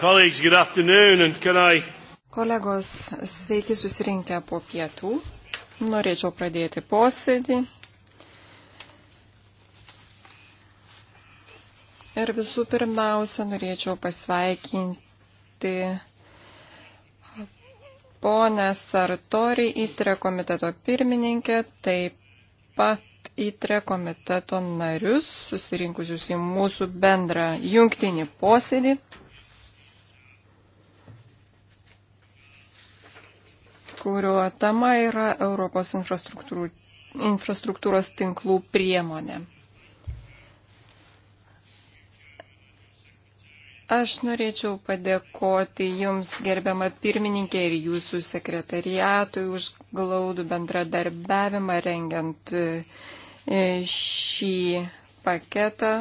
Colleagues, good afternoon, and can I... Kolegos, sveiki susirinkę po pietų. Norėčiau pradėti posėdį. Ir visų pirmiausia, norėčiau pasveikinti ponę Sartori įtre komiteto pirmininkę, taip pat įtre komiteto narius, susirinkusius į mūsų bendrą jungtinį posėdį. kurio tema yra Europos infrastruktūros tinklų priemonė. Aš norėčiau padėkoti Jums, gerbiama pirmininkė, ir Jūsų sekretariatui už glaudų bendradarbiavimą rengiant e, šį paketą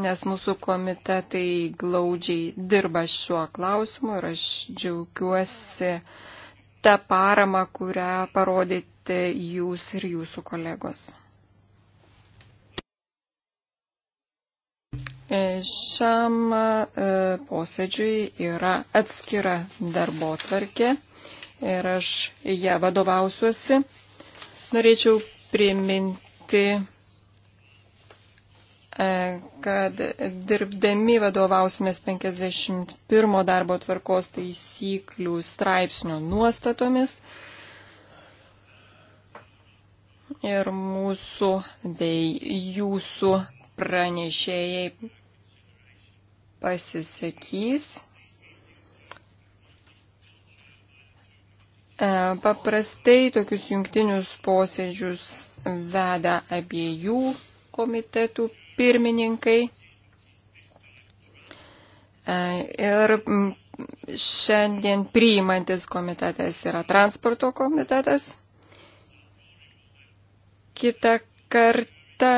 nes mūsų komitetai glaudžiai dirba šiuo klausimu ir aš džiaugiuosi tą paramą, kurią parodėte jūs ir jūsų kolegos. Šiam e, posėdžiui yra atskira darbo tvarkė ir aš ją vadovausiuosi. Norėčiau priminti E, kad dirbdami vadovausimės 51 darbo tvarkos taisyklių straipsnio nuostatomis ir mūsų bei jūsų pranešėjai pasisakys. E, paprastai tokius jungtinius posėdžius veda abiejų komitetų pirmininkai. E, ir šiandien priimantis komitetas yra transporto komitetas. Kita kartą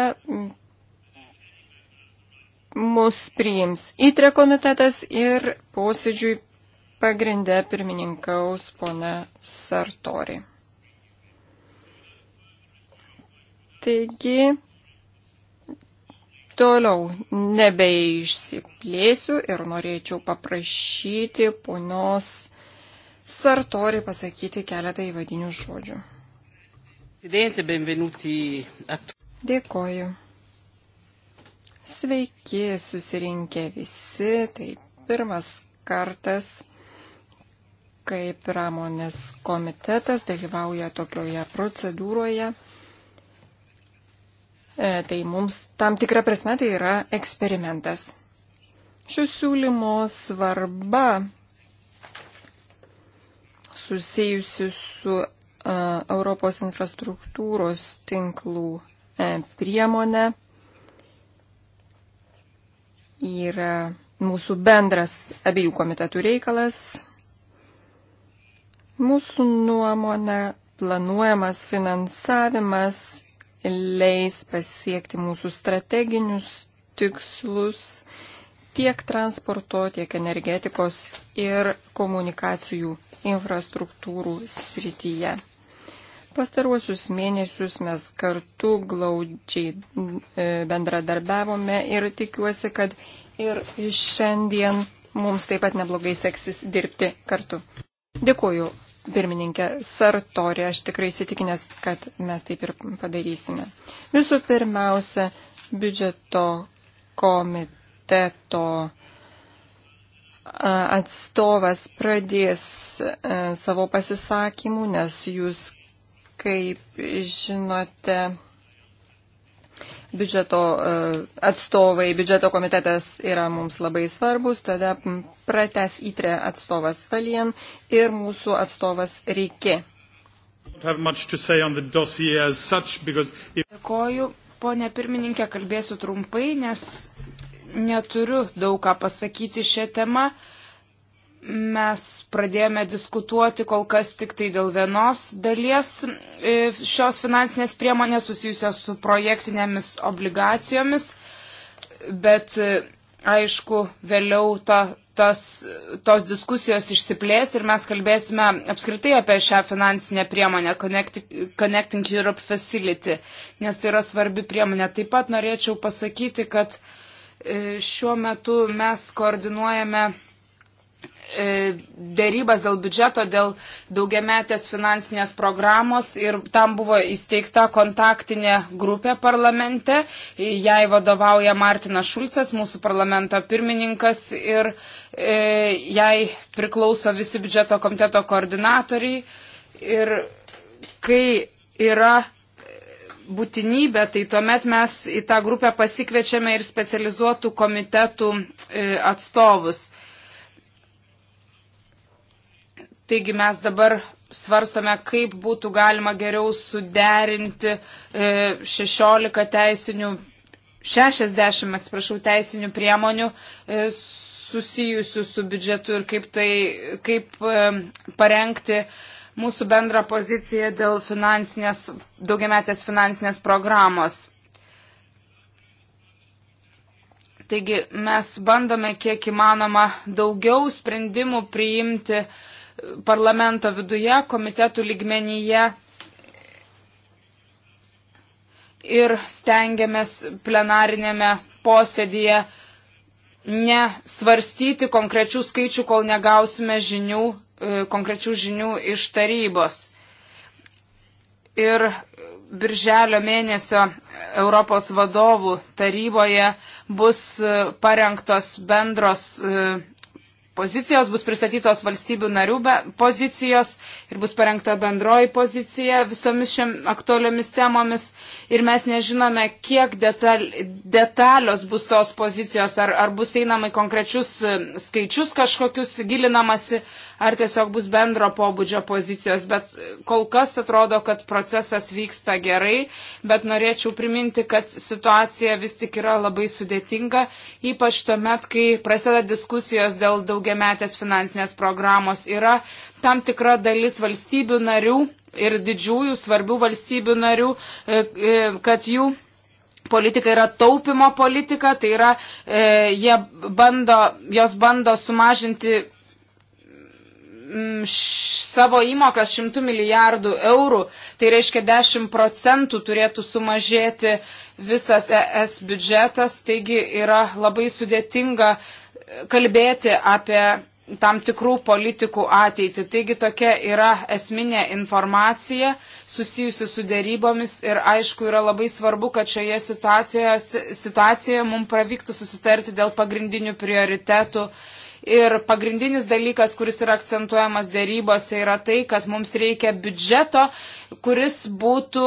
mus priims įtre komitetas ir posėdžiui pagrindę pirmininkaus pone Sartori. Taigi, Toliau nebeišsiplėsiu ir norėčiau paprašyti ponios Sartori pasakyti keletą įvadinių žodžių. Dėkoju. Sveiki susirinkę visi, tai pirmas kartas, kai pramonės komitetas dalyvauja tokioje procedūroje. E, tai mums tam tikrą prasme tai yra eksperimentas. Šio siūlymo svarba susijusi su e, Europos infrastruktūros tinklų e, priemonė yra mūsų bendras abiejų komitetų reikalas. Mūsų nuomonė planuojamas finansavimas leis pasiekti mūsų strateginius tikslus tiek transporto, tiek energetikos ir komunikacijų infrastruktūrų srityje. Pastaruosius mėnesius mes kartu glaudžiai e, bendradarbiavome ir tikiuosi, kad ir šiandien mums taip pat neblogai seksis dirbti kartu. Dėkuoju pirmininkė Sartori, aš tikrai įsitikinęs, kad mes taip ir padarysime. Visų pirmiausia, biudžeto komiteto atstovas pradės savo pasisakymų, nes jūs, kaip žinote, biudžeto e, atstovai, biudžeto komitetas yra mums labai svarbus, tada prates įtrė atstovas Valien ir mūsų atstovas Reikė. Dėkoju, ponė pirmininkė, kalbėsiu trumpai, nes neturiu daug ką pasakyti šią temą mes pradėjome diskutuoti kol kas tik tai dėl vienos dalies e, šios finansinės priemonės susijusios su projektinėmis obligacijomis, bet e, aišku, vėliau ta, tas, tos diskusijos išsiplės ir mes kalbėsime apskritai apie šią finansinę priemonę Connecting Europe Facility, nes tai yra svarbi priemonė. Taip pat norėčiau pasakyti, kad e, šiuo metu mes koordinuojame E, dėrybas dėl biudžeto, dėl daugiametės finansinės programos ir tam buvo įsteigta kontaktinė grupė parlamente. Jai vadovauja Martinas Šulcas, mūsų parlamento pirmininkas ir e, jai priklauso visi biudžeto komiteto koordinatoriai. Ir kai yra būtinybę, tai tuomet mes į tą grupę pasikviečiame ir specializuotų komitetų e, atstovus. Taigi mes dabar svarstome, kaip būtų galima geriau suderinti 16 e, teisinių, 60, atsiprašau, teisinių priemonių e, susijusių su biudžetu ir kaip, tai, kaip e, parengti mūsų bendrą poziciją dėl finansinės, daugiametės finansinės programos. Taigi mes bandome kiek įmanoma daugiau sprendimų priimti uh, parlamento viduje, komitetų lygmenyje ir stengiamės plenarinėme posėdėje nesvarstyti konkrečių skaičių, kol negausime žinių, e, konkrečių žinių iš tarybos. Ir birželio mėnesio Europos vadovų taryboje bus e, parengtos bendros e, pozicijos, bus pristatytos valstybių narių pozicijos ir bus parengta bendroji pozicija visomis šiam aktualiomis temomis. Ir mes nežinome, kiek detal, detalios bus tos pozicijos, ar, ar bus einama į konkrečius e, skaičius kažkokius gilinamasi, ar tiesiog bus bendro pobūdžio pozicijos, bet kol kas atrodo, kad procesas vyksta gerai, bet norėčiau priminti, kad situacija vis tik yra labai sudėtinga, ypač tuomet, kai prasideda diskusijos dėl daugiametės finansinės programos. Yra tam tikra dalis valstybių narių ir didžiųjų svarbių valstybių narių, e, e, kad jų politika yra taupimo politika, tai yra e, bando, jos bando sumažinti Mm, savo įmokas 100 milijardų eurų, tai reiškia 10 procentų turėtų sumažėti visas ES biudžetas, taigi yra labai sudėtinga e, kalbėti apie tam tikrų politikų ateitį. Taigi tokia yra esminė informacija susijusi su dėrybomis ir aišku yra labai svarbu, kad šioje situacijoje, situacijoje mums pavyktų susitarti dėl pagrindinių prioritetų Ir pagrindinis dalykas, kuris yra akcentuojamas dėrybose, yra tai, kad mums reikia biudžeto, kuris būtų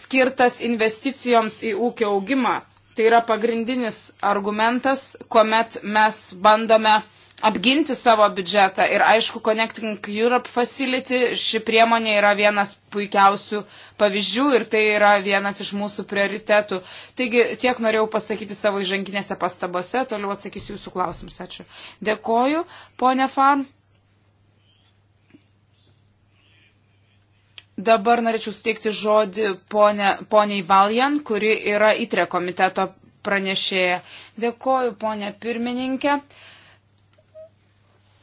skirtas investicijoms į ūkio augimą. Tai yra pagrindinis argumentas, kuomet mes bandome uh, apginti savo biudžetą. Ir aišku, Connecting Europe Facility ši priemonė yra vienas puikiausių pavyzdžių ir tai yra vienas iš mūsų prioritetų. Taigi tiek norėjau pasakyti savo įžanginėse pastabose, toliau atsakysiu jūsų klausimus. Ačiū. Dėkoju, ponė Farm. Dabar norėčiau steikti žodį ponė, poniai Valjan, kuri yra įtre komiteto pranešėja. Dėkoju, ponė pirmininkė. Uh,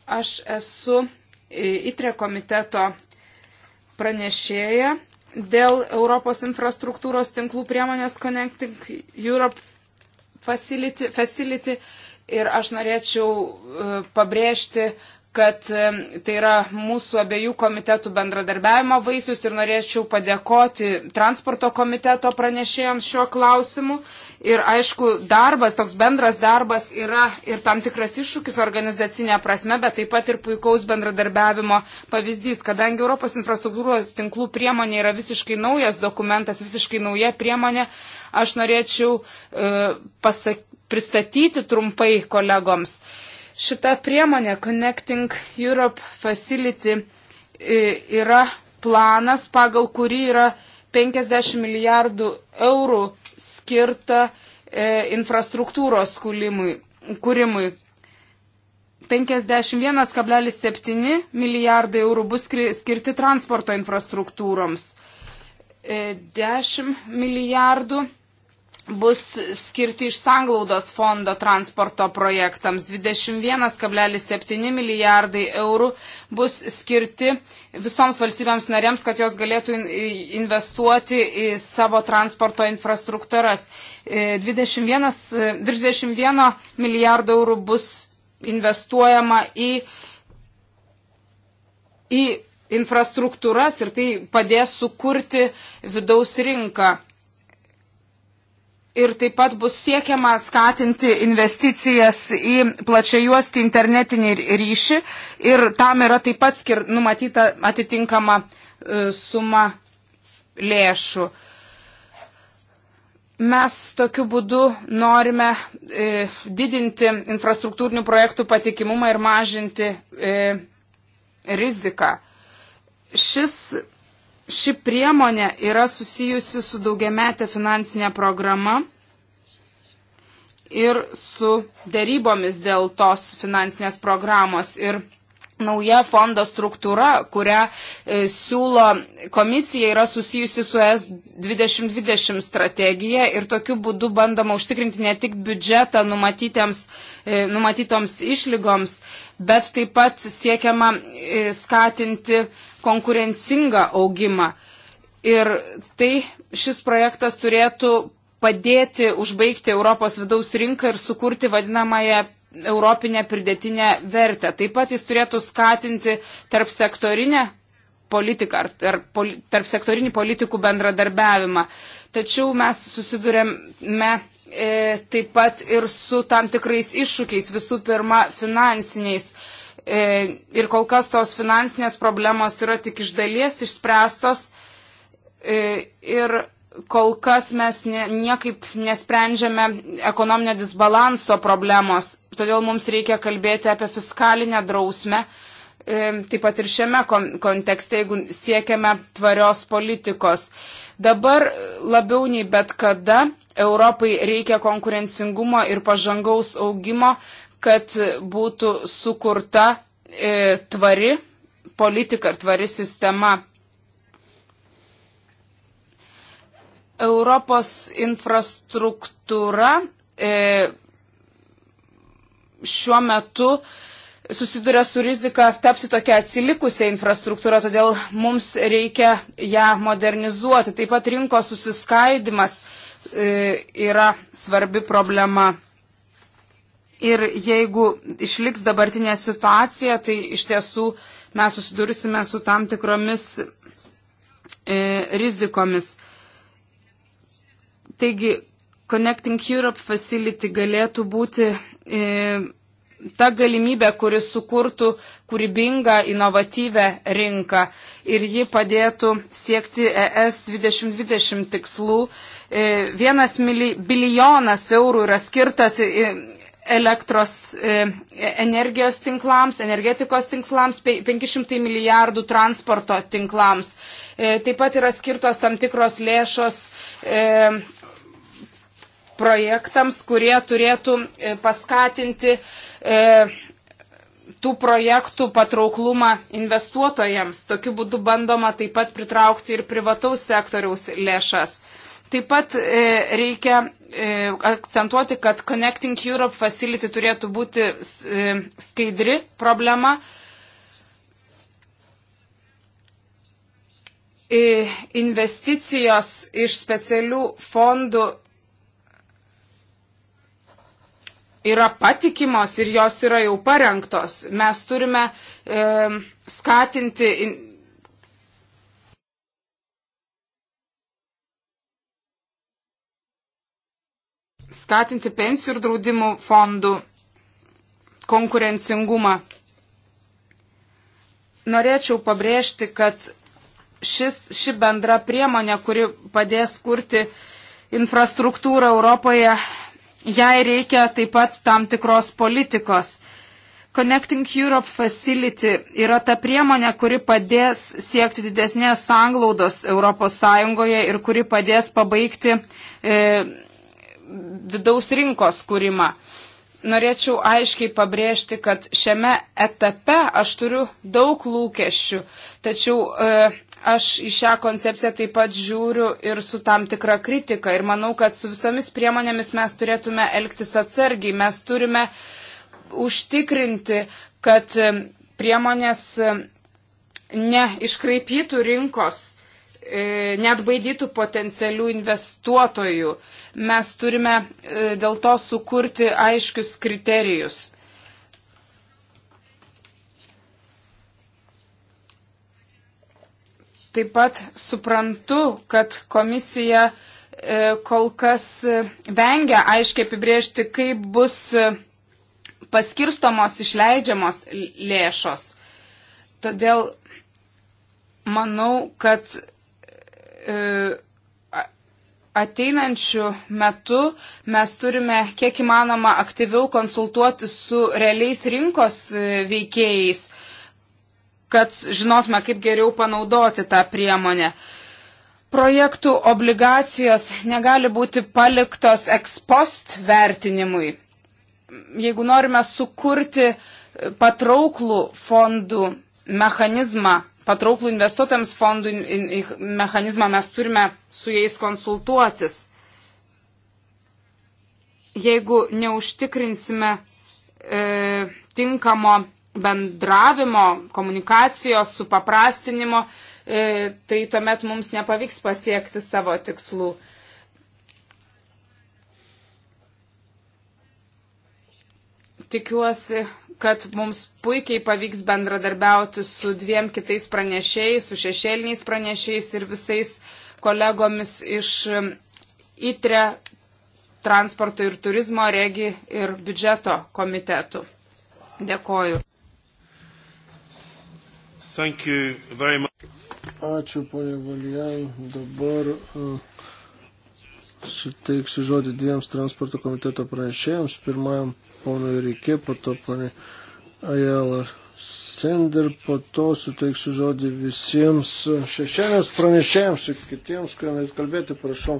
Aš esu ITRE komiteto pranešėja dėl Europos infrastruktūros tinklų priemonės Connecting Europe Facility, facility ir aš norėčiau e, pabrėžti, uh, kad tai yra mūsų abiejų komitetų bendradarbiavimo vaisius ir norėčiau padėkoti transporto komiteto pranešėjams šiuo klausimu. Ir aišku, darbas, toks bendras darbas yra ir tam tikras iššūkis organizacinė prasme, bet taip pat ir puikaus bendradarbiavimo pavyzdys, kadangi Europos infrastruktūros tinklų priemonė yra visiškai naujas dokumentas, visiškai nauja priemonė, aš norėčiau e, pasak, pristatyti trumpai kolegoms. E, Šita priemonė Connecting Europe Facility yra planas, pagal kurį yra 50 milijardų eurų skirta e, infrastruktūros kūrimui. kūrimui. 51,7 milijardai eurų bus skirti transporto infrastruktūroms. 10 e, milijardų eurų bus skirti iš sanglaudos fondo transporto projektams. 21,7 milijardai eurų bus skirti visoms valstybėms narėms, kad jos galėtų investuoti į savo transporto infrastruktūras. 21, e, 21 e, milijardo eurų bus investuojama į, į infrastruktūras ir tai padės sukurti vidaus rinką. Ir taip pat bus siekiama skatinti investicijas į plačiajuostį internetinį ryšį ir tam yra taip pat skir, numatyta atitinkama e, suma lėšų. Mes tokiu būdu norime e, didinti infrastruktūrinių projektų patikimumą ir mažinti e, riziką. Šis ši priemonė yra susijusi su daugiametė finansinė programa ir su dėrybomis dėl tos finansinės programos. Ir nauja fondo struktūra, kurią e, siūlo komisija, yra susijusi su ES 2020 strategija ir tokiu būdu bandoma užtikrinti ne tik biudžetą numatytiems, e, numatytoms išlygoms, bet taip pat siekiama e, skatinti konkurencingą augimą. Ir tai šis projektas turėtų padėti užbaigti Europos vidaus rinką ir sukurti vadinamąją europinę pridėtinę vertę. Taip pat jis turėtų skatinti tarp sektorinę politiką ar tarp, tarp sektorinį politikų bendradarbiavimą. Tačiau mes susidurėme e, taip pat ir su tam tikrais iššūkiais, visų pirma, finansiniais. E, E, ir kol kas tos finansinės problemos yra tik iš dalies išspręstos e, ir kol kas mes niekaip nesprendžiame ekonominio disbalanso problemos, todėl mums reikia kalbėti apie fiskalinę drausmę. E, taip pat ir šiame kontekste, jeigu siekiame tvarios politikos. Dabar labiau nei bet kada Europai reikia konkurencingumo ir pažangaus augimo, kad būtų sukurta e, tvari politika ir tvari sistema. Europos infrastruktūra e, šiuo metu susiduria su rizika tapti tokia atsilikusią infrastruktūrą, todėl mums reikia ją modernizuoti. Taip pat rinkos susiskaidimas e, yra svarbi problema. Ir jeigu išliks dabartinė situacija, tai iš tiesų mes susidursime su tam tikromis e, rizikomis. Taigi, Connecting Europe Facility galėtų būti e, ta galimybė, kuris sukurtų kūrybingą, inovatyvę rinką ir ji padėtų siekti ES 2020 tikslų. E, vienas milijonas eurų yra skirtas e, elektros e, energijos tinklams, energetikos tinklams, 500 milijardų transporto tinklams. E, taip pat yra skirtos tam tikros lėšos e, projektams, kurie turėtų paskatinti tų projektų patrauklumą investuotojams. Tokiu būdu bandoma taip pat pritraukti ir privataus sektoriaus lėšas. Taip pat e, reikia e, akcentuoti, kad Connecting Europe Facility turėtų būti e, skaidri problema. Investicijos iš specialių fondų yra patikimos ir jos yra jau parengtos. Mes turime e, skatinti in, skatinti pensijų ir draudimų fondų konkurencingumą. Norėčiau pabrėžti, kad šis, ši bendra priemonė, kuri padės kurti infrastruktūrą Europoje, jai reikia taip pat tam tikros politikos. Connecting Europe Facility yra ta priemonė, kuri padės siekti didesnės sanglaudos ES ir kuri padės pabaigti e, vidaus rinkos kūrimą. Norėčiau aiškiai pabrėžti, kad šiame etape aš turiu daug lūkesčių, tačiau e, aš į šią koncepciją taip pat žiūriu ir su tam tikra kritika ir manau, kad su visomis priemonėmis mes turėtume elgtis atsargiai, mes turime užtikrinti, kad e, priemonės e, neiškraipytų rinkos E, net baidytų potencialių investuotojų. Mes turime e, dėl to sukurti aiškius kriterijus. Taip pat suprantu, kad komisija e, kol kas vengia aiškiai apibriežti, kaip bus paskirstomos išleidžiamos lėšos. Todėl manau, kad E, ateinančių metų mes turime kiek įmanoma aktyviau konsultuoti su realiais rinkos e, veikėjais, kad žinotume, kaip geriau panaudoti tą priemonę. Projektų obligacijos negali būti paliktos ekspost vertinimui. Jeigu norime sukurti patrauklų fondų mechanizmą, patrauklų investuotams fondų mechanizmą mes turime su jais konsultuotis. Jeigu neužtikrinsime e, tinkamo bendravimo, komunikacijos, supaprastinimo, e, tai tuomet mums nepavyks pasiekti savo tikslų. Tikiuosi, kad mums puikiai pavyks bendradarbiauti su dviem kitais pranešėjais, su šešėliniais pranešėjais ir visais kolegomis iš um, ITRE transporto ir turizmo regi ir biudžeto komitetų. Dėkoju. Ačiū, ponia Valijan. Dabar uh, suteiksiu žodį dviems transporto komiteto pranešėjams. Pirmajam ponui Rikė, po to ponė Ajala Sender, po to suteiksiu žodį visiems šešėlės pranešėjams ir kitiems, kurie norėtų kalbėti, prašau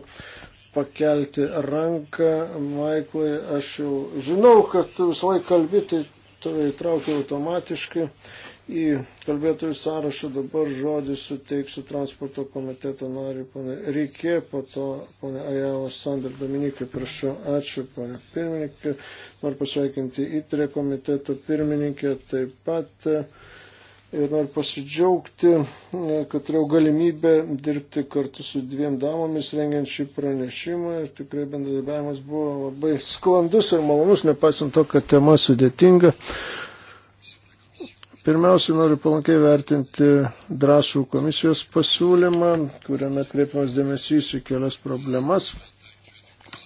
pakelti ranką. Maiklai, aš jau žinau, kad tu visą laiką kalbėti, tai tave įtraukiau automatiškai. Uh, į kalbėtojų sąrašą. Dabar žodį suteiksiu transporto komiteto nariui, ponė Rykė, po to ponė Ajala Sander Dominikai, prašau, ačiū, ponė pirmininkė. Noriu pasveikinti įtrė komiteto pirmininkę taip pat. Ir noriu pasidžiaugti, kad turėjau galimybę dirbti kartu su dviem damomis rengiant šį pranešimą. Ir tikrai bendradarbiavimas buvo labai sklandus ir malonus, nepaisant to, kad tema sudėtinga. Uh, Pirmiausia, noriu palankiai vertinti drąsų komisijos pasiūlymą, kuriame atkreipiamas dėmesys į kelias problemas.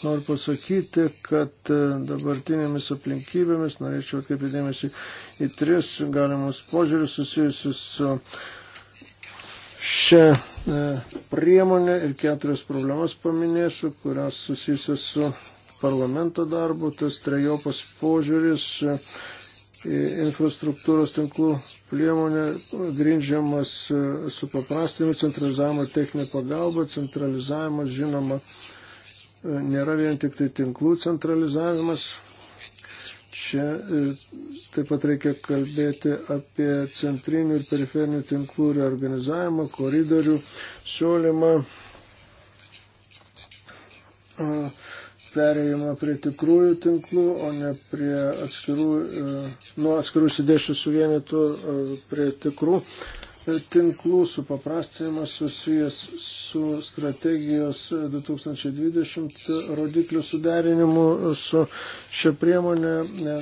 Noriu pasakyti, kad e, dabartinėmis aplinkybėmis norėčiau atkreipti dėmesį į tris galimus požiūrius susijusius su šią e, priemonę ir keturias problemas paminėsiu, kurios susijusios su parlamento darbu. Tas trejopas požiūris infrastruktūros tinklų priemonė grindžiamas e, supaprastinimu, centralizavimu techninė pagalba, centralizavimas, žinoma, e, nėra vien tik tai tinklų centralizavimas. Čia e, taip pat reikia kalbėti apie centrinių ir periferinių tinklų reorganizavimą, koridorių siūlymą. Uh, perėjimą prie tikrųjų tinklų, o ne prie atskirų, e, nuo atskirų sudėšių suvienytų e, prie tikrų e, tinklų supaprastinimas susijęs su strategijos 2020 rodiklių suderinimu su šia priemonė,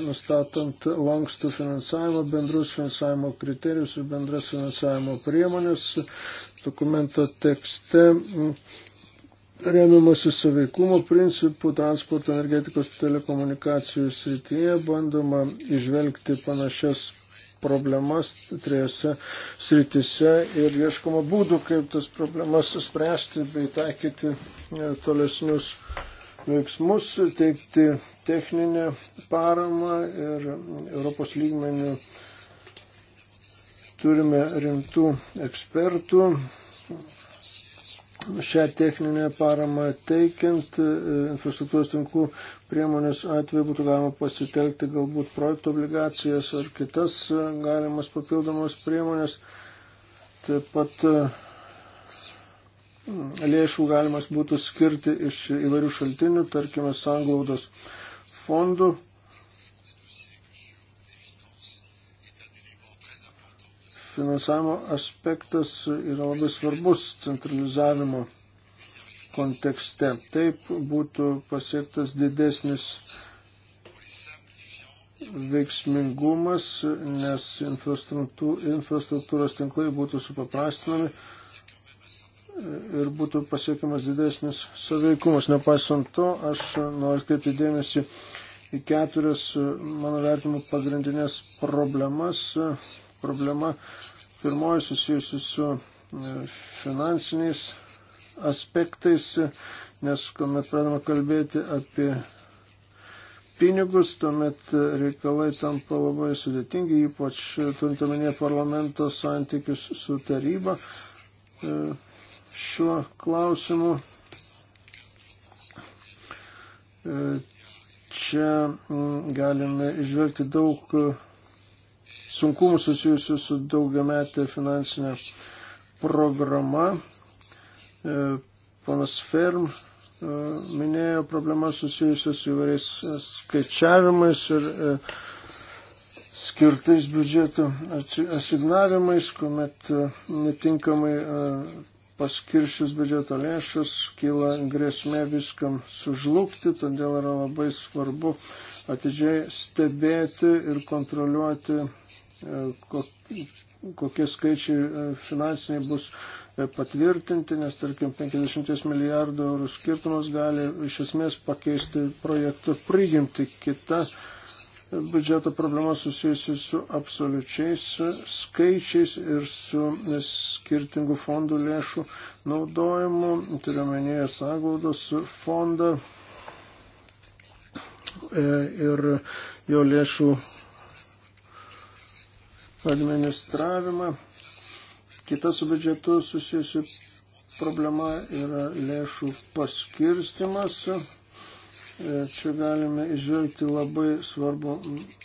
nustatant lankstų finansavimo, bendrus finansavimo kriterijus ir bendras finansavimo priemonės. Dokumento tekste remiamasi saveikumo principų transporto, energetikos, telekomunikacijų srityje bandoma išvelgti panašias problemas trijose srityse ir ieškoma būdų, kaip tas problemas spręsti bei taikyti e, tolesnius veiksmus, teikti techninę paramą ir Europos lygmenių turime rimtų ekspertų, šią techninę paramą teikiant e, infrastruktūros tinklų priemonės atveju būtų galima pasitelkti galbūt projektų obligacijas ar kitas e, galimas papildomas priemonės. Taip pat e, lėšų galimas būtų skirti iš įvairių šaltinių, tarkime, sanglaudos fondų finansavimo aspektas yra labai svarbus centralizavimo kontekste. Taip būtų pasiektas didesnis veiksmingumas, nes infrastruktūros tinklai būtų supaprastinami ir būtų pasiekiamas didesnis saveikumas. Nepaisant to, aš noriu atkreipti dėmesį į keturias mano vertimų pagrindinės problemas problema. Pirmoji susijusi su e, finansiniais aspektais, nes kuomet pradama kalbėti apie pinigus, tuomet reikalai tampa labai sudėtingi, ypač turint omenyje parlamento santykius su taryba e, šiuo klausimu. E, čia galime išvelgti daug sunkumų susijusių su daugiametė finansinė programa. E, ponas Ferm e, minėjo problemas susijusios su įvairiais skaičiavimais ir e, skirtais biudžeto asignavimais, kuomet netinkamai paskiršius biudžeto lėšus kyla grėsmė viskam sužlugti, todėl yra labai svarbu atidžiai stebėti ir kontroliuoti E, kokie skaičiai e, finansiniai bus e, patvirtinti, nes tarkim 50 milijardų eurų skirtumas gali iš esmės pakeisti projektų prigimti kitą biudžeto problema susijusi su absoliučiais skaičiais ir su skirtingų fondų lėšų naudojimu, turiuomenėje sągaudos fondą ir jo lėšų administravimą. Kita su biudžetu susijusi problema yra lėšų paskirstimas. E, čia galime išvelgti labai, svarbu,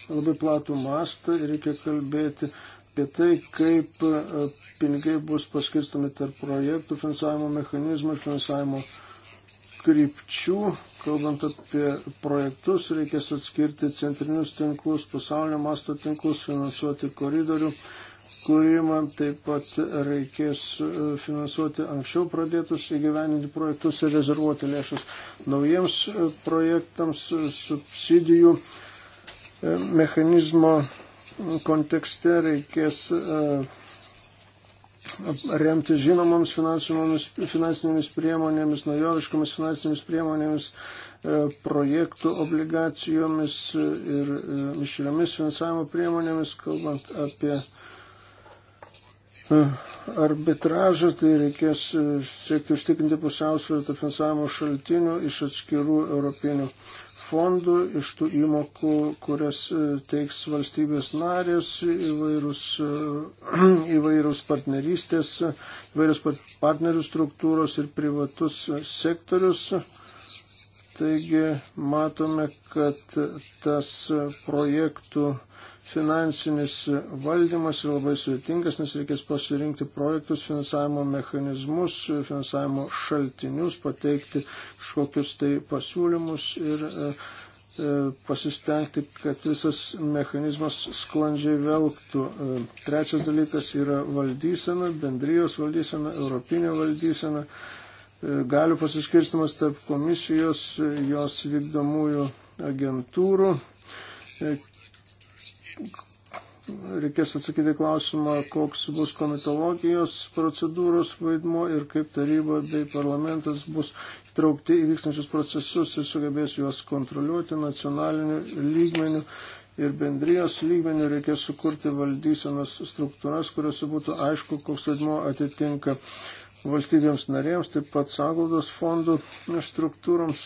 labai platų mastą ir reikia kalbėti apie tai, kaip e, pinigai bus paskirstami tarp projektų, finansavimo mechanizmų, finansavimo uh, krypčių, kalbant apie projektus, reikės atskirti centrinius tinklus, pasaulio masto tinklus, finansuoti koridorių kūrimą, taip pat reikės e, finansuoti anksčiau pradėtus įgyveninti projektus ir rezervuoti lėšas naujiems e, projektams e, subsidijų mechanizmo kontekste reikės uh, remti žinomoms finansinėmis priemonėmis, naujoviškomis finansinėmis priemonėmis, e, projektų obligacijomis ir e, mišriomis finansavimo priemonėmis, kalbant apie e, arbitražą, tai reikės siekti užtikrinti pusiausvyrą tarp finansavimo šaltinių iš atskirų europinių fondų, iš tų įmokų, kurias e, teiks valstybės narės, įvairūs, e, įvairūs partnerystės, įvairūs partnerių struktūros ir privatus sektorius. Taigi matome, kad tas projektų finansinis valdymas yra labai sudėtingas, nes reikės pasirinkti projektus, finansavimo mechanizmus, finansavimo šaltinius, pateikti kažkokius tai pasiūlymus ir e, e pasistengti, kad visas mechanizmas sklandžiai velktų. E, trečias dalykas yra valdysena, bendrijos valdysena, europinė valdysena, e, galių pasiskirstimas tarp komisijos, jos vykdomųjų agentūrų reikės atsakyti klausimą, koks bus komitologijos procedūros vaidmo ir kaip taryba bei parlamentas bus įtraukti į vykstančius procesus ir sugebės juos kontroliuoti nacionaliniu lygmeniu. Ir bendrijos lygmenių reikės sukurti valdysenos struktūras, kuriuose būtų aišku, koks vaidmo atitinka valstybėms narėms, taip pat sąglaudos fondų struktūroms,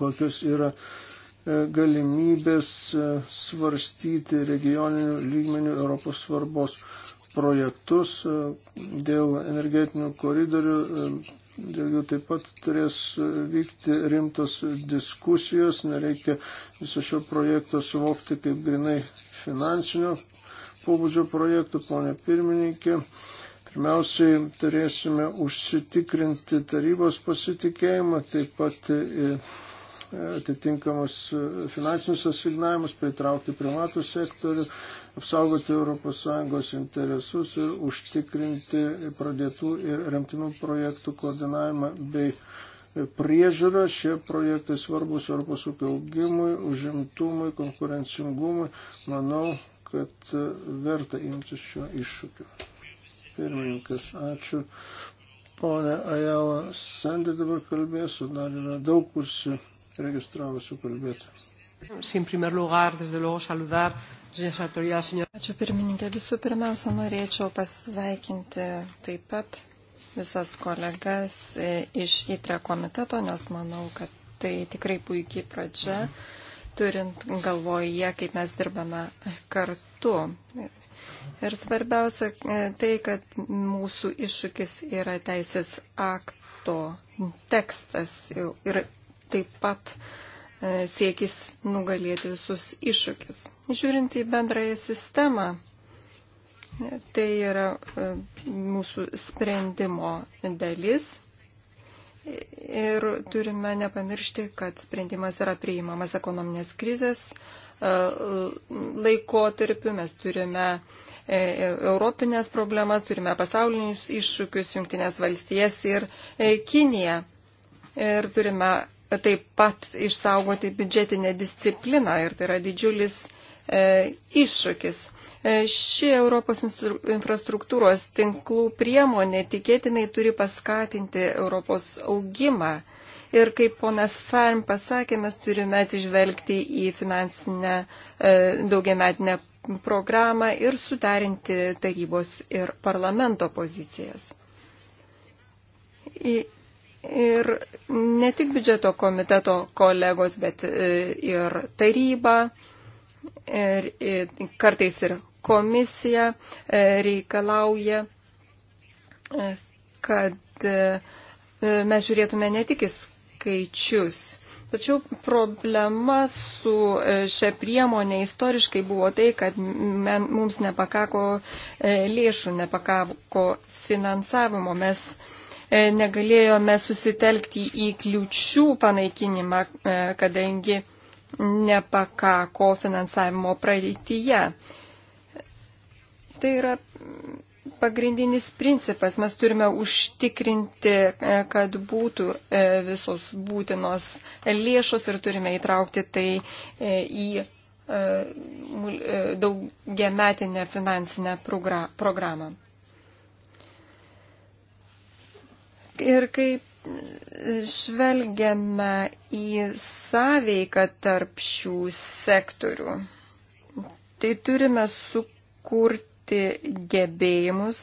kokios yra uh, galimybės e, svarstyti regioninių lygmenių Europos svarbos projektus e, dėl energetinių koridorių. E, dėl jų taip pat turės vykti rimtos diskusijos, nereikia viso šio projekto suvokti kaip grinai finansinio pobūdžio projektų, ponė pirmininkė. Pirmiausiai turėsime užsitikrinti tarybos pasitikėjimą, taip pat atitinkamus e, finansinius asignavimus, pritraukti privatų sektorių, apsaugoti ES interesus ir užtikrinti pradėtų ir remtinų projektų koordinavimą bei priežiūra. Šie projektai svarbus Europos ūkio augimui, užimtumui, konkurencingumui. Manau, kad e, verta imtis šio iššūkio. Pirmininkas, ačiū. Pone Ajala Sandė dabar kalbėsiu, dar yra daug kursių registravusių kalbėti. Ačiū pirmininkė. Visų pirmiausia, norėčiau pasveikinti taip pat visas kolegas e, iš ITRE komiteto, nes manau, kad tai tikrai puikiai pradžia, turint galvoje, kaip mes dirbame kartu. Ir svarbiausia e, tai, kad mūsų iššūkis yra teisės akto tekstas ir taip pat e, siekis nugalėti visus iššūkis. Žiūrint į bendrąją sistemą, e, tai yra e, mūsų sprendimo dalis. Ir turime nepamiršti, kad sprendimas yra priimamas ekonominės krizės laikotarpiu. Mes turime europinės problemas, turime pasaulinius iššūkius, jungtinės valstijas ir Kiniją. Ir turime taip pat išsaugoti biudžetinę discipliną ir tai yra didžiulis e, iššūkis. E, ši Europos infrastruktūros tinklų priemonė tikėtinai turi paskatinti Europos augimą. Ir kaip ponas Farm pasakė, mes turime atsižvelgti į finansinę e, daugiametinę programą ir suderinti tarybos ir parlamento pozicijas. Į ir ne tik biudžeto komiteto kolegos, bet e, ir taryba, ir, ir kartais ir komisija e, reikalauja, e, kad mes žiūrėtume ne tik į skaičius. Tačiau problema su šia priemonė istoriškai buvo tai, kad mums nepakako lėšų, nepakako finansavimo. Mes E, negalėjome susitelkti į kliučių panaikinimą, e, kadangi nepakako finansavimo praeityje. Tai yra pagrindinis principas. Mes turime užtikrinti, e, kad būtų visos būtinos lėšos ir turime įtraukti tai į daugiametinę finansinę programą. Ir kaip žvelgiame į sąveiką tarp šių sektorių, tai turime sukurti gebėjimus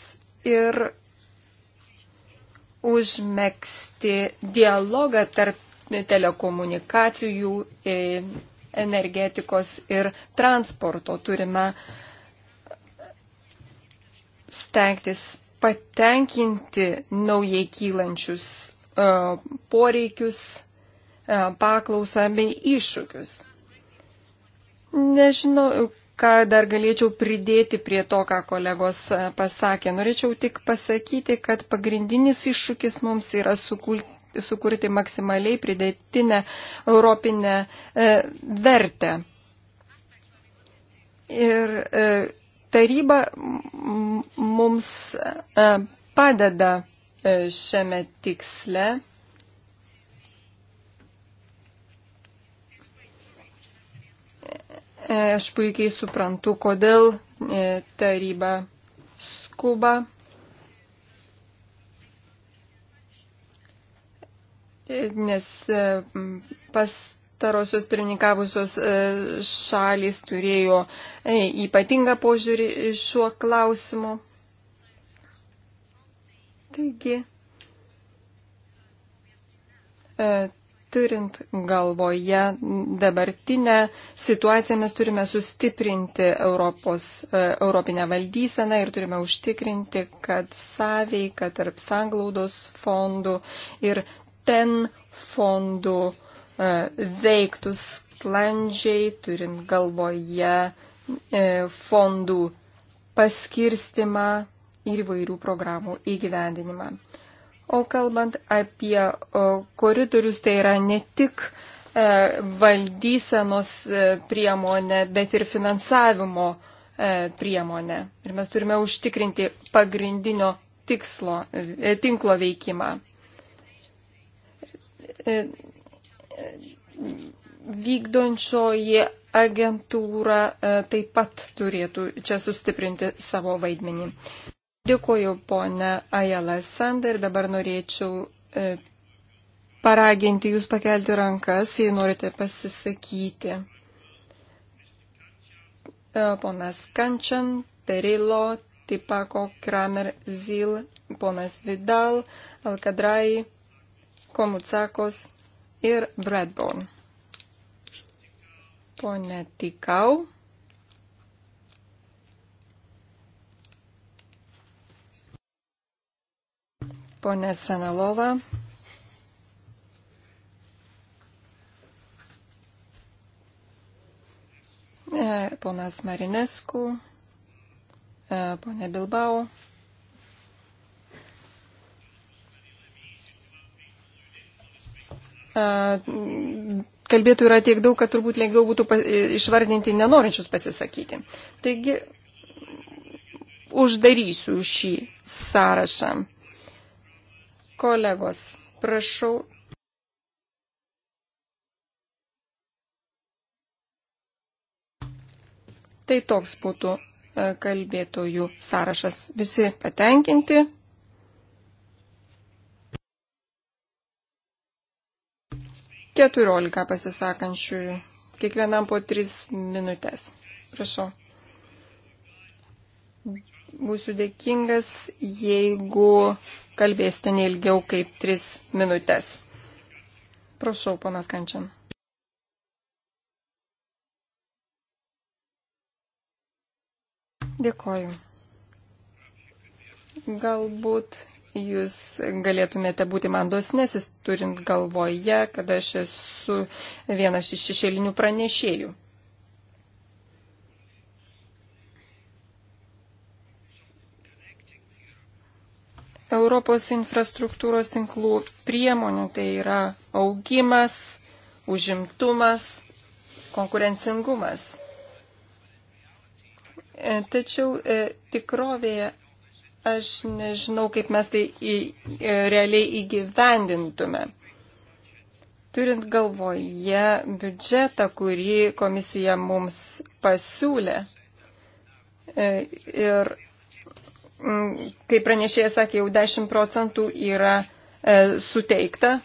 ir užmėgsti dialogą tarp telekomunikacijų, e, energetikos ir transporto. Turime stengtis patenkinti naujai kylančius e, poreikius, e, paklausą bei iššūkius. Nežinau, ką dar galėčiau pridėti prie to, ką kolegos e, pasakė. Norėčiau tik pasakyti, kad pagrindinis iššūkis mums yra sukulti sukurti maksimaliai pridėtinę europinę e, vertę. Ir e, taryba mums e, padeda e, šiame tiksle. E, aš puikiai suprantu, kodėl taryba skuba. Nes pas pastarosios pirmininkavusios e, šalis turėjo e, ypatingą požiūrį šiuo klausimu. Taigi, e, turint galvoje dabartinę situaciją, mes turime sustiprinti Europos, Europinę valdyseną ir turime užtikrinti, kad sąveika tarp sanglaudos fondų ir ten fondų uh, E, veiktų sklandžiai, turint galvoje e, fondų paskirstimą ir įvairių programų įgyvendinimą. O kalbant apie koridorius, tai yra ne tik e, valdysenos priemonė, bet ir finansavimo priemonė. Ir mes turime užtikrinti pagrindinio tikslo, tinklo veikimą vykdančioji agentūra e, taip pat turėtų čia sustiprinti savo vaidmenį. Dėkuoju, ponė Ajala Sander. Dabar norėčiau e, paraginti jūs pakelti rankas, jei norite pasisakyti. E, ponas Kančian, Perilo, Tipako, Kramer, Zil, ponas Vidal, Alkadrai, Komucakos, ir Bradborn. Pone Tikau. Pone Sanalova. E, ponas Marinesku. E, pone Bilbao. kalbėtų yra tiek daug, kad turbūt lengviau būtų išvardinti nenorinčius pasisakyti. Taigi, uždarysiu šį sąrašą. Kolegos, prašau Tai toks būtų kalbėtojų sąrašas. Visi patenkinti. 14 pasisakančių, kiekvienam po 3 minutės. Prašau. Būsiu dėkingas, jeigu kalbėsite neilgiau kaip 3 minutės. Prašau, ponas Kančian. Dėkoju. Galbūt jūs galėtumėte būti man dosnesis, turint galvoje, kad aš esu vienas iš šešėlinių pranešėjų. Europos infrastruktūros tinklų priemonių tai yra augimas, užimtumas, konkurencingumas. E, tačiau e, tikrovėje aš nežinau, kaip mes tai į, e, realiai įgyvendintume. Turint galvoje biudžetą, kurį komisija mums pasiūlė e, ir, mm, kaip pranešėjas sakė, jau 10 procentų yra e, suteikta.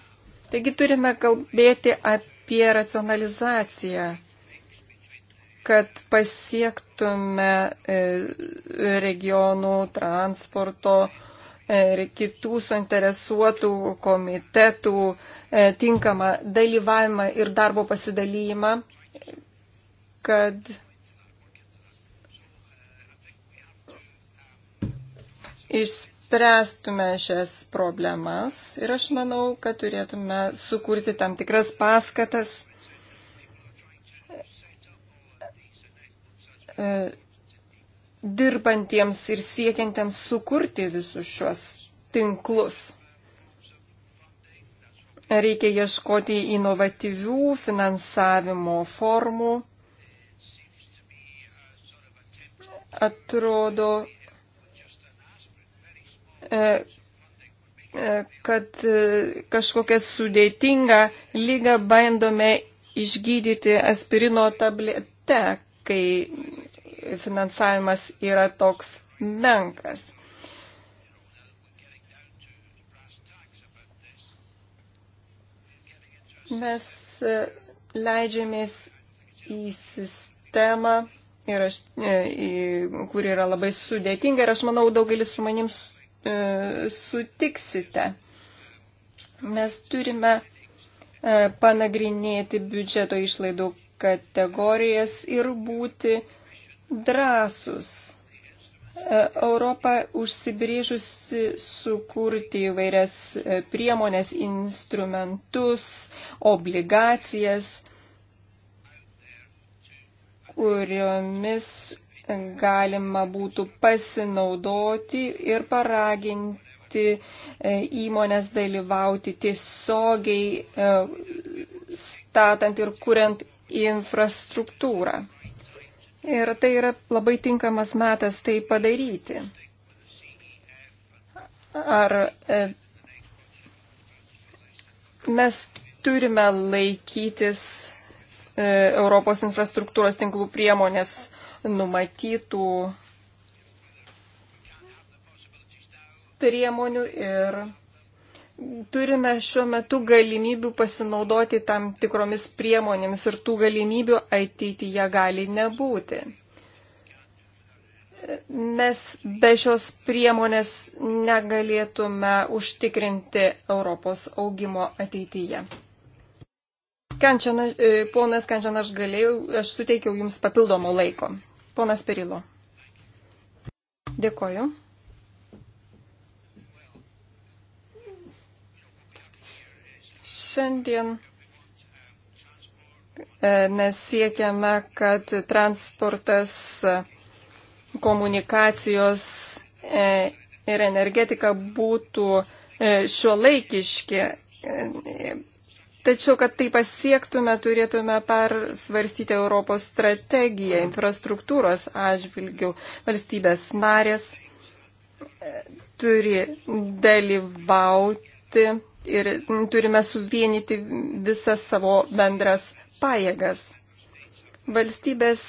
Taigi turime kalbėti apie racionalizaciją kad pasiektume e, regionų transporto ir e, kitų suinteresuotų komitetų e, tinkamą dalyvavimą ir darbo pasidalymą, kad išspręstume šias problemas ir aš manau, kad turėtume sukurti tam tikras paskatas E, dirbantiems ir siekiantiems sukurti visus šios tinklus. Reikia ieškoti inovatyvių finansavimo formų. Atrodo, e, e, kad kažkokią sudėtingą lygą bandome išgydyti aspirino tablete, kai finansavimas yra toks menkas. Mes leidžiamės į sistemą, ir aš, e, į, kuri yra labai sudėtinga ir aš manau daugelis su manim e, sutiksite. Mes turime e, panagrinėti biudžeto išlaidų kategorijas ir būti uh, drąsus. E, Europa užsibrėžusi sukurti įvairias e, priemonės, instrumentus, obligacijas, kuriomis galima būtų pasinaudoti ir paraginti e, įmonės dalyvauti tiesiogiai statant ir kuriant infrastruktūrą. Ir tai yra labai tinkamas metas tai padaryti. Ar e, mes turime laikytis e, Europos infrastruktūros tinklų priemonės numatytų priemonių ir turime šiuo metu galimybių pasinaudoti tam tikromis priemonėmis ir tų galimybių ateityje gali nebūti. Mes be šios priemonės negalėtume užtikrinti Europos augimo ateityje. Kančiana, e, ponas Kančiana, aš galėjau, aš suteikiau Jums papildomo laiko. Ponas Perilo. Dėkoju. Šiandien e, mes siekiame, kad transportas, komunikacijos e, ir energetika būtų e, šio laikiški. Tačiau, kad tai pasiektume, turėtume persvarstyti Europos strategiją infrastruktūros atžvilgių. Valstybės narės turi dalyvauti ir mm, turime suvienyti visas savo bendras pajėgas. Valstybės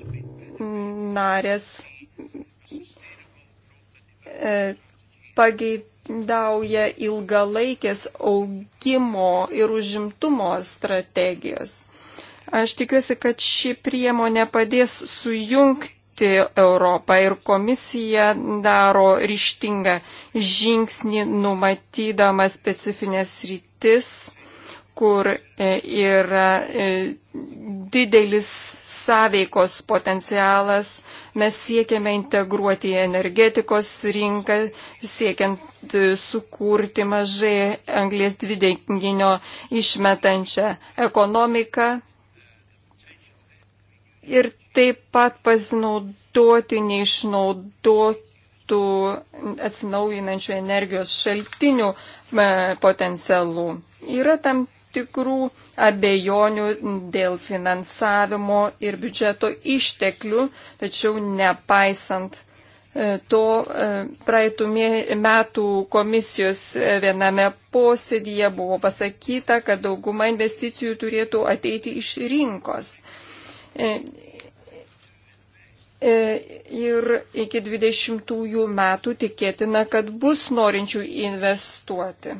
mm, narės e, pageidauja ilgalaikės augimo ir užimtumo strategijos. Aš tikiuosi, kad ši priemonė padės sujungti apginti Europą ir komisija daro ryštingą žingsnį, numatydama specifines rytis, kur e, yra e, didelis sąveikos potencialas. Mes siekiame integruoti į energetikos rinką, siekiant e, sukurti mažai anglės dvideginio išmetančią ekonomiką. Ir taip pat pasinaudoti neišnaudotų atsinaujinančių energijos šaltinių e, potencialų. Yra tam tikrų abejonių dėl finansavimo ir biudžeto išteklių, tačiau nepaisant e, to e, praeitų metų komisijos viename posėdėje buvo pasakyta, kad dauguma investicijų turėtų ateiti iš rinkos. E, ir iki 20 metų tikėtina, kad bus norinčių investuoti.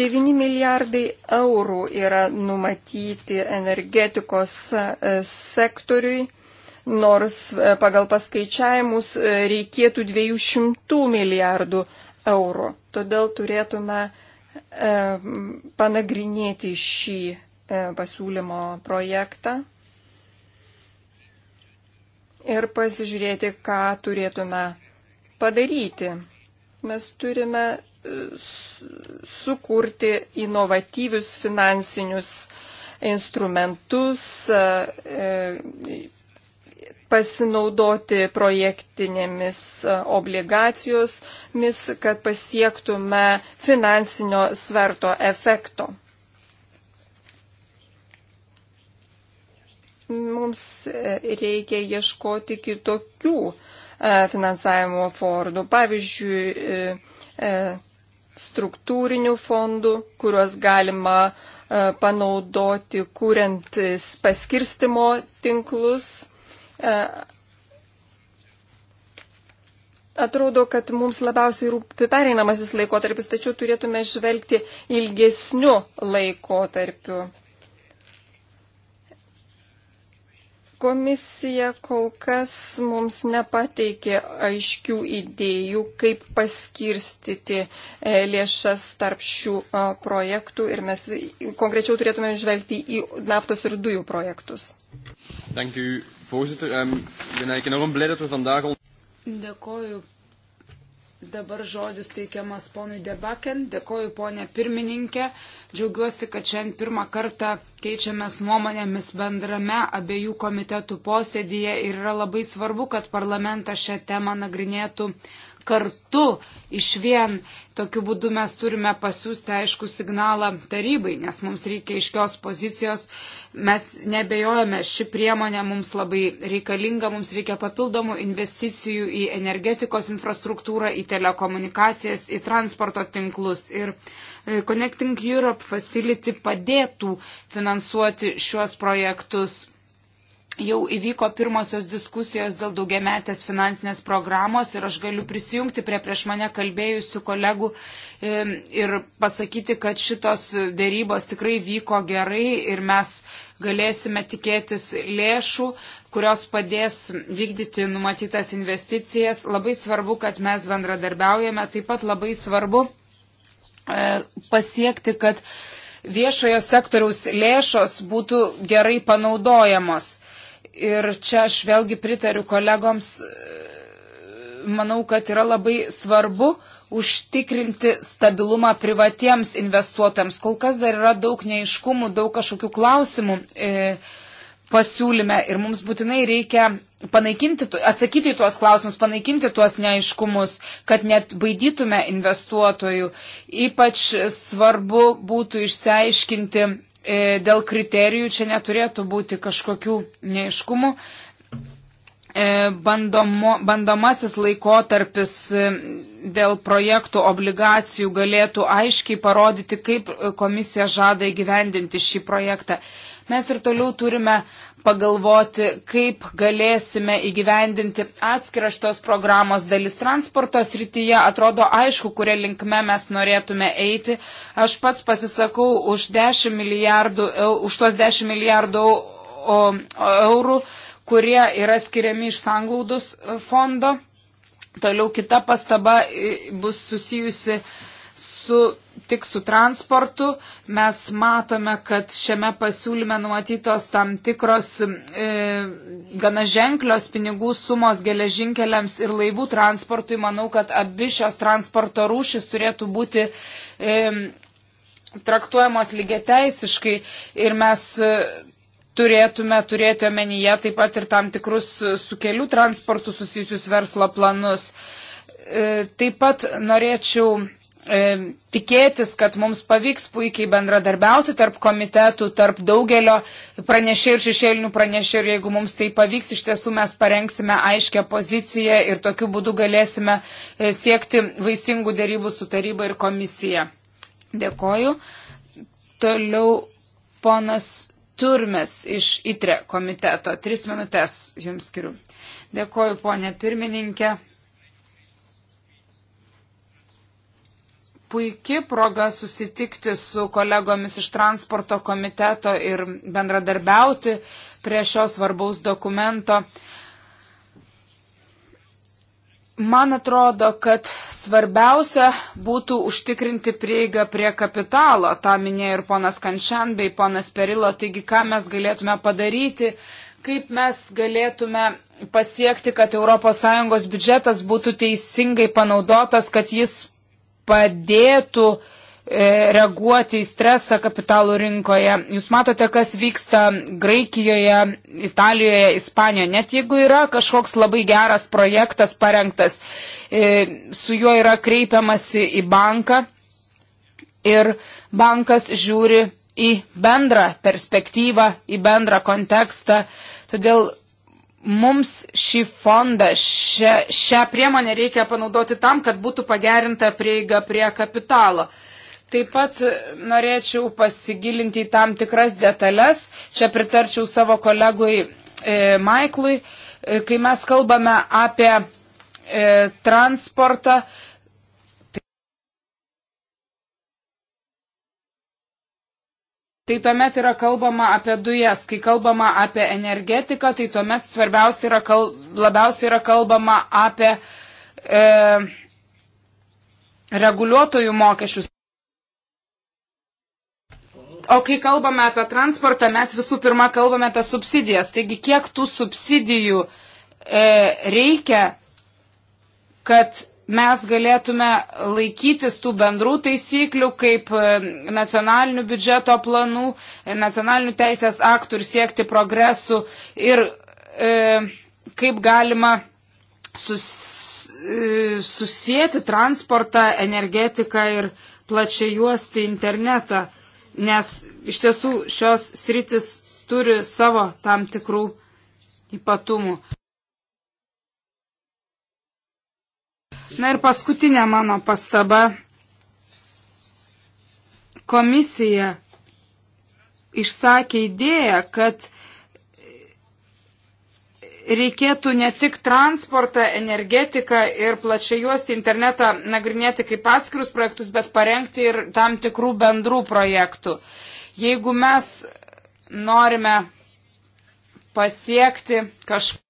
9 milijardai eurų yra numatyti energetikos e, sektoriui, nors e, pagal paskaičiavimus reikėtų 200 milijardų eurų. Todėl turėtume panagrinėti šį pasiūlymo projektą ir pasižiūrėti, ką turėtume padaryti. Mes turime e, sukurti inovatyvius finansinius instrumentus, e, e, pasinaudoti projektinėmis obligacijomis, kad pasiektume finansinio sverto efekto. mums e, reikia ieškoti kitokių e, finansavimo fondų, pavyzdžiui, e, struktūrinių fondų, kuriuos galima panaudoti, kuriant paskirstimo tinklus. Atrodo, kad mums labiausiai rūpi pereinamasis laikotarpis, tačiau turėtume žvelgti ilgesniu laikotarpiu. Komisija kol kas mums nepateikė aiškių idėjų, kaip paskirstyti e, lėšas tarp šių e, projektų ir mes konkrečiau turėtume žvelgti į naftos ir dujų projektus. Ehm, Dėkoju, Dabar žodis teikiamas ponui Debaken. Dėkoju, ponė pirmininkė. Džiaugiuosi, kad šiandien pirmą kartą keičiamės nuomonėmis bendrame abiejų komitetų posėdėje ir yra labai svarbu, kad parlamentas šią temą nagrinėtų kartu iš vien Tokiu būdu mes turime pasiūsti aišku signalą tarybai, nes mums reikia iškios pozicijos. Mes nebejojame, ši priemonė mums labai reikalinga, mums reikia papildomų investicijų į energetikos infrastruktūrą, į telekomunikacijas, į transporto tinklus. Ir e, Connecting Europe Facility padėtų finansuoti šiuos projektus jau įvyko pirmosios diskusijos dėl daugiametės finansinės programos ir aš galiu prisijungti prie prieš mane kalbėjusių kolegų ir pasakyti, kad šitos dėrybos tikrai vyko gerai ir mes galėsime tikėtis lėšų, kurios padės vykdyti numatytas investicijas. Labai svarbu, kad mes bendradarbiaujame, taip pat labai svarbu e, pasiekti, kad viešojo sektoriaus lėšos būtų gerai panaudojamos Ir čia aš vėlgi pritariu kolegoms, manau, kad yra labai svarbu užtikrinti stabilumą privatiems investuotams. Kol kas dar yra daug neiškumų, daug kažkokių klausimų e, pasiūlyme ir mums būtinai reikia panaikinti, atsakyti į tuos klausimus, panaikinti tuos neaiškumus, kad net baidytume investuotojų. Ypač svarbu būtų išsiaiškinti E, dėl kriterijų čia neturėtų būti kažkokių neiškumų. E, bandomo, bandomasis laikotarpis e, dėl projektų obligacijų galėtų aiškiai parodyti, kaip komisija žada įgyvendinti šį projektą. Mes ir toliau turime pagalvoti, kaip galėsime įgyvendinti atskirą šitos programos dalis transporto srityje. Atrodo aišku, kuria linkme mes norėtume eiti. Aš pats pasisakau už, 10 milijardų, už tuos 10 milijardų eurų, kurie yra skiriami iš sanglaudos fondo. Toliau kita pastaba bus susijusi uh, su, tik su transportu. Mes matome, kad šiame pasiūlyme numatytos tam tikros e, gana ženklios pinigų sumos geležinkeliams ir laivų transportui. Manau, kad abi šios transporto rūšis turėtų būti. E, traktuojamos lygiateisiškai ir mes e, turėtume turėti omenyje taip pat ir tam tikrus e, su kelių transportu susijusius verslo planus. E, taip pat norėčiau E, tikėtis, kad mums pavyks puikiai bendradarbiauti tarp komitetų, tarp daugelio pranešėjų ir šešėlinių pranešėjų ir jeigu mums tai pavyks, iš tiesų mes parengsime aiškę poziciją ir tokiu būdu galėsime e, siekti vaisingų dėrybų su taryba ir komisija. Dėkoju. Toliau ponas Turmes iš ITRE komiteto. Tris minutės jums skiriu. Dėkoju, ponė pirmininkė. puikia proga susitikti su kolegomis iš transporto komiteto ir bendradarbiauti prie šios svarbaus dokumento. Man atrodo, kad svarbiausia būtų užtikrinti prieigą prie kapitalo, tą minėjo ir ponas Kančian bei ponas Perilo, taigi ką mes galėtume padaryti, kaip mes galėtume pasiekti, kad ES biudžetas būtų teisingai panaudotas, kad jis padėtų e, reaguoti į stresą kapitalų rinkoje. Jūs matote, kas vyksta Graikijoje, Italijoje, Ispanijoje. Net jeigu yra kažkoks labai geras projektas parengtas, e, su juo yra kreipiamasi į banką ir bankas žiūri į bendrą perspektyvą, į bendrą kontekstą. Todėl mums šį fondą, šią, šią priemonę reikia panaudoti tam, kad būtų pagerinta prieiga prie kapitalo. Taip pat norėčiau pasigilinti į tam tikras detalės. Čia pritarčiau savo kolegui e, Maiklui, e, kai mes kalbame apie e, transportą. E, tai tuomet yra kalbama apie dujas. Kai kalbama apie energetiką, tai tuomet svarbiausia yra, kal, labiausiai yra kalbama apie e, reguliuotojų mokesčius. O kai kalbame apie transportą, mes visų pirma kalbame apie subsidijas. Taigi, kiek tų subsidijų e, reikia, kad mes galėtume laikytis tų bendrų taisyklių kaip e, nacionalinių biudžeto planų, e, nacionalinių teisės aktų ir siekti progresų ir e, kaip galima sus, e, susijęti transportą, energetiką ir plačiai juosti internetą, nes iš tiesų šios sritis turi savo tam tikrų ypatumų. Na ir paskutinė mano pastaba. Komisija išsakė idėją, kad reikėtų ne tik transportą, energetiką ir plačiai juosti internetą nagrinėti kaip atskirus projektus, bet parengti ir tam tikrų bendrų projektų. Jeigu mes norime pasiekti kažką.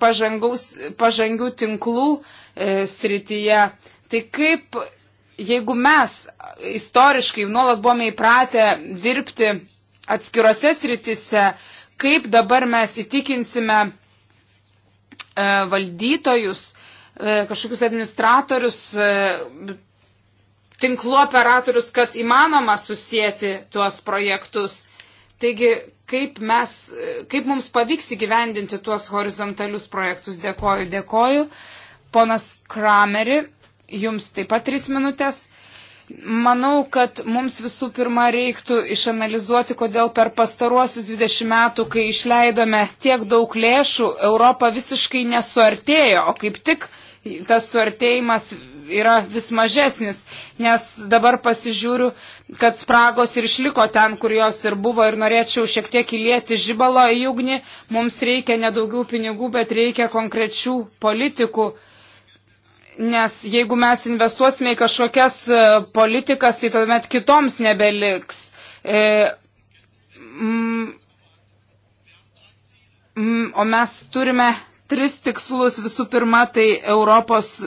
pažangaus, pažangių tinklų e, srityje. Tai kaip, jeigu mes istoriškai nuolat buvome įpratę dirbti atskirose srityse, kaip dabar mes įtikinsime e, valdytojus, e, kažkokius administratorius, e, tinklų operatorius, kad įmanoma susijęti tuos projektus. Taigi, kaip, mes, kaip mums pavyks įgyvendinti tuos horizontalius projektus? Dėkoju, dėkoju. Ponas Krameri, jums taip pat tris minutės. Manau, kad mums visų pirma reiktų išanalizuoti, kodėl per pastaruosius 20 metų, kai išleidome tiek daug lėšų, Europa visiškai nesuartėjo, o kaip tik tas suartėjimas yra vis mažesnis, nes dabar pasižiūriu kad spragos ir išliko ten, kur jos ir buvo ir norėčiau šiek tiek įlieti žibalo į ugnį. Mums reikia nedaugiau pinigų, bet reikia konkrečių politikų. Nes jeigu mes investuosime į kažkokias e, politikas, tai tuomet kitoms nebeliks. E, mm, mm, o mes turime tris tikslus. Visų pirma, tai Europos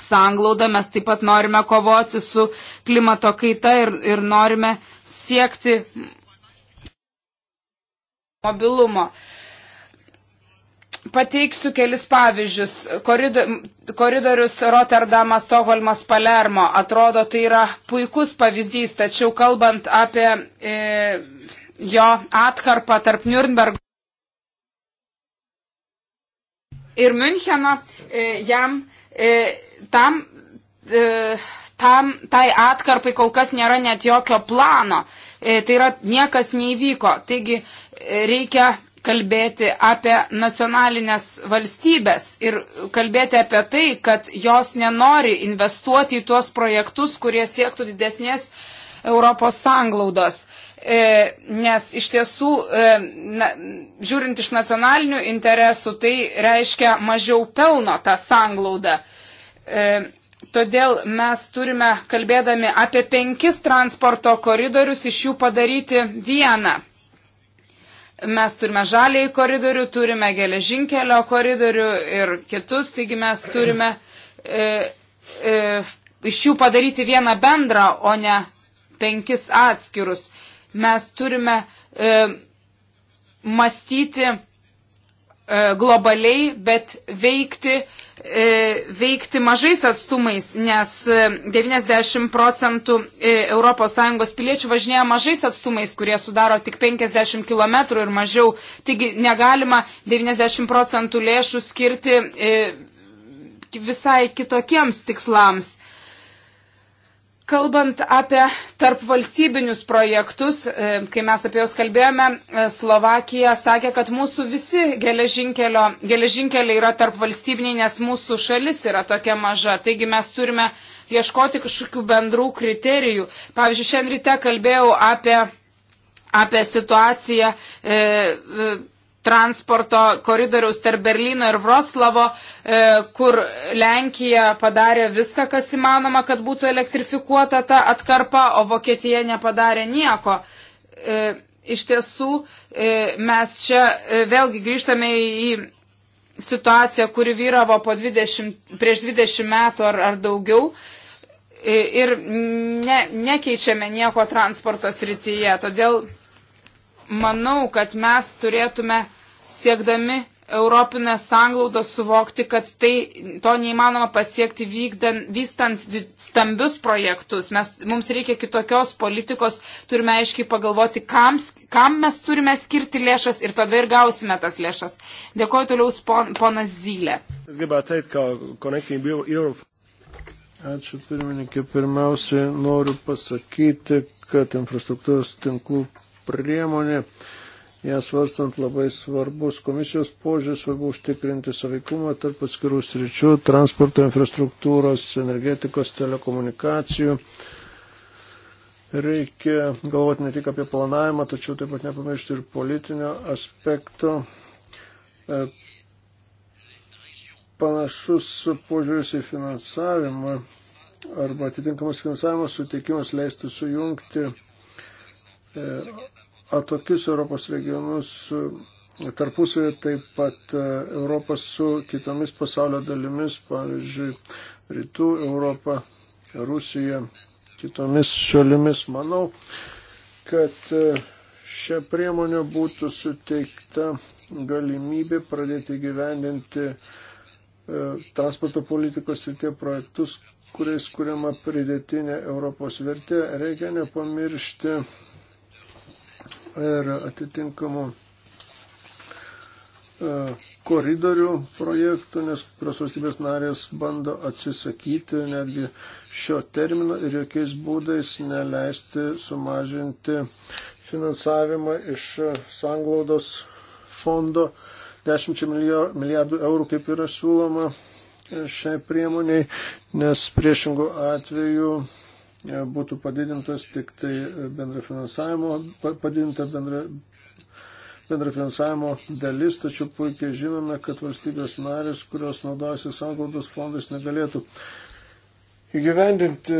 sanglaudą, mes taip pat norime kovoti su klimato kaita ir, ir norime siekti mobilumo. Pateiksiu kelis pavyzdžius. Koridor, koridorius Rotterdamas, Stokholmas, Palermo. Atrodo, tai yra puikus pavyzdys, tačiau kalbant apie e, jo atkarpą tarp Nürnbergo ir Müncheno, e, jam e, tam, e, tam, tai atkarpai kol kas nėra net jokio plano. E, tai yra, niekas neįvyko. Taigi e, reikia kalbėti apie nacionalinės valstybės ir kalbėti apie tai, kad jos nenori investuoti į tuos projektus, kurie siektų didesnės Europos sanglaudos. E, nes iš tiesų, e, na, žiūrint iš nacionalinių interesų, tai reiškia mažiau pelno tą sanglaudą. E, todėl mes turime, kalbėdami apie penkis transporto koridorius, iš jų padaryti vieną. Mes turime žaliai koridorių, turime geležinkelio koridorių ir kitus, taigi mes turime e, e, iš jų padaryti vieną bendrą, o ne penkis atskirus. Mes turime e, mąstyti E, globaliai, bet veikti, e, veikti mažais atstumais, nes 90 e, procentų ES piliečių važinėja mažais atstumais, kurie sudaro tik 50 km ir mažiau. Taigi negalima 90 procentų lėšų skirti visai kitokiems tikslams. Kalbant apie tarpvalstybinius projektus, e, kai mes apie juos kalbėjome, e, Slovakija sakė, kad mūsų visi geležinkeliai yra tarpvalstybiniai, nes mūsų šalis yra tokia maža. Taigi mes turime ieškoti kažkokių bendrų kriterijų. Pavyzdžiui, šiandien ryte kalbėjau apie, apie situaciją. E, e, transporto koridoriaus tarp Berlyno ir Vroslavo, e, kur Lenkija padarė viską, kas įmanoma, kad būtų elektrifikuota ta atkarpa, o Vokietija nepadarė nieko. E, iš tiesų, e, mes čia vėlgi grįžtame į situaciją, kuri vyravo 20, prieš 20 metų ar, ar daugiau ir ne, nekeičiame nieko transporto srityje. Todėl manau, kad mes turėtume siekdami Europinės sanglaudos suvokti, kad tai, to neįmanoma pasiekti vykdant, vystant stambius projektus. Mes, mums reikia kitokios politikos, turime aiškiai pagalvoti, kam, kam mes turime skirti lėšas ir tada ir gausime tas lėšas. Dėkuoju toliau pon, ponas Zylė. Ačiū pirmininkė. Pirmiausiai noriu pasakyti, kad infrastruktūros tinklų priemonė. Jas varstant labai svarbus komisijos požiūrės, svarbu užtikrinti saveikumą tarp atskirų sričių - transporto infrastruktūros, energetikos, telekomunikacijų. Reikia galvoti ne tik apie planavimą, tačiau taip pat nepamiršti ir politinio aspekto. E, panašus požiūris į finansavimą arba atitinkamas finansavimas suteikimas leistų sujungti atokius e, Europos regionus e, tarpusavį, taip pat e, Europos su kitomis pasaulio dalimis, pavyzdžiui, Rytų Europą, Rusiją, kitomis šalimis. Manau, kad šią priemonę būtų suteikta galimybė pradėti gyvendinti transporto politikos ir tie projektus, kuriais kuriama pridėtinė Europos vertė. Reikia nepamiršti ir atitinkamų e, koridorių projektų, nes kurios valstybės narės bando atsisakyti netgi šio termino ir jokiais būdais neleisti sumažinti finansavimą iš sanglaudos fondo 10 milijardų eurų, kaip yra siūloma šiai priemoniai, nes priešingų atveju E, būtų padidintas tik tai e, bendra finansavimo, padidinta bendra, bendra finansavimo dalis, tačiau puikiai žinome, kad valstybės narės, kurios naudojasi sanglaudos fondais, negalėtų įgyvendinti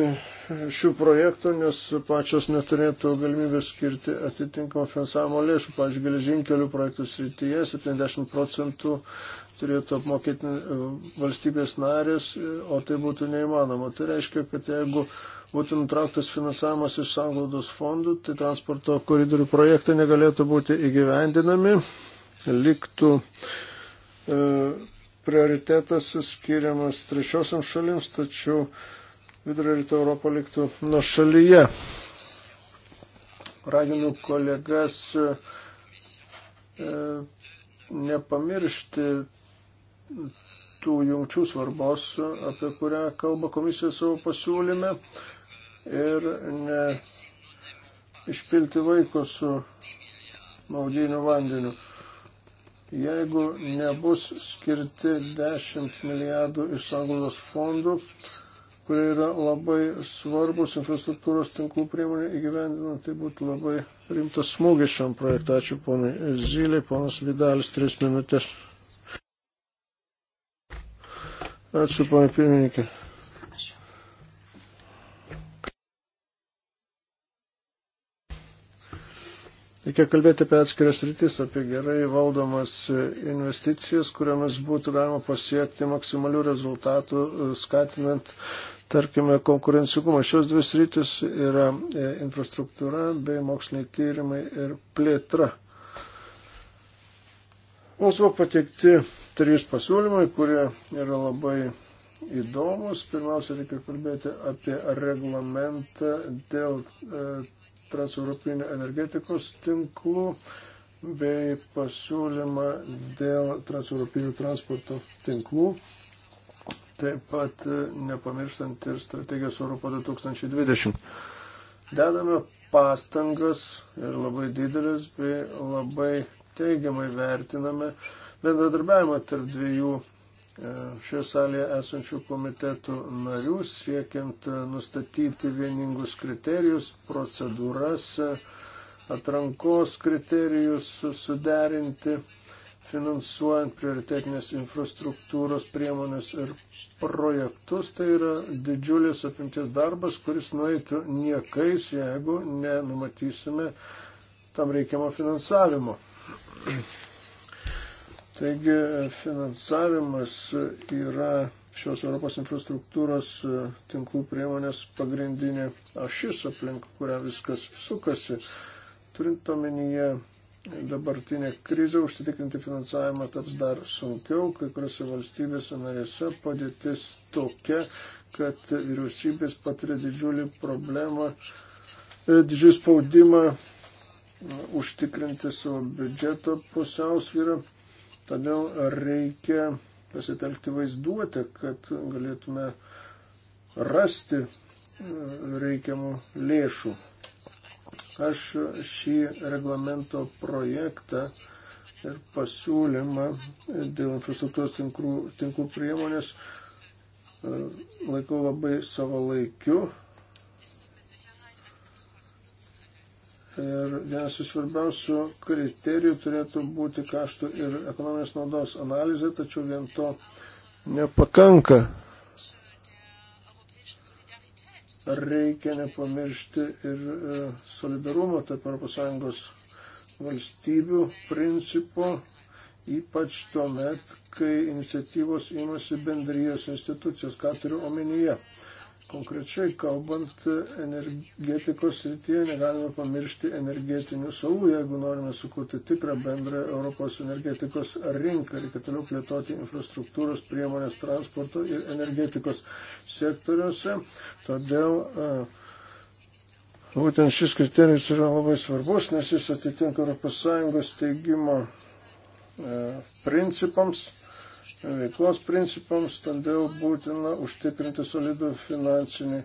šių projektų, nes pačios neturėtų galimybės skirti atitinkamą finansavimo lėšų. Pavyzdžiui, geležinkelių projektų srityje 70 procentų turėtų apmokėti e, valstybės narės, o tai būtų neįmanoma. Tai reiškia, kad jeigu būtų nutrauktas finansavimas iš sanglaudos fondų, tai transporto koridorių projektai negalėtų būti įgyvendinami, liktų e, prioritetas skiriamas trečiosiam šalims, tačiau vidurio rytų Europą liktų nuo šalyje. Raginu kolegas e, e, nepamiršti tų jungčių svarbos, apie kurią kalba komisija savo pasiūlyme. E, ir ne išpilti vaiko su maudiniu vandeniu. Jeigu nebus skirti 10 milijardų iš sanglaudos fondų, kurie yra labai svarbus infrastruktūros tinklų priemonė įgyvendinant, tai būtų labai rimtas smūgis šiam projektui. Ačiū ponai Zylė, ponas Vidalis, 3 minutės. Ačiū, ponai pirmininkė. Reikia kalbėti apie atskiras rytis, apie gerai valdomas investicijas, kuriamis būtų galima pasiekti maksimalių rezultatų, e, skatinant, tarkime, konkurencingumą. Šios dvi rytis yra e, infrastruktūra bei moksliniai tyrimai ir plėtra. Mums buvo pateikti trys pasiūlymai, kurie yra labai įdomus. Pirmiausia, reikia kalbėti apie reglamentą dėl. E, transeuropinių energetikos tinklų bei pasiūlymą dėl transeuropinių transporto tinklų. Taip pat nepamirštant ir strategijos Europo 2020. Dedame pastangas ir labai didelis bei labai teigiamai vertiname bendradarbiavimą tarp dviejų E, šioje salėje esančių komitetų narių, siekiant e, nustatyti vieningus kriterijus, procedūras, e, atrankos kriterijus, suderinti, finansuojant prioritetinės infrastruktūros priemonės ir projektus. Tai yra didžiulis apimties darbas, kuris nueitų niekais, jeigu nenumatysime tam reikiamo finansavimo. Taigi finansavimas yra šios Europos infrastruktūros e, tinklų priemonės pagrindinė ašis aplink, kurią viskas sukasi. Turint omenyje dabartinę krizę, užsitikrinti finansavimą taps dar sunkiau, kai kuriuose valstybėse narėse padėtis tokia, kad vyriausybės patiria didžiulį problemą, e, didžiulį spaudimą užtikrinti savo biudžeto pusiausvyrą Todėl reikia pasitelkti vaizduotę, kad galėtume rasti e, reikiamų lėšų. Aš šį reglamento projektą ir pasiūlymą dėl infrastruktūros tinklų, tinklų priemonės e, laikau labai savalaikiu Ir vienas iš svarbiausių kriterijų turėtų būti kaštų ir ekonominės naudos analizė, tačiau vien to nepakanka. Reikia nepamiršti ir e, solidarumo tarp ES valstybių principo, ypač tuomet, kai iniciatyvos imasi bendrijos institucijos, ką turiu omenyje. Konkrečiai kalbant, energetikos srityje negalime pamiršti energetinių saugų, jeigu norime sukurti tikrą bendrą Europos energetikos rinką, reikia toliau plėtoti infrastruktūros, priemonės, transporto ir energetikos sektoriuose. Todėl e, būtent šis kriterijus yra labai svarbus, nes jis atitinka ES teigimo e, principams veiklos principams, todėl būtina užtikrinti solidų finansinį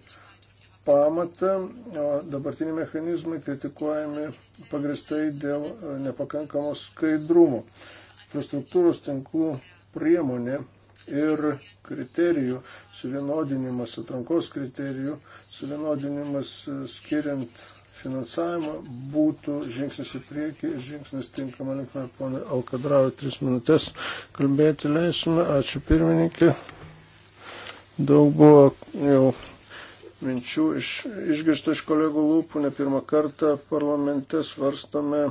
pamatą, o dabartiniai mechanizmai kritikuojami pagristai dėl e, nepakankamos skaidrumo. Infrastruktūros tinklų priemonė ir kriterijų suvienodinimas, atrankos kriterijų suvienodinimas e, skiriant finansavimą būtų žingsnis į priekį ir žingsnis tinkamą linkmę. Pone Alkadrau, tris minutės kalbėti leisime. Ačiū pirmininkė. Daug buvo jau minčių iš, išgirsta iš kolegų lūpų. Ne pirmą kartą parlamente svarstame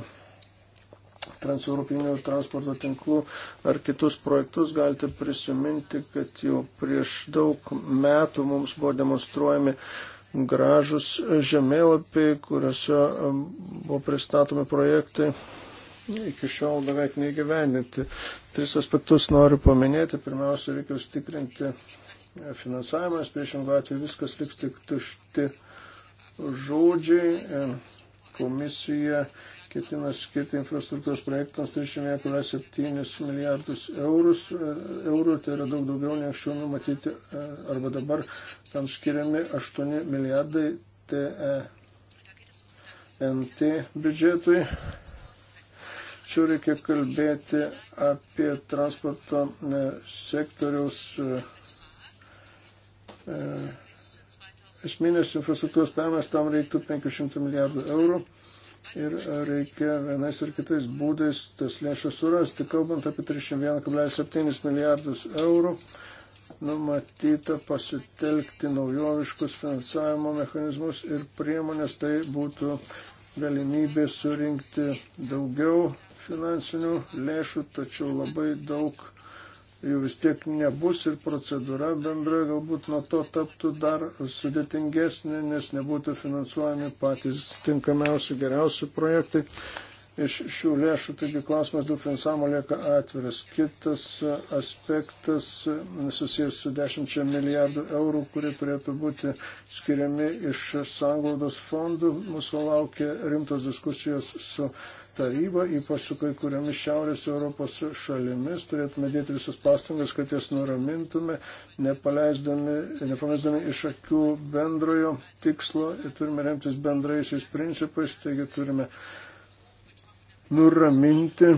transeuropinių transporto tinklų ar kitus projektus, galite prisiminti, kad jau prieš daug metų mums buvo demonstruojami gražus žemėlapiai, kuriuose buvo pristatomi projektai iki šiol beveik neįgyvendinti. Tris aspektus noriu paminėti. Pirmiausia, reikia užtikrinti finansavimą, priešingų atveju viskas liks tik tušti žodžiai. Komisija ketina skirti infrastruktūros projektams 31,7 milijardus eurus, e, eurų, tai yra daug daugiau nei anksčiau numatyti, e, arba dabar tam skiriami 8 milijardai TNT e biudžetui. Čia reikia kalbėti apie transporto sektoriaus esminės infrastruktūros permės, tam reiktų 500 milijardų eurų ir reikia vienais ir kitais būdais tas lėšas surasti. Kalbant apie 31,7 milijardus eurų, numatyta pasitelkti naujoviškus finansavimo mechanizmus ir priemonės, tai būtų galimybė surinkti daugiau finansinių lėšų, tačiau labai daug jų vis tiek nebus ir procedūra bendra galbūt nuo to taptų dar sudėtingesnė, nes nebūtų finansuojami patys tinkamiausi, geriausi projektai. Iš šių lėšų, taigi klausimas dėl finansavimo lieka atviras. Kitas aspektas susijęs su 10 milijardų eurų, kurie turėtų būti skiriami iš sanglaudos fondų. Mūsų laukia rimtos diskusijos su taryba, ypač su kai kuriamis Šiaurės Europos šalimis, turėtume dėti visas pastangas, kad jas nuramintume, nepaleisdami iš akių bendrojo tikslo ir turime remtis bendraisiais principais, taigi turime nuraminti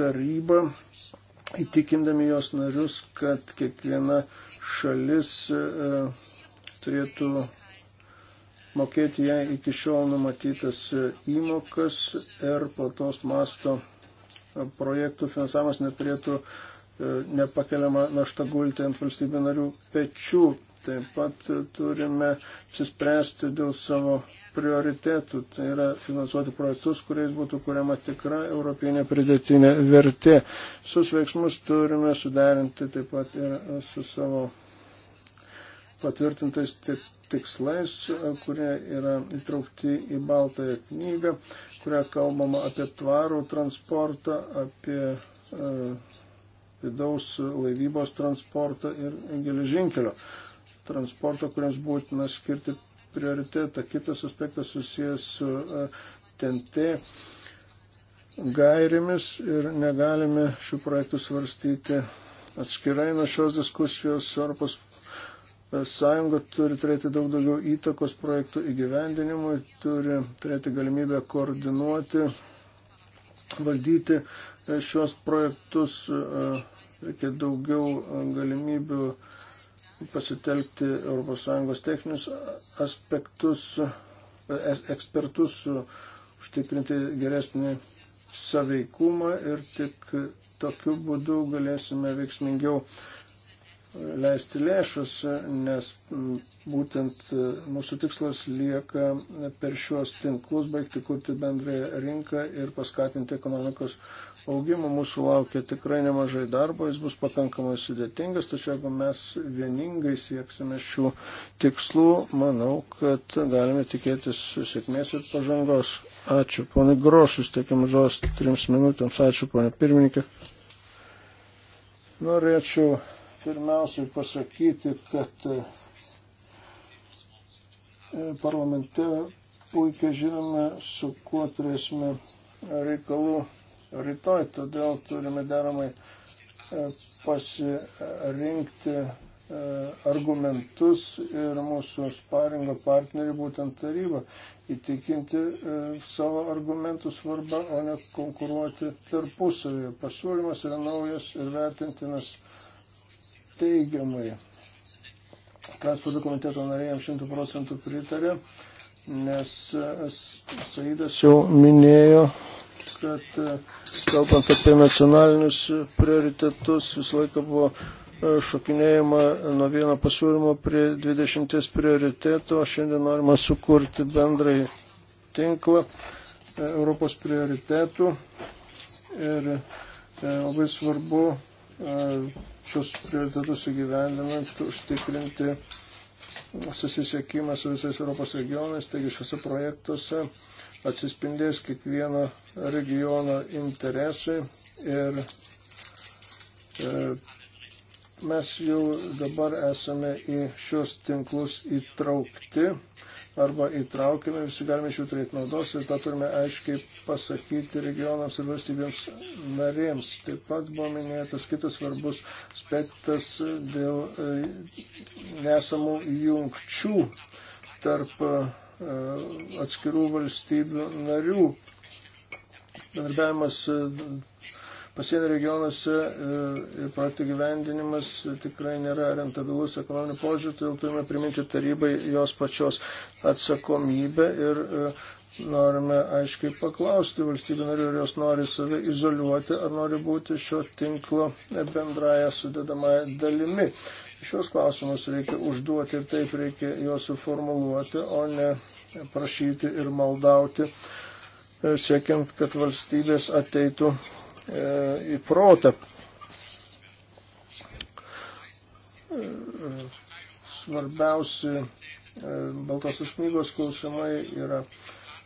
tarybą, įtikindami jos narius, kad kiekviena šalis e, turėtų mokėti jai iki šiol numatytas e, įmokas ir plataus masto e, projektų finansavimas neturėtų e, nepakeliama našta gulti ant valstybių narių pečių. Taip pat turime apsispręsti dėl savo prioritėtų, tai yra finansuoti projektus, kuriais būtų kuriama tikra europinė pridėtinė vertė. Sus veiksmus turime suderinti taip pat ir su savo patvirtintais tik tikslais, kurie yra įtraukti į Baltąją knygą, kurioje kalbama apie tvarų transportą, apie e, vidaus laivybos transportą ir geležinkelio transportą, kuriems būtina skirti prioritetą. Kitas aspektas susijęs su e, TNT gairėmis ir negalime šių projektų svarstyti atskirai nuo šios diskusijos. Europos sąjunga turi turėti daug daugiau įtakos projektų įgyvendinimui, turi turėti galimybę koordinuoti, valdyti e, šios projektus, e, reikia daugiau e, galimybių pasitelkti ES techninius aspektus, ekspertus, užtikrinti geresnį saveikumą ir tik tokiu būdu galėsime veiksmingiau leisti lėšus, nes būtent e, mūsų tikslas lieka per šiuos tinklus baigti kurti bendrąją rinką ir paskatinti ekonomikos augimą. Mūsų laukia tikrai nemažai darbo, jis bus pakankamai sudėtingas, tačiau jeigu mes vieningai sieksime šių tikslų, manau, kad galime tikėtis sėkmės ir pažangos. Ačiū, ponai Grosus, tiekim žos trims minutėms, ačiū, ponai pirmininkė. Norėčiau pirmiausiai pasakyti, kad e, parlamente puikiai žinome, su kuo turėsime reikalų rytoj, todėl turime deramai e, pasirinkti e, argumentus ir mūsų sparingo partnerį, būtent tarybą, įtikinti savo argumentų svarbą, o ne konkuruoti tarpusavėje. Pasiūlymas yra naujas ir vertintinas teigiamai. Transporto komiteto nariai jam 100 procentų pritarė, nes e, Saidas jau minėjo, kad e, kalbant apie nacionalinius prioritetus, visą laiką buvo e, šokinėjama nuo vieno pasiūlymo prie 20 prioritetų, o šiandien norima sukurti bendrai tinklą Europos prioritetų. Ir labai svarbu E, šios prioritetus įgyvendinant užtikrinti susisiekimą su visais Europos regionais, taigi šiuose projektuose atsispindės kiekvieno regiono interesai ir e, mes jau dabar esame į šios tinklus įtraukti arba įtraukime, visi galime iš jų turėti naudos ir tą turime aiškiai pasakyti regionams ir valstybėms narėms. Taip pat buvo minėtas kitas svarbus aspektas dėl e, nesamų jungčių tarp e, atskirų valstybių narių. Bendarbiavimas e, pasienio regionuose ir projektų gyvendinimas tikrai nėra rentabilus ekonominiu požiūriu, todėl turime priminti tarybai jos pačios atsakomybę ir norime aiškiai paklausti valstybių narių, ar jos nori save izoliuoti, ar nori būti šio tinklo bendraja sudėdamąją dalimi. Šios klausimus reikia užduoti ir taip reikia juos suformuluoti, o ne prašyti ir maldauti, e, siekiant, kad valstybės ateitų e, į protą. E, svarbiausi Baltosios knygos klausimai yra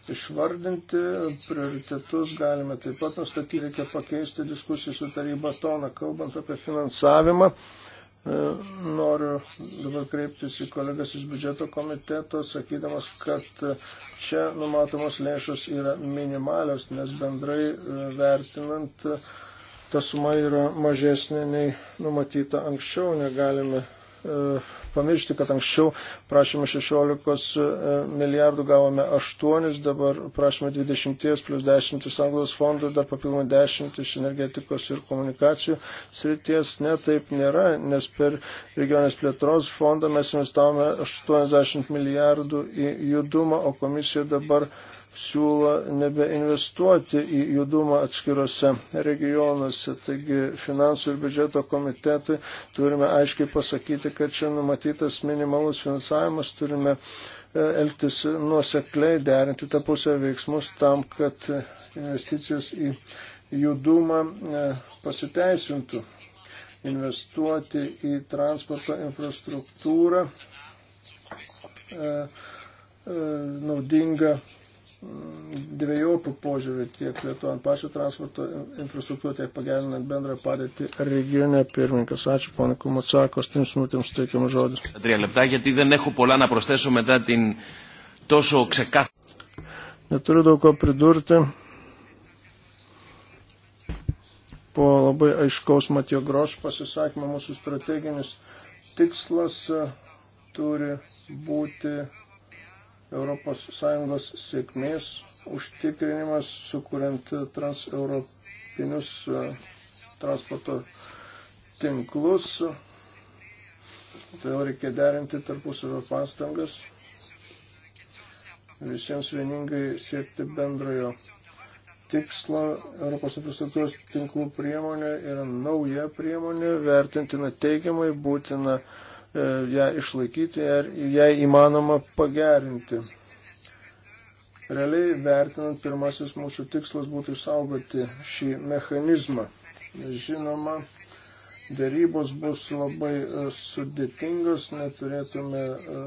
išvardinti, prioritetus galime taip pat nustatyti, reikia pakeisti diskusijų su taryba toną, kalbant apie finansavimą. E, noriu dabar kreiptis į kolegas iš biudžeto komiteto, sakydamas, kad čia numatomos lėšos yra minimalios, nes bendrai e, vertinant ta suma yra mažesnė nei numatyta anksčiau, negalime e, pamiršti, kad anksčiau prašymą 16 e, milijardų gavome 8, dabar prašymą 20 plus 10 iš Anglos fondų, dar papildomai 10 iš energetikos ir komunikacijų srities. Ne, taip nėra, nes per regionės plėtros fondą mes investavome 80 milijardų į judumą, o komisija dabar siūlo nebeinvestuoti į judumą atskirose regionuose. Taigi finansų ir biudžeto komitetui turime aiškiai pasakyti, kad čia numatytas minimalus finansavimas, turime e, elgtis nuosekliai, derinti tą pusę veiksmus tam, kad investicijos į judumą e, pasiteisintų. Investuoti į transporto infrastruktūrą e, naudinga dviejopų požiūrį tiek plėtojant pačią transporto infrastruktūrą, tiek pagerinant bendrą padėtį regione. Pirmininkas, ačiū, ponė Kumatsakos, trims minutėms teikiamas žodis. Neturiu daug ko pridurti. Po labai aiškaus Matijo Groš pasisakymo mūsų strateginis tikslas e, turi būti ES sėkmės užtikrinimas, sukuriant transeuropinius e, transporto tinklus. Todėl reikia derinti tarpusavio pastangas, visiems vieningai siekti bendrojo tikslo Europos infrastruktūros tinklų priemonė yra nauja priemonė, vertintina teigiamai, būtina uh, E, ją išlaikyti ir ją įmanoma pagerinti. Realiai vertinant, pirmasis mūsų tikslas būtų išsaugoti šį mechanizmą. Žinoma, dėrybos bus labai e, sudėtingos, neturėtume e,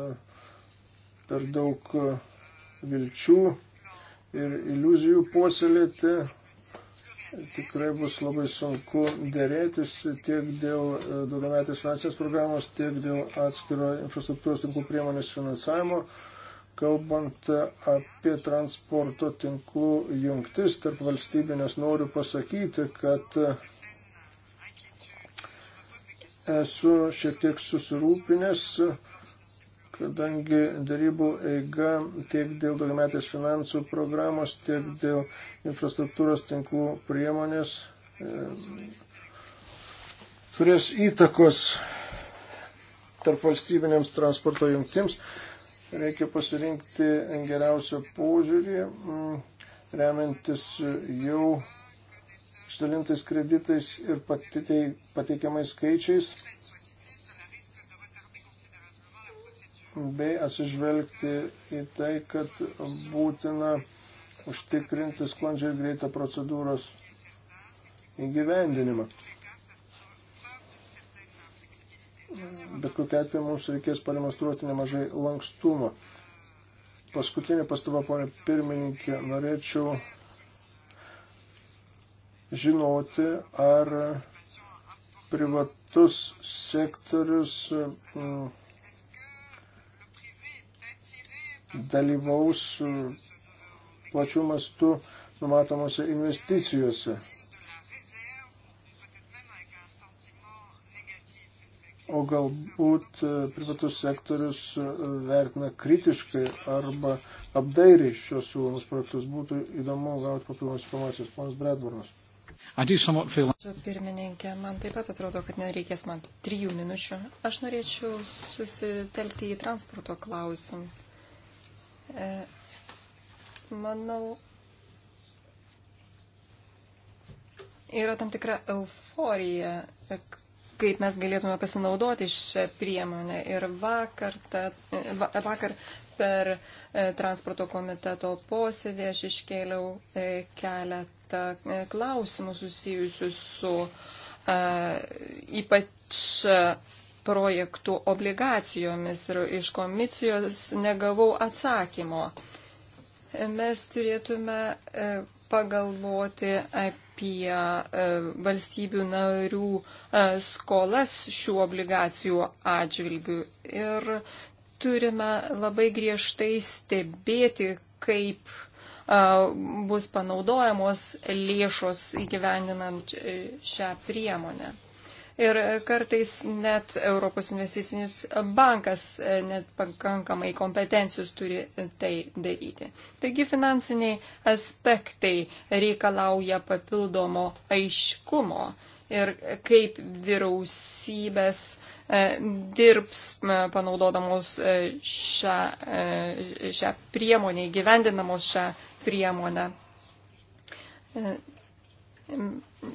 per daug vilčių ir iliuzijų puoselėti, tikrai bus labai sunku dėrėtis tiek dėl e, daugiametės finansinės programos, tiek dėl atskiro infrastruktūros tinklų priemonės finansavimo. Kalbant apie transporto tinklų jungtis tarp valstybinės, noriu pasakyti, kad esu šiek tiek susirūpinęs kadangi darybų eiga tiek dėl daugiametės finansų programos, tiek dėl infrastruktūros tinklų priemonės e, turės įtakos tarp valstybinėms transporto jungtims. Reikia pasirinkti geriausią požiūrį, remiantis jau išdalintais kreditais ir pateikiamais skaičiais bei atsižvelgti į tai, kad būtina užtikrinti sklandžią ir greitą procedūros įgyvendinimą. Bet kokia atveju mums reikės pademonstruoti nemažai lankstumo. Paskutinė pastaba, ponė pirmininkė, norėčiau žinoti, ar privatus sektorius. Mm, dalyvaus plačių mastų numatomose investicijose. O galbūt e, privatus sektorius e, vertina kritiškai arba apdairiai šios siūlomus projektus. Būtų įdomu gauti papildomos informacijos. Ponas Bredvarnas. Ačiū pirmininkė, man taip pat atrodo, kad nereikės man trijų minučių. Aš norėčiau susitelti į transporto klausimus. E, manau, yra tam tikra euforija, e, kaip mes galėtume pasinaudoti šią priemonę. Ir vakar, ta, e, vakar per transporto komiteto posėdį aš iškėliau keletą klausimų susijusių su ypač projektų obligacijomis ir iš komisijos negavau atsakymo. Mes turėtume e, pagalvoti apie e, valstybių narių e, skolas šių obligacijų atžvilgių ir turime labai griežtai stebėti, kaip bus panaudojamos lėšos įgyvendinant šią priemonę ir kartais net Europos investicinis bankas e, net pakankamai kompetencijus turi tai daryti. Taigi finansiniai aspektai reikalauja papildomo aiškumo ir kaip vyriausybės e, dirbs e, panaudodamos šią, šią priemonę, gyvendinamos šią priemonę.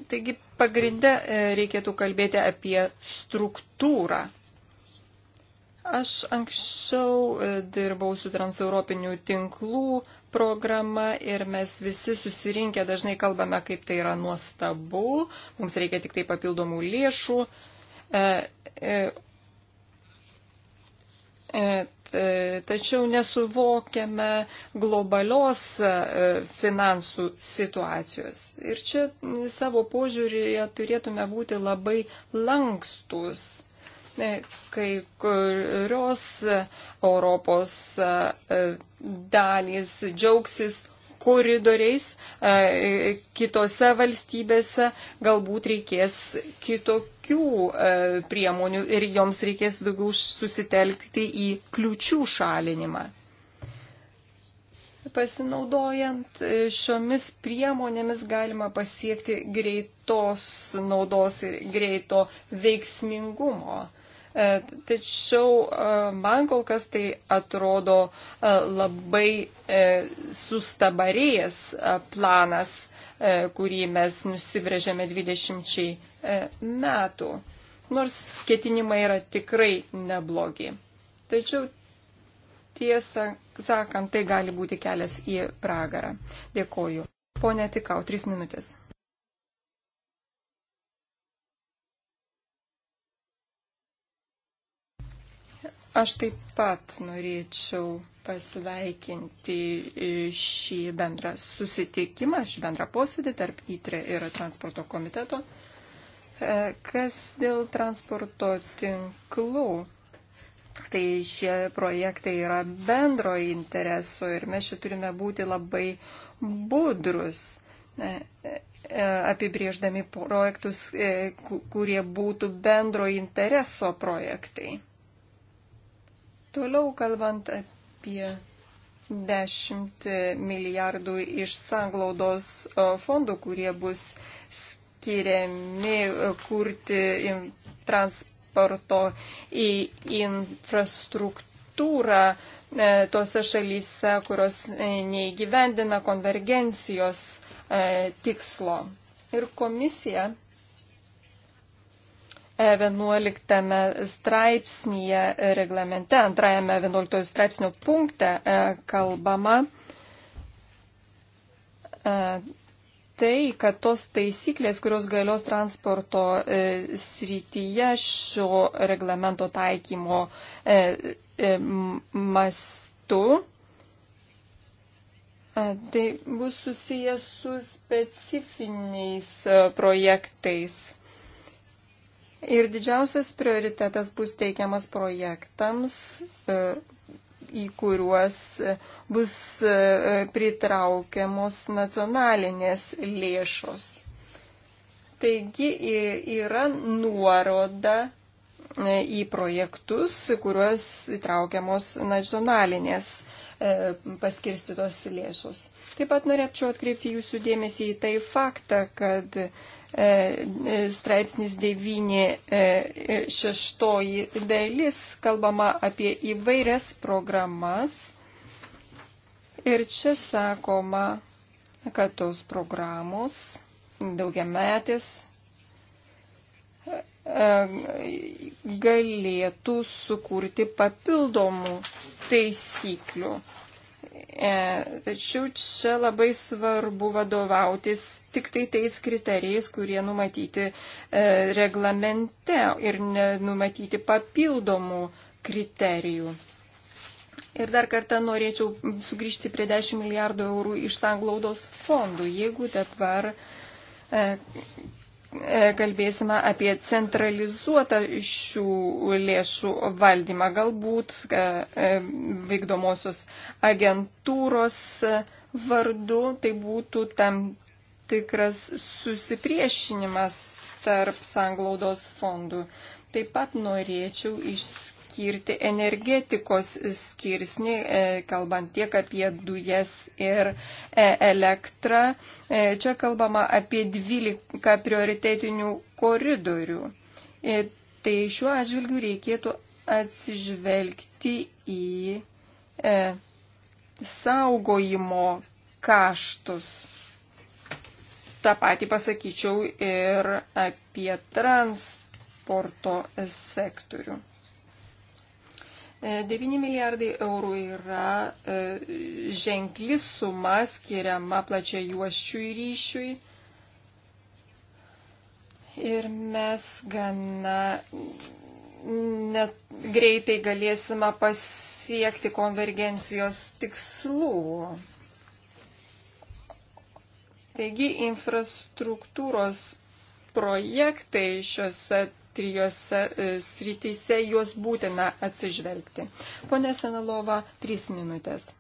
Taigi pagrindę e, reikėtų kalbėti apie struktūrą. Aš anksčiau e, dirbau su transeuropinių tinklų programa ir mes visi susirinkę dažnai kalbame, kaip tai yra nuostabu, mums reikia tik tai papildomų lėšų. E, e, e, E, tačiau nesuvokiame globalios e, finansų situacijos. Ir čia savo požiūrėje turėtume būti labai lankstus. E, kai kurios Europos dalys džiaugsis koridoriais, e, kitose valstybėse galbūt reikės kitokių e, priemonių ir joms reikės daugiau susitelkti į kliučių šalinimą. Pasinaudojant e, šiomis priemonėmis galima pasiekti greitos naudos ir greito veiksmingumo. E, tačiau e, man kol kas tai atrodo e, labai sustabarėjęs planas, kurį mes nusibrėžėme 20 metų. Nors ketinimai yra tikrai neblogi. Tačiau tiesą sakant, tai gali būti kelias į pragarą. Dėkoju. Pone Tikau, trys minutės. Aš taip pat norėčiau pasveikinti šį bendrą susitikimą, šį bendrą posėdį tarp įtrė e ir transporto komiteto. E, kas dėl transporto tinklų, tai šie projektai yra bendro intereso ir mes čia turime būti labai budrus e, apibrėždami projektus, kurie būtų bendro intereso projektai. Toliau kalbant apie 10 milijardų iš sanglaudos e, fondų, kurie bus skiriami e, kurti transporto į infrastruktūrą e, tose šalyse, kurios neįgyvendina konvergencijos tikslo. Ir komisija 11 e straipsnėje reglamente, antrajame 11 straipsnio punkte e, kalbama e, tai, kad tos taisyklės, kurios galios transporto srityje šio reglamento taikymo mastu, tai bus susijęs su specifiniais projektais Ir didžiausias prioritetas bus teikiamas projektams, e, į kuriuos e, bus e, pritraukiamos nacionalinės lėšos. Taigi yra nuoroda į projektus, kuriuos įtraukiamos nacionalinės paskirstytos lėšos. Taip pat norėčiau atkreipti jūsų dėmesį į tai faktą, kad straipsnis 9.6 e, dalis kalbama apie įvairias programas. Ir čia sakoma, kad tos programos daugiametis e, galėtų sukurti papildomų taisyklių E, tačiau čia labai svarbu vadovautis tik tai tais kriterijais, kurie numatyti e, reglamente ir nenumatyti papildomų kriterijų. Ir dar kartą norėčiau sugrįžti prie 10 milijardų eurų iš sanglaudos fondų. Jeigu dabar e, E, kalbėsime apie centralizuotą šių lėšų valdymą. Galbūt e, e, vykdomosios agentūros vardu tai būtų tam tikras susipriešinimas tarp sanglaudos fondų. Taip pat norėčiau išskirti skirti energetikos skirsnį, e, kalbant tiek apie dujas ir e, elektrą. E, čia kalbama apie 12 prioritetinių koridorių. Tai šiuo atžvilgiu reikėtų atsižvelgti į saugojimo kaštus. Ta pati pasakyčiau ir apie transportą transporto sektorių. 9 e, milijardai eurų yra e, ženkli suma skiriama plačiai juoščiui ryšiui. Ir mes gana net greitai galėsime pasiekti konvergencijos tikslų. Taigi infrastruktūros projektai šiuose trijose e, srityse juos būtina atsižvelgti. Pone Senalova, trys minutės.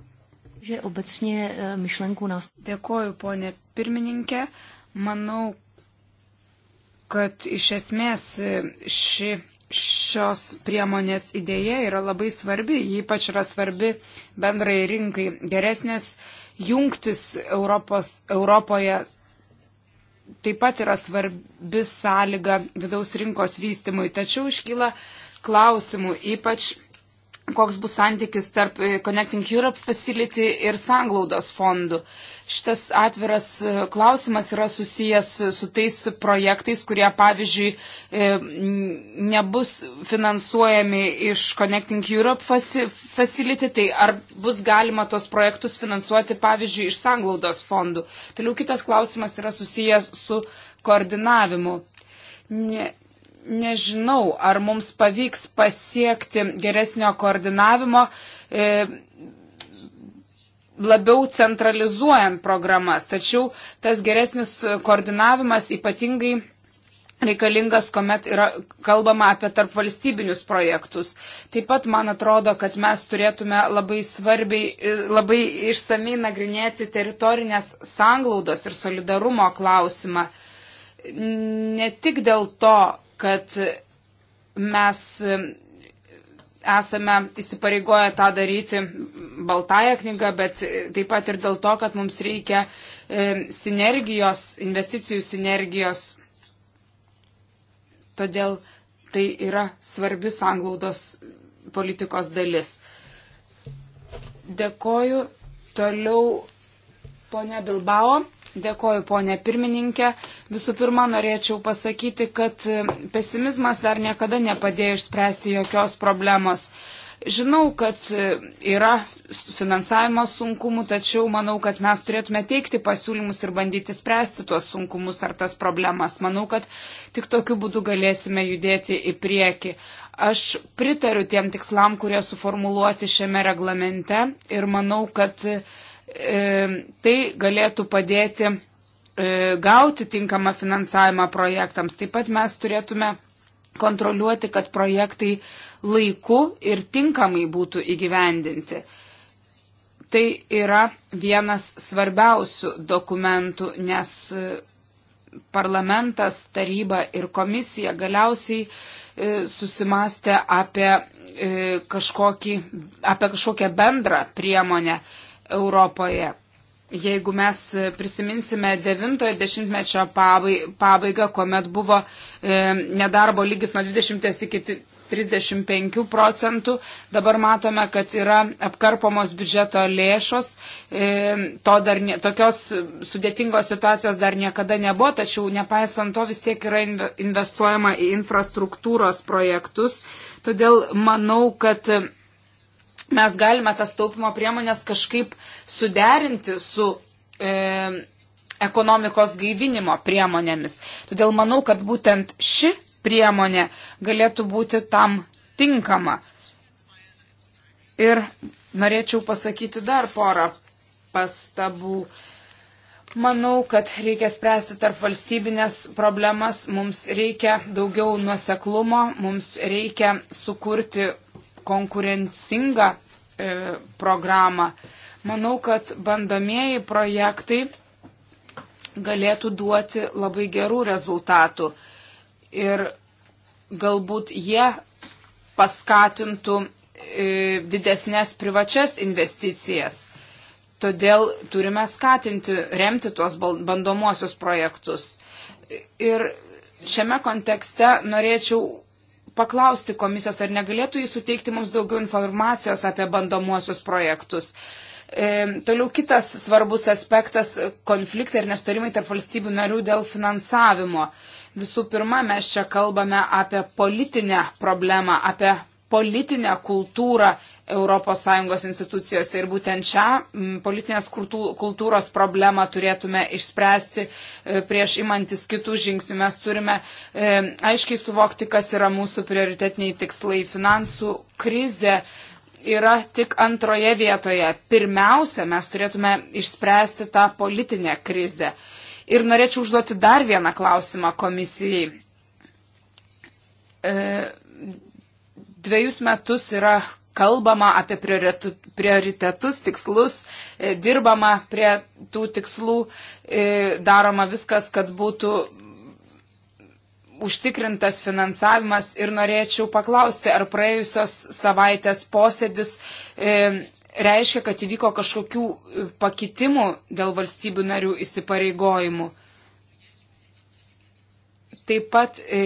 E, Dėkoju, ponė pirmininkė. Manau, kad iš esmės e, ši, šios priemonės idėja yra labai svarbi, ypač yra svarbi bendrai rinkai geresnės jungtis Europos, Europoje taip pat yra svarbi sąlyga vidaus rinkos vystimui, tačiau iškyla klausimų, ypač koks bus santykis tarp e, Connecting Europe Facility ir sanglaudos fondų. Šitas atviras e, klausimas yra susijęs su tais projektais, kurie, pavyzdžiui, e, nebus finansuojami iš Connecting Europe Facility, tai ar bus galima tos projektus finansuoti, pavyzdžiui, iš sanglaudos fondų. Toliau kitas klausimas yra susijęs su koordinavimu. Ne, nežinau, ar mums pavyks pasiekti geresnio koordinavimo. E, labiau centralizuojant programas, tačiau tas geresnis koordinavimas ypatingai reikalingas, kuomet yra kalbama apie tarpvalstybinius projektus. Taip pat man atrodo, kad mes turėtume labai svarbiai, e, labai išsamei nagrinėti teritorinės sanglaudos ir solidarumo klausimą. Ne tik dėl to, kad mes esame įsipareigoję tą daryti baltąją knygą, bet taip pat ir dėl to, kad mums reikia e, sinergijos, investicijų sinergijos. Todėl tai yra svarbi sanglaudos politikos dalis. Dėkoju. Toliau ponia Bilbao. Dėkoju, ponė pirmininkė. Visų pirma, norėčiau pasakyti, kad e, pesimizmas dar niekada nepadėjo išspręsti jokios problemos. Žinau, kad e, yra finansavimo sunkumų, tačiau manau, kad mes turėtume teikti pasiūlymus ir bandyti spręsti tuos sunkumus ar tas problemas. Manau, kad tik tokiu būdu galėsime judėti į priekį. Aš pritariu tiem tikslam, kurie suformuluoti šiame reglamente ir manau, kad uh, E, tai galėtų padėti e, gauti tinkamą finansavimą projektams. Taip pat mes turėtume kontroliuoti, kad projektai laiku ir tinkamai būtų įgyvendinti. Tai yra vienas svarbiausių dokumentų, nes e, parlamentas, taryba ir komisija galiausiai susimastė apie, kažkokį, apie kažkokią bendrą priemonę Europoje. Jeigu mes prisiminsime 90-mečio pabaigą, kuomet buvo e, nedarbo lygis nuo 20 iki 35 procentų, dabar matome, kad yra apkarpomos biudžeto lėšos. E, to dar ne, tokios sudėtingos situacijos dar niekada nebuvo, tačiau nepaisant to vis tiek yra investuojama į infrastruktūros projektus. Todėl manau, kad mes galime tas taupimo priemonės kažkaip suderinti su e, ekonomikos gaivinimo priemonėmis. Todėl manau, kad būtent ši priemonė galėtų būti tam tinkama. Ir norėčiau pasakyti dar porą pastabų. Manau, kad reikia spręsti tarp valstybinės problemas, mums reikia daugiau nuoseklumo, mums reikia sukurti konkurencingą e, programą. Manau, kad bandomieji projektai galėtų duoti labai gerų rezultatų ir galbūt jie paskatintų e, didesnės privačias investicijas. Todėl turime skatinti, remti tuos bandomuosius projektus. Ir šiame kontekste norėčiau paklausti komisijos, ar negalėtų jis suteikti mums daugiau informacijos apie bandomuosius projektus. E, toliau kitas svarbus aspektas - konfliktai ir nestorimai tarp valstybių narių dėl finansavimo. Visų pirma, mes čia kalbame apie politinę problemą, apie politinę kultūrą ES institucijose ir būtent šią politinės kultūros problemą turėtume išspręsti e, prieš imantis kitų žingsnių. Mes turime e, aiškiai suvokti, kas yra mūsų prioritetiniai tikslai. Finansų krizė yra tik antroje vietoje. Pirmiausia, mes turėtume išspręsti tą politinę krizę. Ir norėčiau užduoti dar vieną klausimą komisijai. E, dviejus metus yra kalbama apie prioritetus, tikslus, e, dirbama prie tų tikslų, e, daroma viskas, kad būtų užtikrintas finansavimas ir norėčiau paklausti, ar praėjusios savaitės posėdis e, reiškia, kad įvyko kažkokių e, pakitimų dėl valstybių narių įsipareigojimų. Taip pat, e,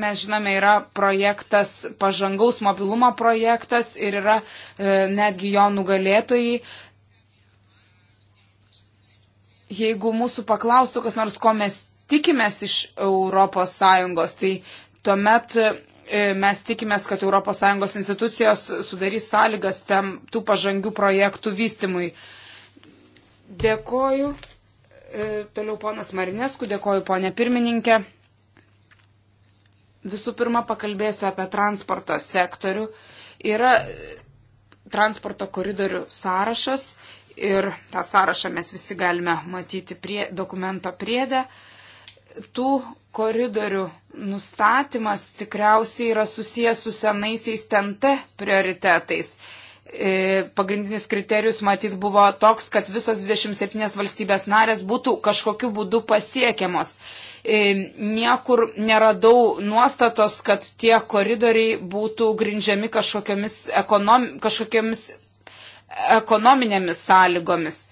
mes žinome, yra projektas, pažangaus mobilumo projektas ir yra e, netgi jo nugalėtojai. Jeigu mūsų paklaustų kas nors, ko mes tikimės iš ES, tai tuomet e, mes tikimės, kad ES institucijos sudarys sąlygas tam tų pažangių projektų vystimui. Dėkoju. Toliau ponas Marinesku, dėkoju ponė pirmininkė. Visų pirma, pakalbėsiu apie transporto sektorių. Yra transporto koridorių sąrašas ir tą sąrašą mes visi galime matyti prie, dokumento priedę. Tų koridorių nustatymas tikriausiai yra susijęs su senaisiais TNT prioritetais. E, pagrindinis kriterijus matyt buvo toks, kad visos 27 valstybės narės būtų kažkokiu būdu pasiekiamos. E, niekur neradau nuostatos, kad tie koridoriai būtų grindžiami kažkokiamis, ekonom, kažkokiamis ekonominėmis sąlygomis.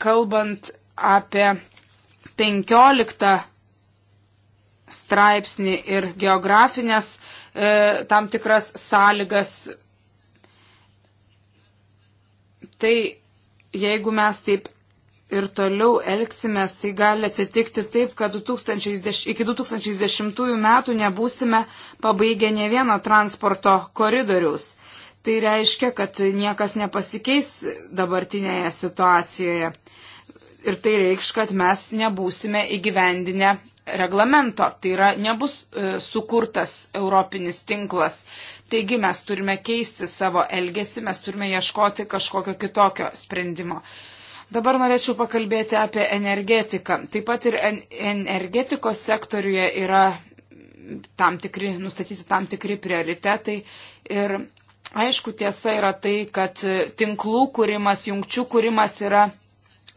Kalbant apie 15 straipsnį ir geografinės e, tam tikras sąlygas. Tai jeigu mes taip ir toliau elgsimės, tai gali atsitikti taip, kad 2010, iki 2010 metų nebūsime pabaigę ne vieno transporto koridoriaus. Tai reiškia, kad niekas nepasikeis dabartinėje situacijoje. Ir tai reikš, kad mes nebūsime įgyvendinę reglamento, tai yra nebus e, sukurtas europinis tinklas. Taigi mes turime keisti savo elgesį, mes turime ieškoti kažkokio kitokio sprendimo. Dabar norėčiau pakalbėti apie energetiką. Taip pat ir energetikos sektoriuje yra tam tikri, nustatyti tam tikri prioritetai. Ir aišku, tiesa yra tai, kad tinklų kūrimas, jungčių kūrimas yra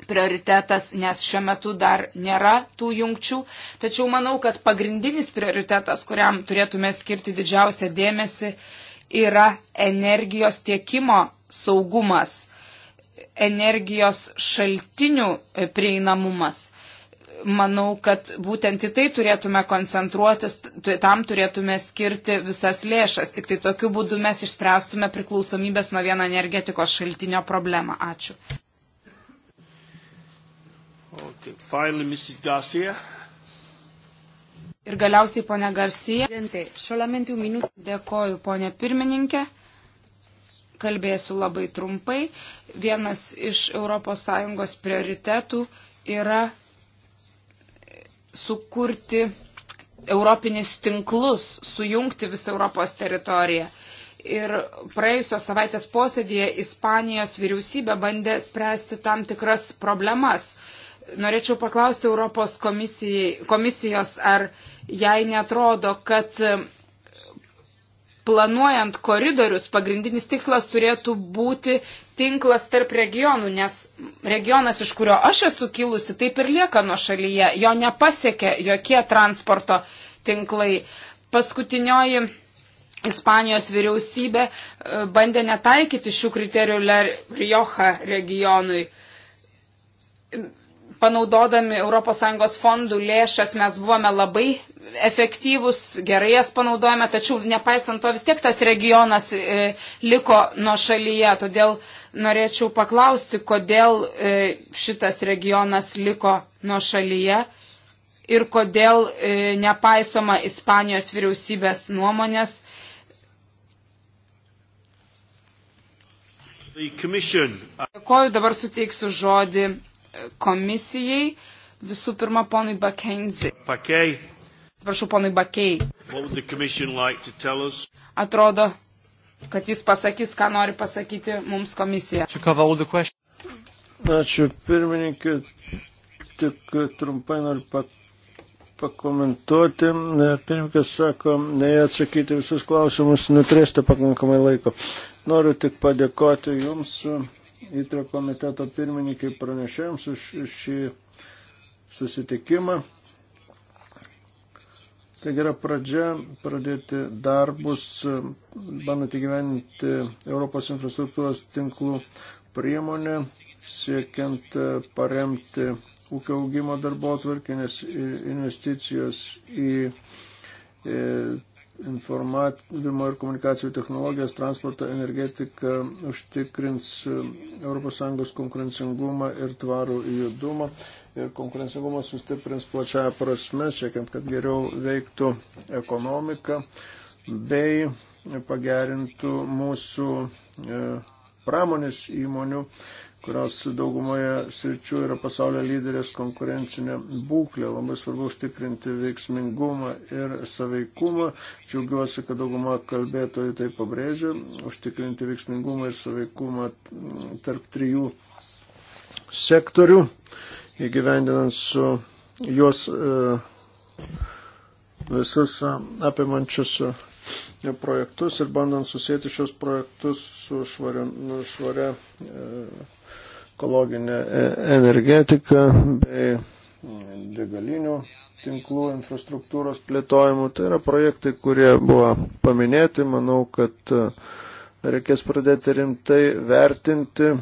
prioritetas, nes šiuo metu dar nėra tų jungčių. Tačiau manau, kad pagrindinis prioritetas, kuriam turėtume skirti didžiausią dėmesį, yra energijos tiekimo saugumas, energijos šaltinių e, prieinamumas. Manau, kad būtent į tai turėtume koncentruotis, tam turėtume skirti visas lėšas. Tik tai tokiu būdu mes išspręstume priklausomybės nuo vieno energetikos šaltinio problemą. Ačiū. Okay. Finally, Mrs. Garcia. Ir galiausiai, ponė Garcija. Dėkoju, ponė pirmininkė. Kalbėsiu labai trumpai. Vienas iš ES prioritetų yra sukurti europinius tinklus, sujungti visą Europos teritoriją. Ir praėjusios savaitės posėdėje Ispanijos vyriausybė bandė spręsti tam tikras problemas norėčiau paklausti Europos komisijos, ar jai netrodo, kad um, planuojant koridorius pagrindinis tikslas turėtų būti tinklas tarp regionų, nes regionas, iš kurio aš esu kilusi, taip ir lieka nuo šalyje, jo nepasiekia jokie transporto tinklai. Paskutinioji Ispanijos vyriausybė e, bandė netaikyti šių kriterijų Rioja regionui panaudodami ES fondų lėšas mes buvome labai efektyvus, gerai jas panaudojame, tačiau nepaisant to vis tiek tas regionas e, liko nuo šalyje. Todėl norėčiau paklausti, kodėl e, šitas regionas liko nuo šalyje ir kodėl e, nepaisoma Ispanijos vyriausybės nuomonės. Uh, Dėkoju, dabar suteiksiu žodį komisijai, visų pirma, ponui Bakenzi. Pakei. Atsiprašau, ponui Bakei. Like Atrodo, kad jis pasakys, ką nori pasakyti mums komisija. Ačiū pirmininkė, tik trumpai noriu pat pakomentuoti. Pirmininkas sako, neatsakyti visus klausimus, neturėsite pakankamai laiko. Noriu tik padėkoti Jums įtrio komiteto pirmininkai pranešėjams už šį susitikimą. Taigi yra pradžia pradėti darbus, bandant įgyveninti Europos infrastruktūros tinklų priemonę, siekiant paremti ūkio augimo darbo atvarkį, nes investicijos į e, informavimo ir komunikacijų technologijas, transportą, energetiką užtikrins e, ES konkurencingumą ir tvarų judumą. Ir konkurencingumą sustiprins plačiaja prasme, siekiant, kad geriau veiktų ekonomika bei pagerintų mūsų e, pramonės įmonių kurios daugumoje sričių yra pasaulio lyderės konkurencinė būklė. Labai svarbu užtikrinti veiksmingumą ir saveikumą. Džiaugiuosi, kad dauguma kalbėtojų tai pabrėžia. Užtikrinti veiksmingumą ir saveikumą tarp trijų sektorių, įgyvendinant su juos e, visus e, apimančius e, projektus ir bandant susijęti šios projektus su švaria, švaria ekologinė e, energetika bei e, degalinių tinklų infrastruktūros plėtojimu. Tai yra projektai, kurie buvo paminėti. Manau, kad e, reikės pradėti rimtai vertinti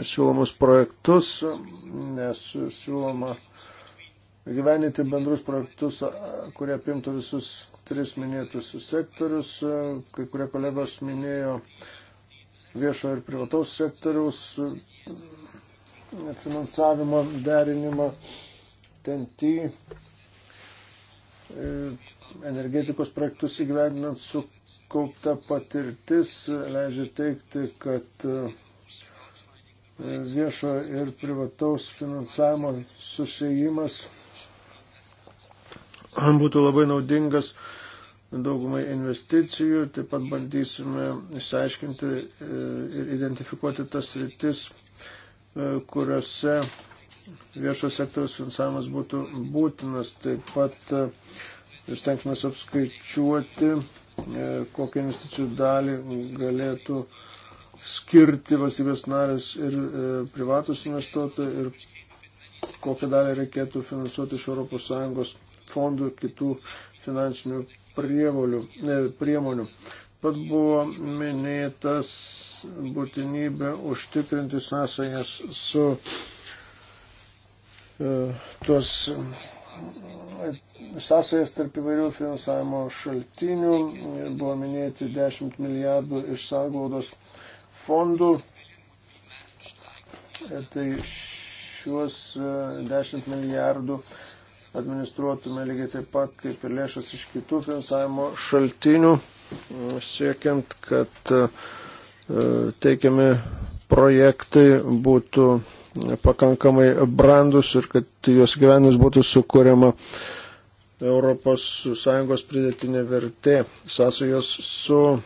siūlomus projektus, nes siūloma gyveninti bendrus projektus, kurie apimtų visus tris minėtus sektorius. Kai kurie kolegos minėjo viešo ir privataus sektoriaus finansavimo derinimą, TNT e, energetikos projektus įgyvendinant sukaupta patirtis leidžia teikti, kad e, viešo ir privataus finansavimo susijimas būtų labai naudingas daugumai investicijų. Taip pat bandysime išsiaiškinti e, ir identifikuoti tas rytis, E, kuriuose viešo sektoriaus finansavimas būtų būtinas. Taip pat e, stengtumės apskaičiuoti, e, kokią investicijų dalį galėtų skirti valstybės narės ir privatus investuotojai ir kokią dalį reikėtų finansuoti iš ES fondų ir kitų finansinių prievolių, ne, priemonių pat buvo minėtas būtinybė užtikrinti sąsajas su e, tuos e, sąsajas tarp įvairių finansavimo šaltinių. Buvo minėti 10 milijardų iš sąglaudos fondų. E, tai šiuos 10 milijardų uh, administruotume lygiai taip pat kaip ir lėšas iš kitų finansavimo šaltinių, siekiant, kad e, teikiami projektai būtų pakankamai brandus ir kad jos gyvenimas būtų sukūriama ES pridėtinė vertė. Sąsajos su e,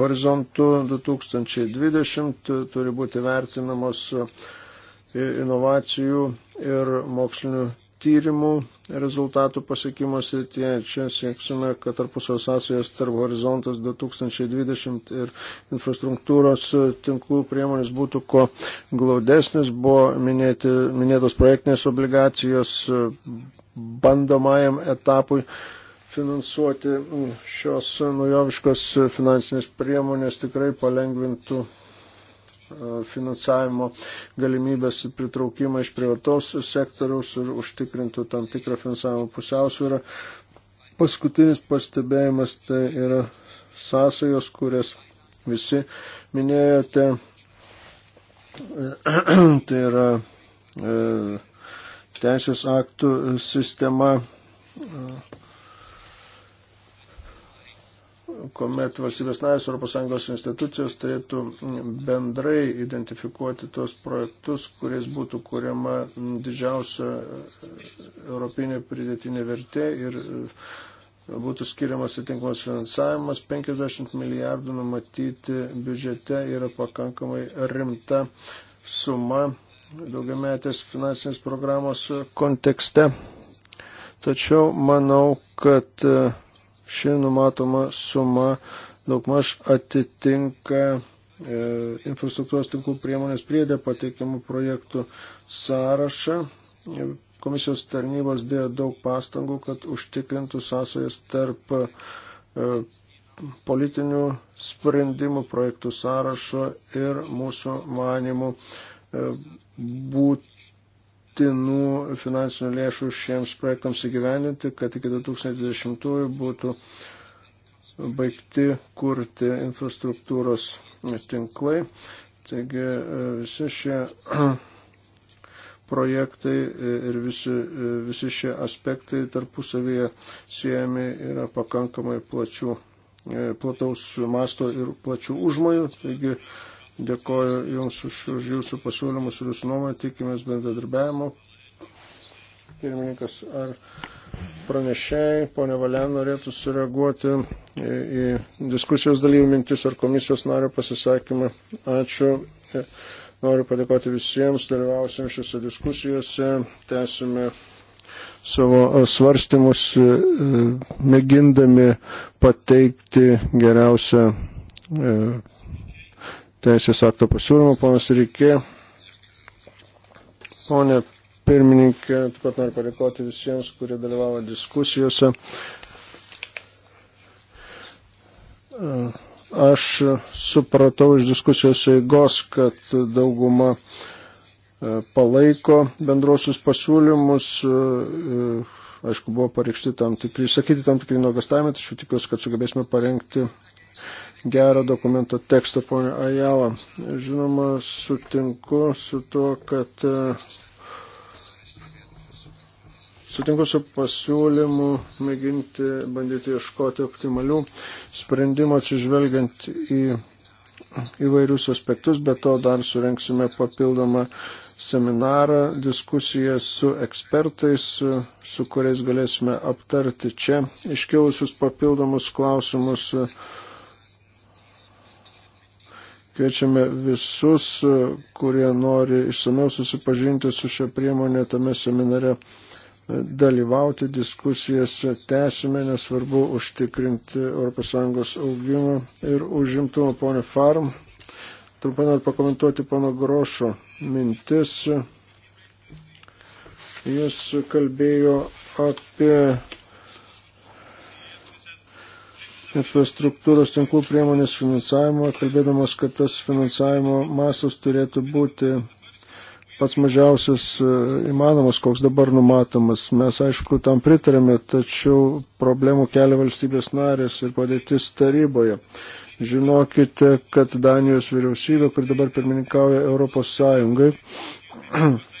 horizontu 2020 turi būti vertinamos e, inovacijų ir mokslinių tyrimų rezultatų pasiekimo srityje. Čia sieksime, kad tarpusio sąsajos tarp horizontas 2020 ir infrastruktūros tinklų priemonės būtų kuo glaudesnis. Buvo minėti, minėtos projektinės obligacijos bandomajam etapui finansuoti šios naujoviškos finansinės priemonės tikrai palengvintų finansavimo galimybės pritraukimą iš privataus sektoriaus ir užtikrintų tam tikrą finansavimo pusiausvyrą. Paskutinis pastebėjimas tai yra sąsajos, kurias visi minėjote. tai yra e, teisės aktų sistema. E, kuomet valstybės narės ES institucijos turėtų bendrai identifikuoti tos projektus, kuriais būtų kuriama didžiausia europinė pridėtinė vertė ir e, būtų skiriamas atitinkamas finansavimas, 50 milijardų numatyti biudžete yra pakankamai rimta suma daugiametės finansinės programos kontekste. Tačiau manau, kad e, ši numatoma suma daugmaž atitinka e, infrastruktūros tinklų priemonės priedė pateikiamų projektų sąrašą. Komisijos tarnybos dėjo daug pastangų, kad užtikrintų sąsajas tarp e, politinių sprendimų projektų sąrašo ir mūsų manimų e, būtų būtinų finansinių lėšų šiems projektams įgyvendinti, kad iki 2020 būtų baigti kurti infrastruktūros tinklai. Taigi e, visi šie projektai e, ir visi, e, visi šie aspektai tarpusavyje siejami yra pakankamai plačių, plataus masto ir plačių užmojų. Taigi Dėkoju Jums už, už Jūsų pasiūlymus ir Jūsų nuomonę, tikimės bendradarbiavimo. Pirmininkas, ar pranešėjai, ponė Valen, norėtų sureaguoti į, į diskusijos dalyvių mintis ar komisijos nario pasisakymą. Ačiū. Noriu padėkoti visiems dalyvausiams šiuose diskusijose. Tęsime savo svarstymus, e, mėgindami pateikti geriausią e, teisės akto pasiūlymą. Ponas Rykė, ponė pirmininkė, taip pat noriu padėkoti visiems, kurie dalyvavo diskusijose. Aš supratau iš diskusijos eigos, kad dauguma e, palaiko bendrosius pasiūlymus. E, aišku, buvo pareikšti tam tikri, sakyti tam tikri nuogastavimai, tačiau tikiuosi, kad sugebėsime parengti gerą dokumento tekstą, ponia Ajala. Žinoma, sutinku su tuo, kad e, sutinku su pasiūlymu mėginti bandyti ieškoti optimalių sprendimų atsižvelgiant į įvairius aspektus, bet to dar surenksime papildomą seminarą, diskusiją su ekspertais, su kuriais galėsime aptarti čia iškilusius papildomus klausimus Kviečiame visus, e, kurie nori išsameu susipažinti su šia priemonė tame seminare e, dalyvauti diskusijose, tęsime, nesvarbu užtikrinti ES augimą ir užimtumą, ponė Farm. Trumpai noriu pakomentuoti pono Grošo mintis. Jis kalbėjo apie infrastruktūros tinklų priemonės finansavimo, kalbėdamas, kad tas finansavimo masas turėtų būti pats mažiausias e, įmanomas, koks dabar numatomas. Mes, aišku, tam pritarėme, tačiau problemų kelia valstybės narės ir padėtis taryboje. Žinokite, kad Danijos vyriausybė, kur dabar pirmininkauja Europos Sąjungai,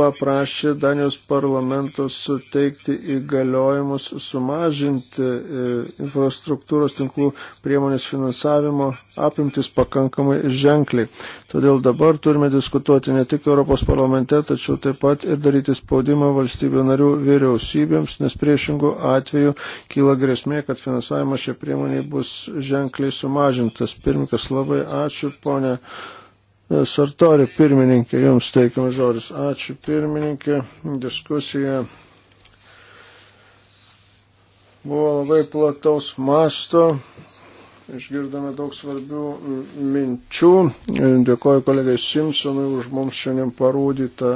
paprašė Danijos parlamento suteikti įgaliojimus sumažinti e, infrastruktūros tinklų priemonės finansavimo apimtis pakankamai ženkliai. Todėl dabar turime diskutuoti ne tik Europos parlamente, tačiau taip pat ir daryti spaudimą valstybių narių vyriausybėms, nes priešingų atveju kyla grėsmė, kad finansavimas šią priemonį bus ženkliai sumažintas. Pirmikas, labai ačiū, ponė. Sartori pirmininkė, jums teikiamas žodis. Ačiū pirmininkė. Diskusija buvo labai plataus masto. Išgirdome daug svarbių minčių. Dėkoju kolegai Simpsonui už mums šiandien parūdytą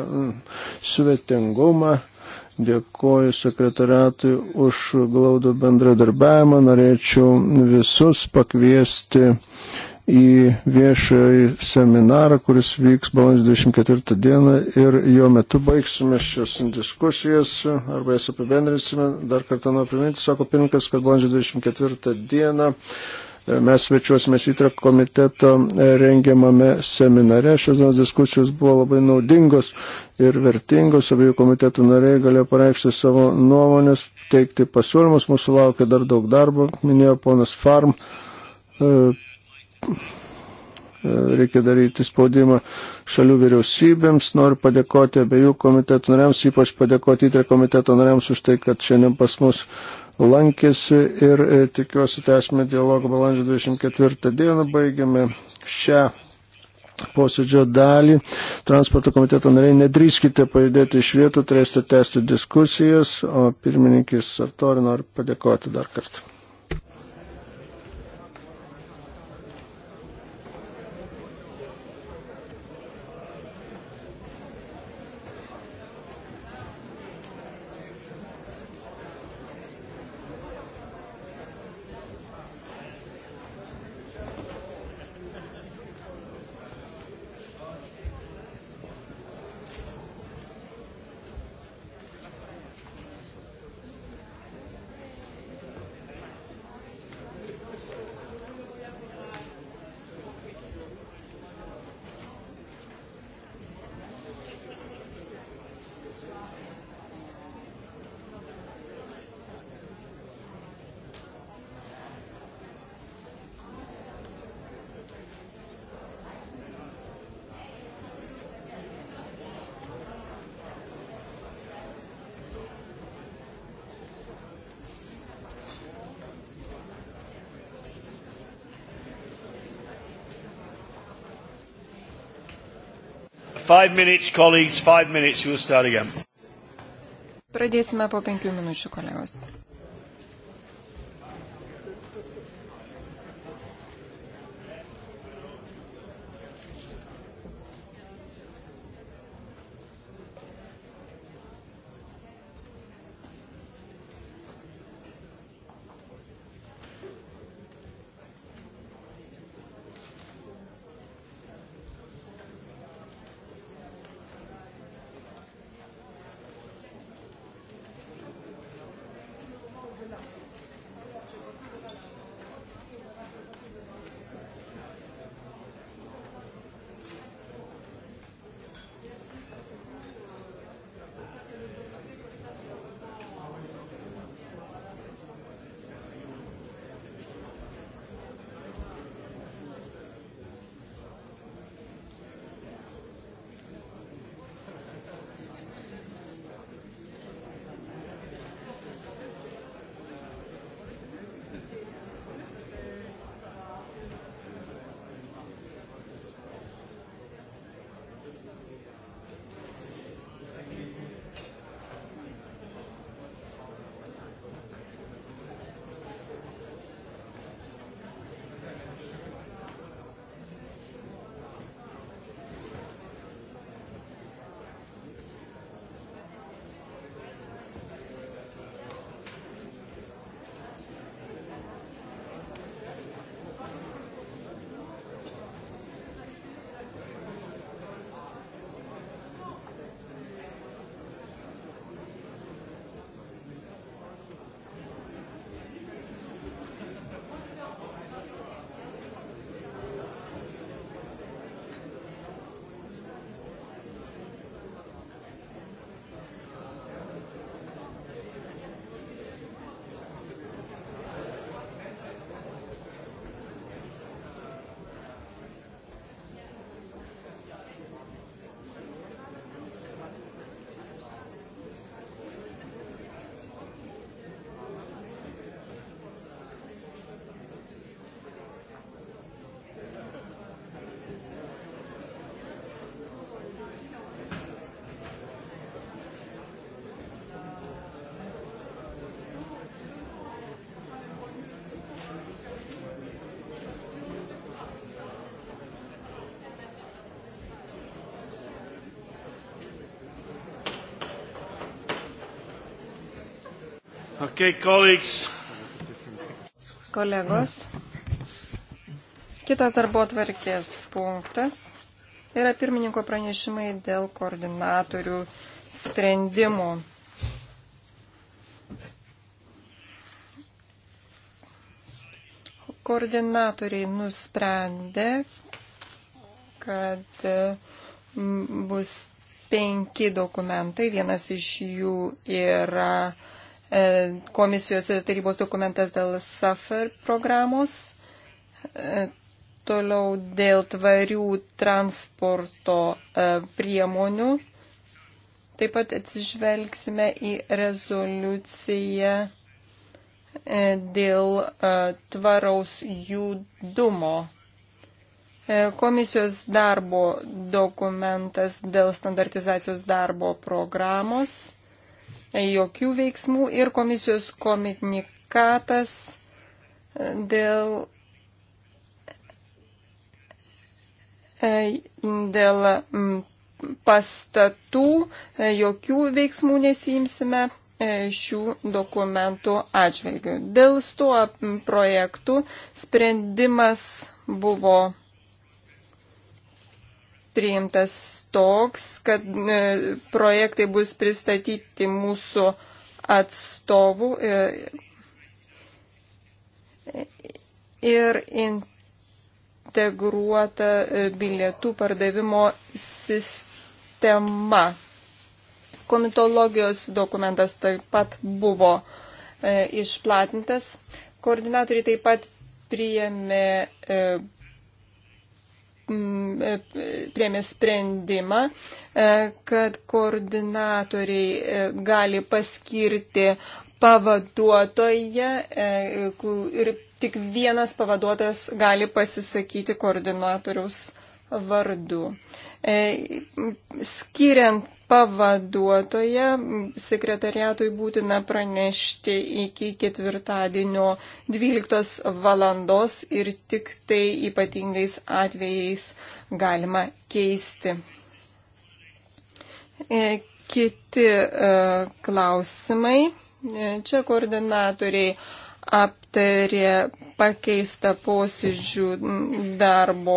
svetingumą. Dėkoju sekretariatui už glaudų bendradarbiavimą. Norėčiau visus pakviesti į viešąjį seminarą, kuris vyks balandžio 24 dieną ir jo metu baigsime šias diskusijas arba jas apibendrinsime. Dar kartą noriu priminti, sako pirmininkas, kad balandžio 24 dieną e, mes svečiuosimės įtra komiteto e, rengiamame seminare. Šios dienos diskusijos buvo labai naudingos ir vertingos. Abiejų komitetų nariai galėjo pareikšti savo nuomonės, teikti pasiūlymus. Mūsų laukia dar daug darbo, minėjo ponas Farm e, reikia daryti spaudimą šalių vyriausybėms. Noriu padėkoti abiejų komitetų nariams, ypač padėkoti įtrė komiteto nariams už tai, kad šiandien pas mus lankėsi ir e, tikiuosi tęsime dialogą balandžio 24 dieną. Baigiame šią posėdžio dalį. Transporto komiteto nariai nedrįskite pajudėti iš vietų, turėsite tęsti diskusijas, o pirmininkis Sartori noriu padėkoti dar kartą. Five minutes, colleagues, five minutes, we'll start again. Pradėsime po penkių minučių, kolegos. Okay, colleagues. Kolegos, kitas darbo tvarkės punktas yra pirmininko pranešimai dėl koordinatorių sprendimų. Koordinatoriai nusprendė, kad bus penki dokumentai, vienas iš jų yra E, komisijos ir tarybos dokumentas dėl SAFER programos, e, toliau dėl tvarių transporto e, priemonių, taip pat atsižvelgsime į rezoliuciją dėl tvaraus judumo. Komisijos darbo dokumentas dėl standartizacijos darbo programos jokių veiksmų ir komisijos komunikatas dėl, e, dėl pastatų e, jokių veiksmų nesijimsime e, šių dokumentų atžvilgių. Dėl stuo projektų sprendimas buvo priimtas toks, kad e, projektai bus pristatyti mūsų atstovų e, ir integruota e, bilietų pardavimo sistema. Komitologijos dokumentas taip pat buvo išplatintas. Koordinatoriai taip pat priėmė priemė sprendimą, e, kad koordinatoriai e, gali paskirti pavaduotoje ir tik vienas pavaduotojas gali pasisakyti koordinatoriaus vardu. E, skiriant pavaduotoje sekretariatui būtina pranešti iki ketvirtadienio 12 valandos ir tik tai ypatingais atvejais galima keisti. E, kiti e, klausimai. Čia koordinatoriai aptarė pakeistą posėdžių darbo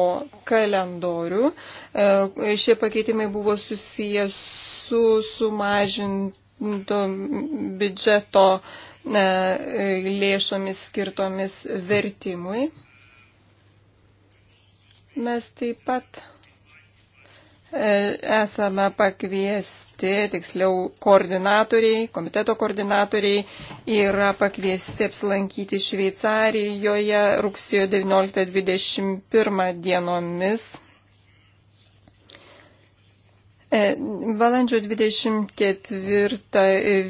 kalendorių. E, šie pakeitimai buvo susijęs su sumažinto biudžeto e, lėšomis skirtomis vertimui. Mes taip pat E, esame pakviesti, tiksliau koordinatoriai, komiteto koordinatoriai yra pakviesti apsilankyti Šveicarijoje rugsėjo 19-21 dienomis. Valandžio e, 24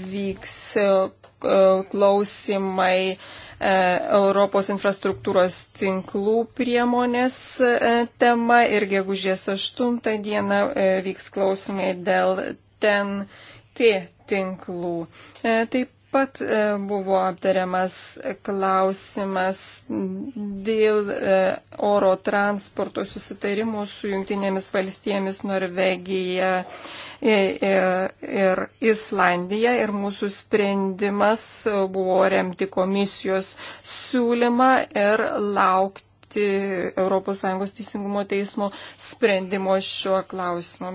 vyks klausimai e, Europos infrastruktūros tinklų priemonės e, tema ir gegužės 8 dieną e, vyks klausimai dėl ten T tinklų. Taip pat e, buvo aptariamas klausimas dėl e, oro transporto susitarimų su jungtinėmis valstijomis Norvegija e, ir Islandija. Ir mūsų sprendimas buvo remti komisijos siūlymą ir laukti laukti ES teisingumo teismo sprendimo šiuo klausimu.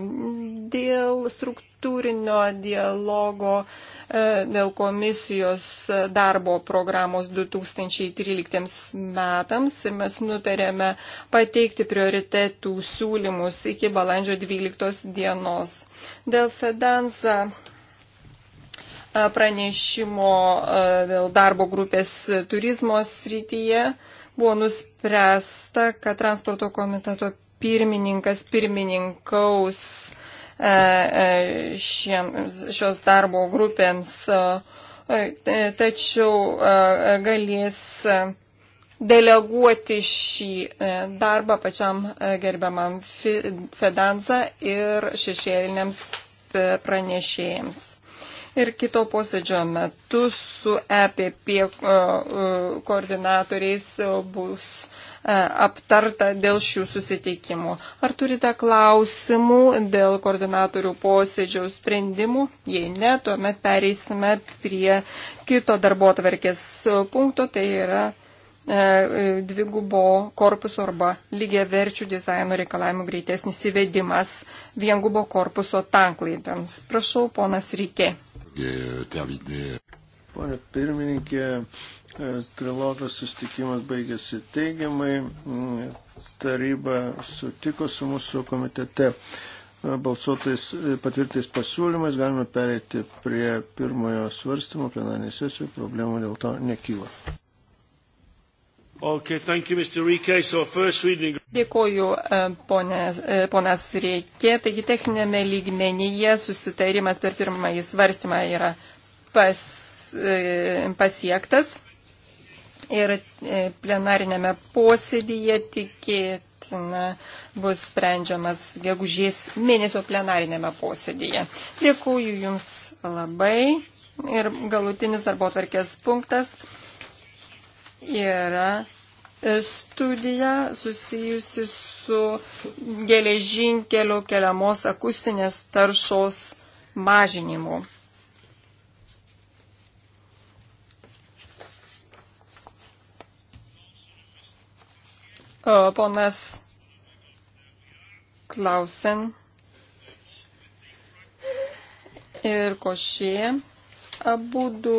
Dėl struktūrinio dialogo, e, dėl komisijos darbo programos 2013 metams mes nutarėme pateikti prioritetų siūlymus iki balandžio 12 dienos. Dėl Fedansa e, pranešimo e, dėl darbo grupės turizmo srityje buvo nuspręsta, kad transporto komiteto pirmininkas pirmininkaus e, e, šiems, šios darbo grupėms, e, tačiau galės deleguoti šį darbą pačiam gerbiamam Fedanza ir šešėliniams pranešėjams ir kito posėdžio metu su EPP e, e, koordinatoriais e, bus aptarta dėl šių susitikimų. Ar turite klausimų dėl koordinatorių posėdžio sprendimų? Jei ne, tuomet pereisime prie kito darbo tvarkės punkto, tai yra dvigubo korpuso arba lygiai verčių dizaino reikalavimų greitesnis įvedimas viengubo korpuso tanklaidams. Prašau, ponas Rykė. E, Pone pirmininkė, e, trilogo sustikimas baigėsi teigiamai. Mm, taryba sutiko su mūsų komitete e, balsuotais patvirtais pasiūlymais. Galime pereiti prie pirmojo svarstymo plenarinės sesijos. Problemų dėl to nekyla. Okay, thank you, Mr. Rike. So first reading. Dėkoju, e, e, ponas, ponas Reikė. Taigi techninėme lygmenyje susitarimas per pirmąjį svarstymą yra pas, e, pasiektas ir plenarinėme posėdyje tikėtina bus sprendžiamas gegužės mėnesio plenarinėme posėdyje. Dėkoju Jums labai ir galutinis darbo tvarkės punktas yra e, studija susijusi su geležinkelio keliamos akustinės taršos mažinimu. E, ponas Klausen ir Košė abu du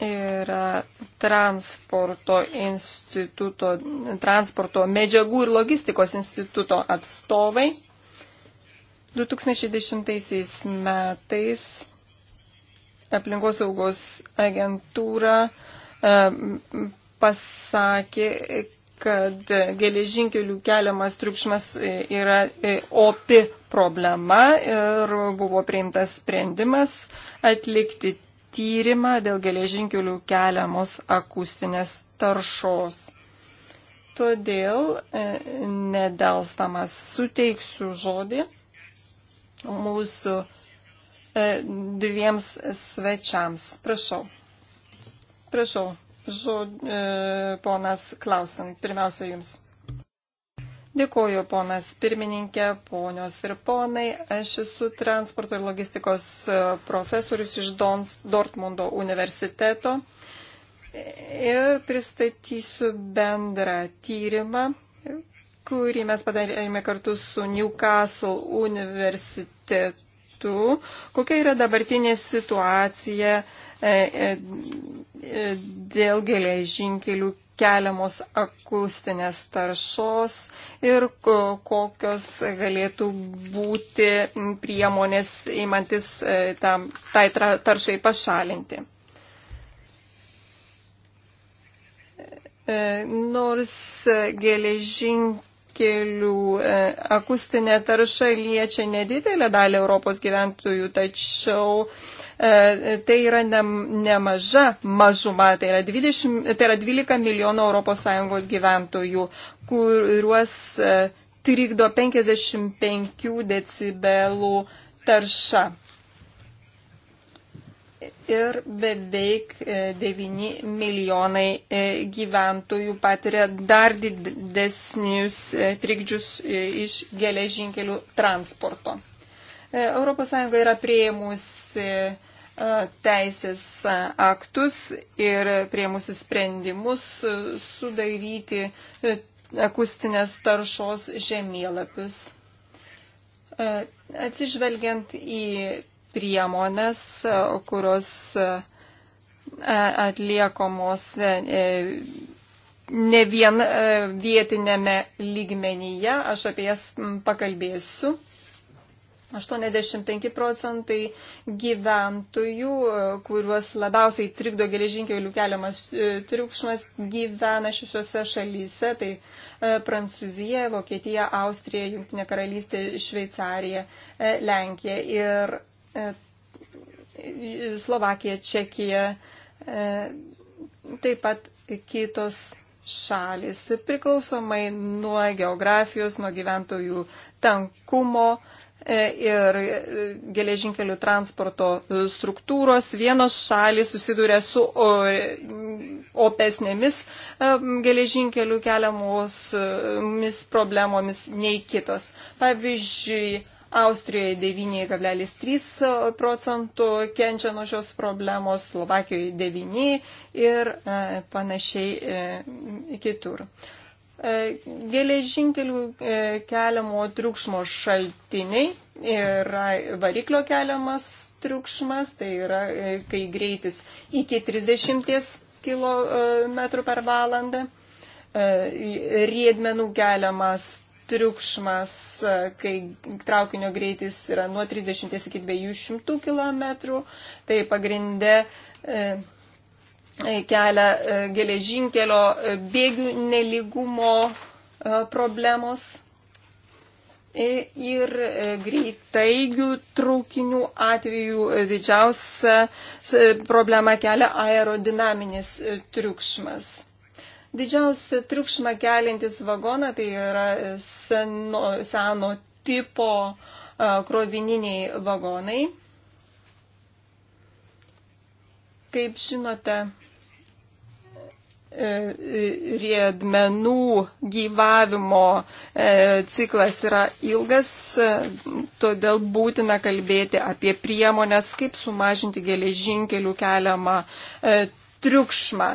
yra transporto instituto, transporto medžiagų ir logistikos instituto atstovai. 2010 metais aplinkosaugos agentūra e, pasakė, kad geležinkelių keliamas triukšmas e, yra e, opi problema ir buvo priimtas sprendimas atlikti tyrimą dėl geležinkelių keliamos akustinės taršos. Todėl e, nedelstamas suteiksiu žodį mūsų e, dviems svečiams. Prašau. Prašau, žod, e, ponas Klausim, pirmiausia jums. Dėkuoju, ponas pirmininkė, ponios ir ponai. Aš esu transporto ir logistikos profesorius iš Dons, Dortmundo universiteto ir pristatysiu bendrą tyrimą, kurį mes padarėme kartu su Newcastle universitetu. Kokia yra dabartinė situacija e, e, dėl geležinkelių keliamos akustinės taršos ir kokios galėtų būti priemonės įmantis e, tam, tai taršai pašalinti. E, nors geležinkelių e, akustinė tarša liečia nedidelę dalį Europos gyventojų, tačiau E, tai yra ne, nemaža mažuma, tai yra, 20, tai yra 12 milijonų ES gyventojų, kuriuos e, trikdo 55 decibelų tarša. Ir beveik 9 e, milijonai gyventojų patiria dar didesnius trikdžius iš geležinkelių transporto. ES yra prieimusi e, teisės aktus ir prieimusi sprendimus e, sudaryti e, akustinės taršos žemėlapius. Atsižvelgiant į priemonės, kurios atliekamos ne vien vietinėme lygmenyje, aš apie jas pakalbėsiu. 85 procentai gyventojų, e, kuriuos labiausiai trikdo geležinkelių keliamas e, triukšmas, gyvena šešiose šalyse - tai e, Prancūzija, Vokietija, Austrija, Junktinė karalystė, Šveicarija, Lenkija ir Slovakija, Čekija, taip pat kitos šalis priklausomai nuo geografijos, nuo gyventojų tankumo E, ir e, geležinkelių transporto struktūros vienos šalis susiduria su opesnėmis e, geležinkelių keliamomis problemomis nei kitos. Pavyzdžiui, Austrijoje 9,3 procentų kenčia nuo šios problemos, Slovakijoje 9 ir panašiai kitur. E, geležinkelių e, keliamo triukšmo šaltiniai yra variklio keliamas triukšmas, tai yra, e, kai greitis iki 30 km per valandą, riedmenų keliamas triukšmas, kai traukinio greitis yra nuo 30 iki 200 km, tai pagrinde E, kelia e, geležinkelio e, bėgių neligumo problemos ir greitaigių traukinių atveju didžiausia problema kelia aerodinaminis triukšmas. Didžiausia triukšma keliantis vagoną tai yra seno, seno tipo krovininiai vagonai. Kaip žinote, E, riedmenų gyvavimo e, ciklas yra ilgas, e, todėl būtina kalbėti apie priemonės, kaip sumažinti geležinkelių keliamą triukšmą.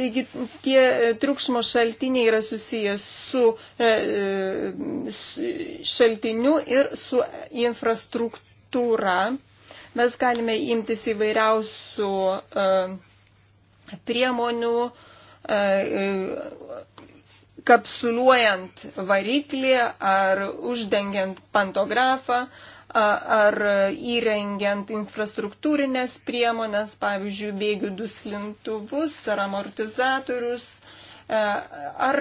Taigi tie triukšmo šaltiniai yra susijęs su šaltiniu ir su infrastruktūra. Mes galime imtis įvairiausių uh, priemonių, e, e, kapsuliuojant variklį ar uždengiant pantografą ar įrengiant infrastruktūrinės priemonės, pavyzdžiui, bėgių duslintuvus ar amortizatorius, e, ar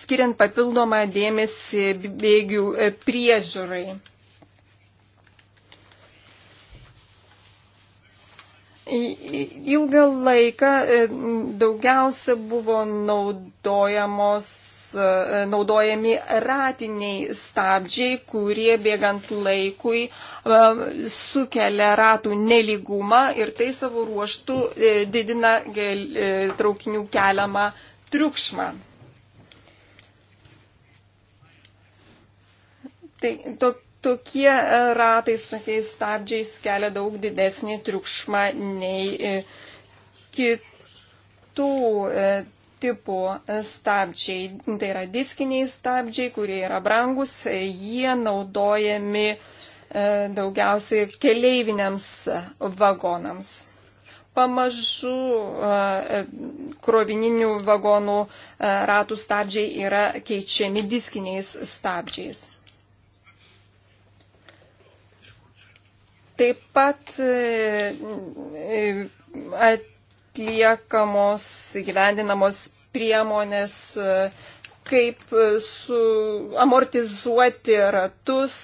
skiriant papildomą dėmesį bėgių priežiūrai. Ilgą laiką e, daugiausia buvo naudojamos, e, naudojami ratiniai stabdžiai, kurie bėgant laikui e, sukelia ratų neligumą ir tai savo ruoštų didina traukinių keliamą triukšmą. Tai, to, tokie e, ratai su tokiais stabdžiais kelia daug didesnį triukšmą nei e, kitų e, tipų stabdžiai. Tai yra diskiniai stabdžiai, kurie yra brangus, jie naudojami daugiausiai keleiviniams vagonams. Pamažu krovininių vagonų ratų stabdžiai yra keičiami diskiniais stabdžiais. Taip pat e, e, atliekamos gyvendinamos priemonės, e, kaip su, amortizuoti ratus,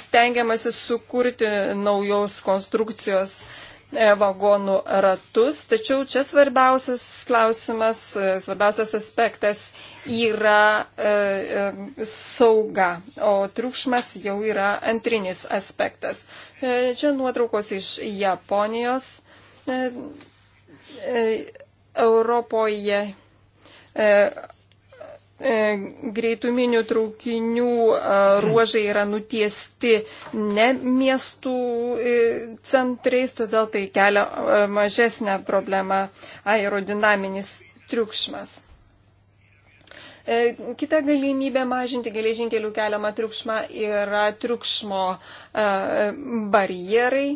stengiamasi sukurti naujos konstrukcijos uh, E, vagonų ratus. Tačiau čia svarbiausias klausimas, e, svarbiausias aspektas yra e, sauga, o triukšmas jau yra antrinis aspektas. Čia nuotraukos iš Japonijos. Europoje E, greituminių traukinių e, ruožai yra nutiesti ne miestų e, centrais, todėl tai kelia mažesnę problemą aerodinaminis triukšmas. Kita galimybė mažinti geležinkelių keliamą triukšmą yra triukšmo barjerai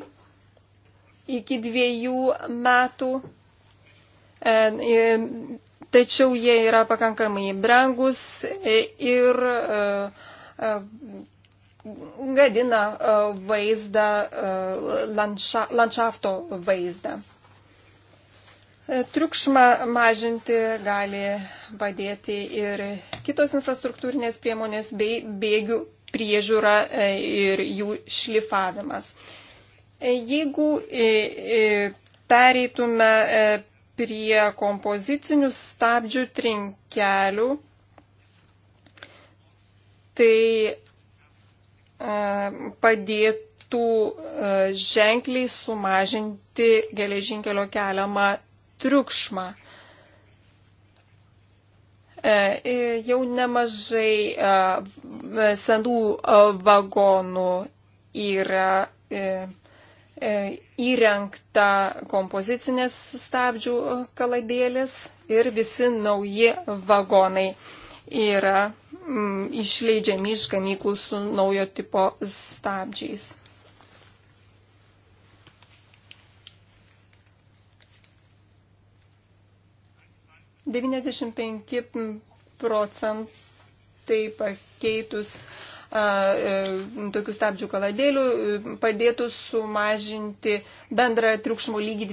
iki dviejų metų tačiau jie yra pakankamai brangus ir e, e, gadina e, vaizdą, landšafto vaizdą. Triukšmą mažinti gali padėti ir kitos infrastruktūrinės priemonės bei bėgių priežiūra ir jų šlifavimas. Jeigu pereitume prie kompozicinių stabdžių trinkelių, tai e, padėtų e, ženkliai sumažinti geležinkelio keliamą triukšmą. E, jau nemažai senų vagonų yra E, įrengta kompozicinės stabdžių kaladėlis ir visi nauji vagonai yra mm, išleidžiami iš gamyklų su naujo tipo stabdžiais. Devyniasdešimt penki procentai pakeitus E, tokių stabdžių kaladėlių e, padėtų sumažinti bendrą triukšmo lygį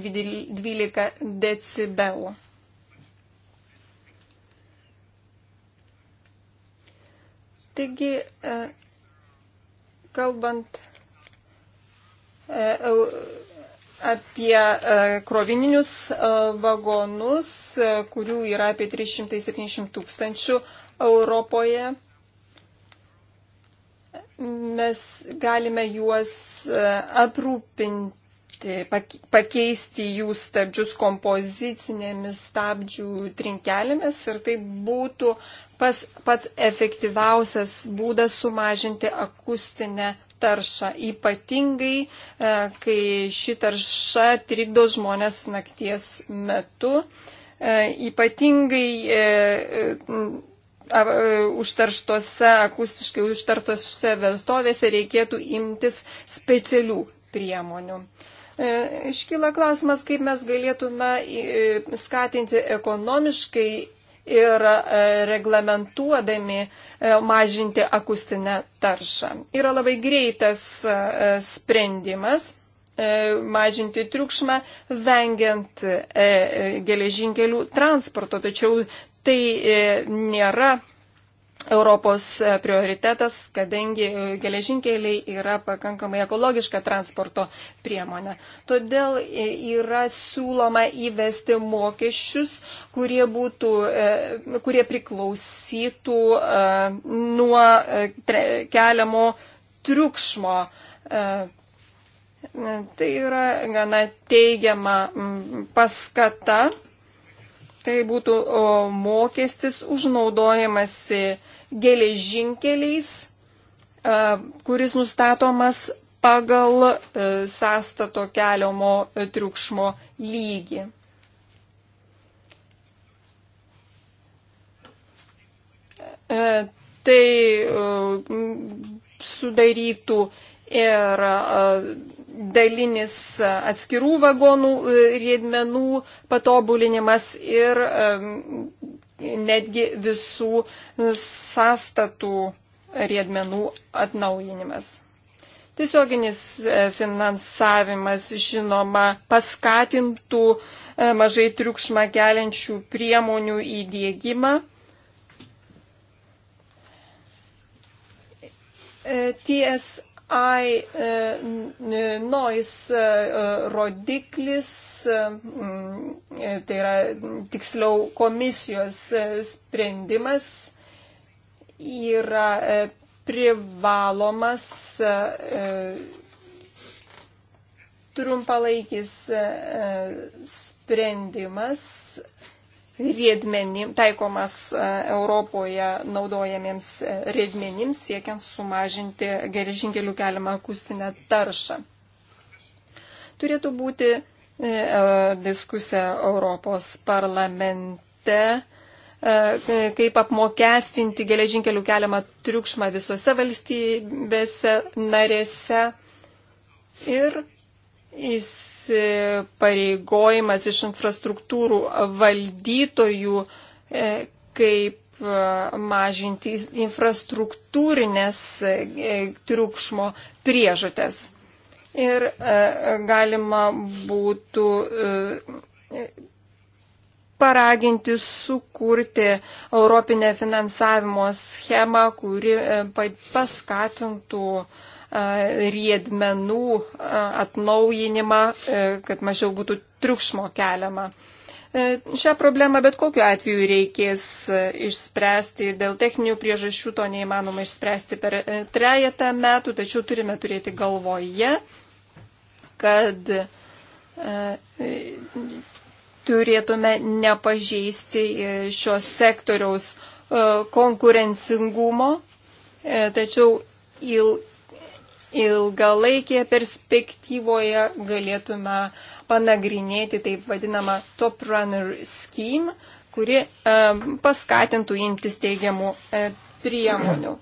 12 decibelų. Taigi, e, kalbant apie krovininius vagonus, kurių yra apie 370 tūkstančių Europoje, mes galime juos e, aprūpinti, pakeisti jų stabdžius kompozicinėmis stabdžių trinkelėmis ir tai būtų pas, pats efektyviausias būdas sumažinti akustinę taršą, ypatingai, e, kai ši tarša trikdo žmonės nakties metu. E, ypatingai E, užterštose, akustiškai užterštose vietovėse reikėtų imtis specialių priemonių. E, iškyla klausimas, kaip mes galėtume e, skatinti ekonomiškai ir reglamentuodami mažinti akustinę taršą. Yra labai greitas sprendimas mažinti triukšmą, vengiant geležinkelių transporto, tačiau Tai e, nėra Europos e, prioritetas, kadangi e, geležinkeliai yra pakankamai ekologiška transporto priemonė. Todėl yra siūloma įvesti mokesčius, kurie, būtų, kurie priklausytų nuo keliamo triukšmo. Tai yra gana teigiama paskata Tai būtų mokestis užnaudojimasi geležinkeliais, kuris nustatomas pagal e, sąstato keliamo e, triukšmo lygį. E, tai sudarytų ir dalinis atskirų vagonų e, riedmenų patobulinimas ir netgi visų sastatų riedmenų atnaujinimas. Tiesioginis e, finansavimas, žinoma, paskatintų e, mažai triukšmą keliančių priemonių įdėgymą. TS E, e, noise e, rodiklis, tai yra tiksliau komisijos sprendimas, yra privalomas trumpalaikis sprendimas riedmenim, taikomas e, Europoje naudojamiems e, riedmenims, siekiant sumažinti geležinkelių keliamą akustinę taršą. Turėtų būti e, e diskusija Europos parlamente, e, kaip apmokestinti geležinkelių keliamą triukšmą visose valstybėse narėse ir įsitikti pareigojimas iš infrastruktūrų valdytojų, e, kaip e, mažinti infrastruktūrinės e, triukšmo priežutės. Ir galima būtų paraginti sukurti Europinę finansavimo schemą, kuri paskatintų uh, riedmenų atnaujinimą, e, kad mažiau būtų triukšmo keliama. E, šią problemą bet kokiu atveju reikės e, išspręsti. Dėl techninių priežasčių to neįmanoma išspręsti per trejetą metų, tačiau turime turėti galvoje, kad turėtume nepažeisti šios sektoriaus konkurencingumo, tačiau il ilgalaikėje perspektyvoje galėtume panagrinėti taip vadinamą top runner scheme, kuri e, paskatintų imtis teigiamų e, priemonių.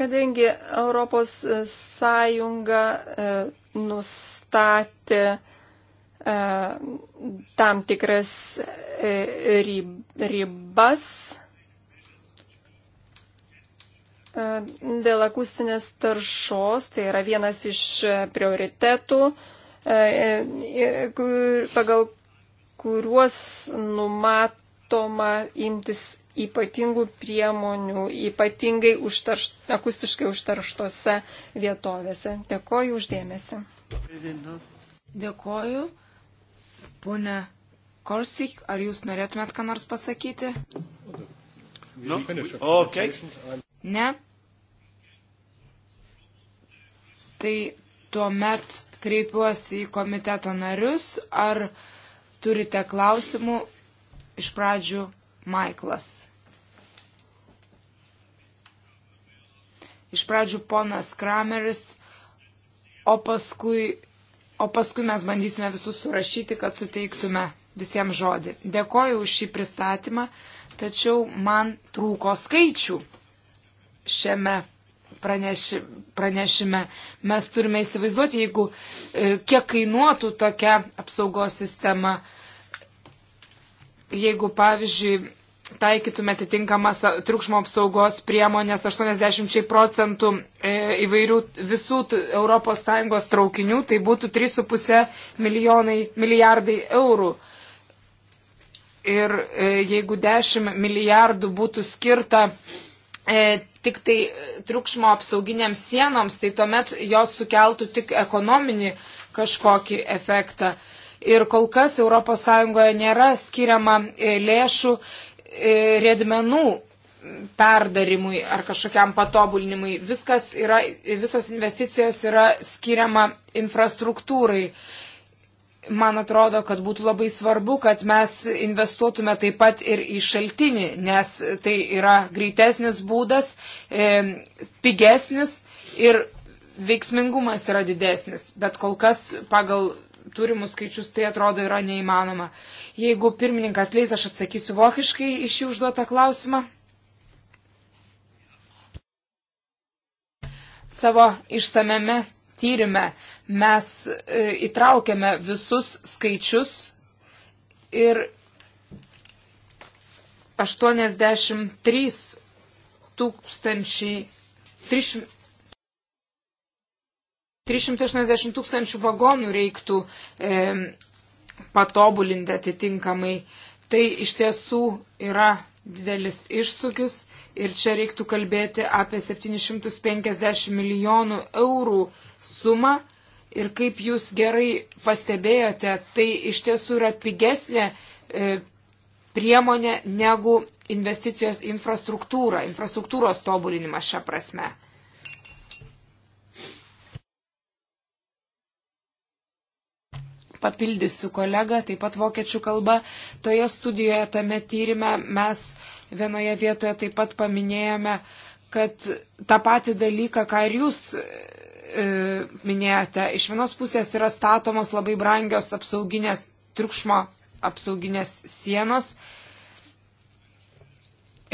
Kadangi Europos Sąjunga e, nustatė e, tam tikras e, ribas, Dėl akustinės taršos tai yra vienas iš prioritetų, e, e, pagal kuriuos numatoma imtis ypatingų priemonių, ypatingai užtarš, akustiškai užtarštose vietovėse. Dėkoju uždėmesi. Dėkoju. Pone Korsik, ar jūs norėtumėt ką nors pasakyti? No? Okay. Ne? Tai tuomet kreipiuosi į komiteto narius, ar turite klausimų iš pradžių Maiklas. Iš pradžių ponas Krameris, o paskui, o paskui mes bandysime visus surašyti, kad suteiktume visiems žodį. Dėkoju už šį pristatymą, tačiau man trūko skaičių šiame praneši, pranešime. Mes turime įsivaizduoti, jeigu e, kiek kainuotų tokia apsaugos sistema, jeigu, pavyzdžiui, taikytume atitinkamas triukšmo apsaugos priemonės 80 procentų e, įvairių visų ES traukinių, tai būtų 3,5 milijardai eurų. Ir e, jeigu 10 milijardų būtų skirta e, tik tai triukšmo apsauginiams sienoms, tai tuomet jos sukeltų tik ekonominį kažkokį efektą. Ir kol kas ES nėra skiriama e, lėšų e, riedmenų perdarimui ar kažkokiam patobulinimui. Viskas yra, visos investicijos yra skiriama infrastruktūrai man atrodo, kad būtų labai svarbu, kad mes investuotume taip pat ir į šaltinį, nes tai yra greitesnis būdas, e, pigesnis ir veiksmingumas yra didesnis. Bet kol kas pagal turimus skaičius tai atrodo yra neįmanoma. Jeigu pirmininkas leis, aš atsakysiu vokiškai iš jų užduotą klausimą. Savo išsameme tyrime mes e, įtraukiame visus skaičius ir 83 tūkstančiai 380 tūkstančių vagonų reiktų e, patobulinti atitinkamai. Tai iš tiesų yra didelis iššūkis ir čia reiktų kalbėti apie 750 milijonų eurų sumą, ir kaip jūs gerai pastebėjote, tai iš tiesų yra pigesnė e, priemonė negu investicijos infrastruktūra, infrastruktūros tobulinimas šią prasme. Papildysiu kolegą, taip pat vokiečių kalba. Toje studijoje, tame tyrimė mes vienoje vietoje taip pat paminėjome, kad tą patį dalyką, ką ir jūs E, minėjote, iš vienos pusės yra statomos labai brangios apsauginės triukšmo apsauginės sienos.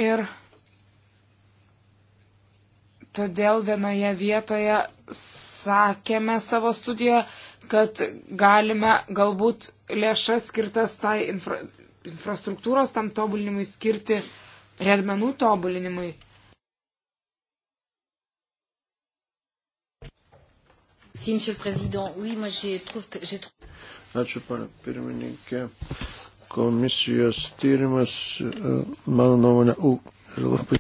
Ir todėl vienoje vietoje sakėme savo studijoje, kad galime galbūt lėšas skirtas tai infra, infrastruktūros tam tobulinimui skirti redmenų tobulinimui. Si, monsieur le président, oui, moi j'ai trouvé. Ačiū, pana pirmininkė. Komisijos tyrimas, e, mano nuomonė, yra labai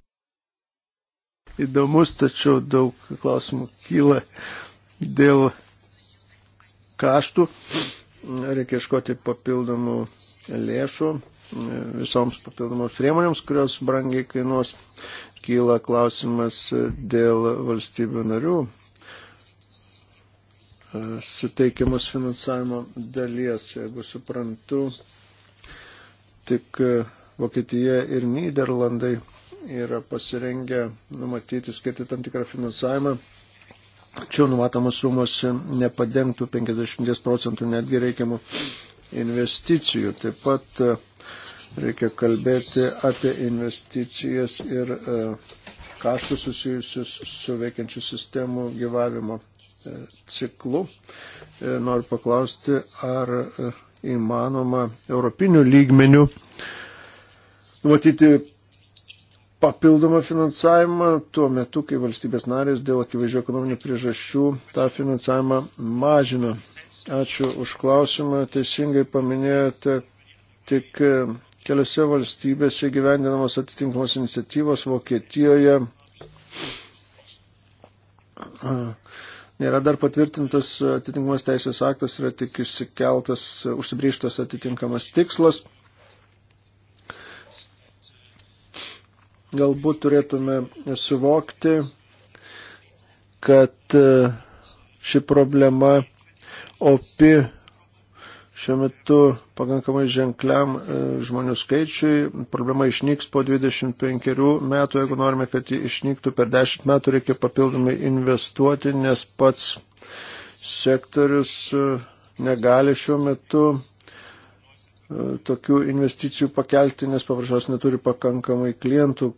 įdomus, tačiau daug klausimų kyla dėl kaštų. Reikia iškoti papildomų lėšų e, visoms papildomoms priemonėms, kurios brangiai kainuos. Kyla klausimas dėl valstybių narių suteikiamos finansavimo dalies. Jeigu suprantu, tik e, Vokietija ir Niderlandai yra pasirengę numatyti skirti tam tikrą finansavimą. Čia numatomas sumos nepadengtų 50 procentų netgi reikiamų investicijų. Taip pat e, reikia kalbėti apie investicijas ir e, kaštus susijusius su veikiančių sistemų gyvavimo E, ciklu. E, noriu paklausti, ar e, įmanoma europinių lygmenių numatyti papildomą finansavimą tuo metu, kai valstybės narės dėl akivaizdžių ekonominių priežasčių tą finansavimą mažina. Ačiū už klausimą. Teisingai paminėjote tik keliose valstybėse gyvendinamos atitinkamos iniciatyvos Vokietijoje nėra dar patvirtintas atitinkamas teisės aktas, yra tik išsikeltas, užsibriežtas atitinkamas tikslas. Galbūt turėtume suvokti, kad e, ši problema opi šiuo metu pakankamai ženkliam e, žmonių skaičiui. Problema išnyks po 25 metų, jeigu norime, kad ji išnyktų per 10 metų, reikia papildomai investuoti, nes pats sektorius e, negali šiuo metu e, tokių investicijų pakelti, nes paprasčiausiai neturi pakankamai klientų,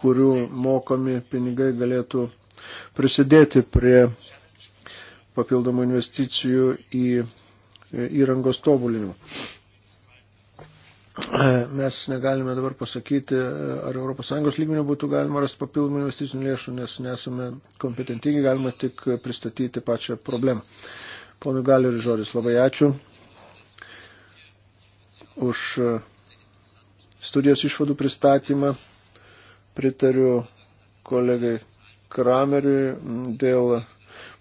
kurių mokomi pinigai galėtų prisidėti prie papildomų investicijų į e, įrangos tobulinimą. Mes negalime dabar pasakyti, ar ES lygmenio būtų galima rasti papildomų investicinių lėšų, nes nesame kompetentingi, galima tik pristatyti pačią problemą. Ponui Galeriui žodis labai ačiū už e, studijos išvadų pristatymą. Pritariu kolegai Krameriui dėl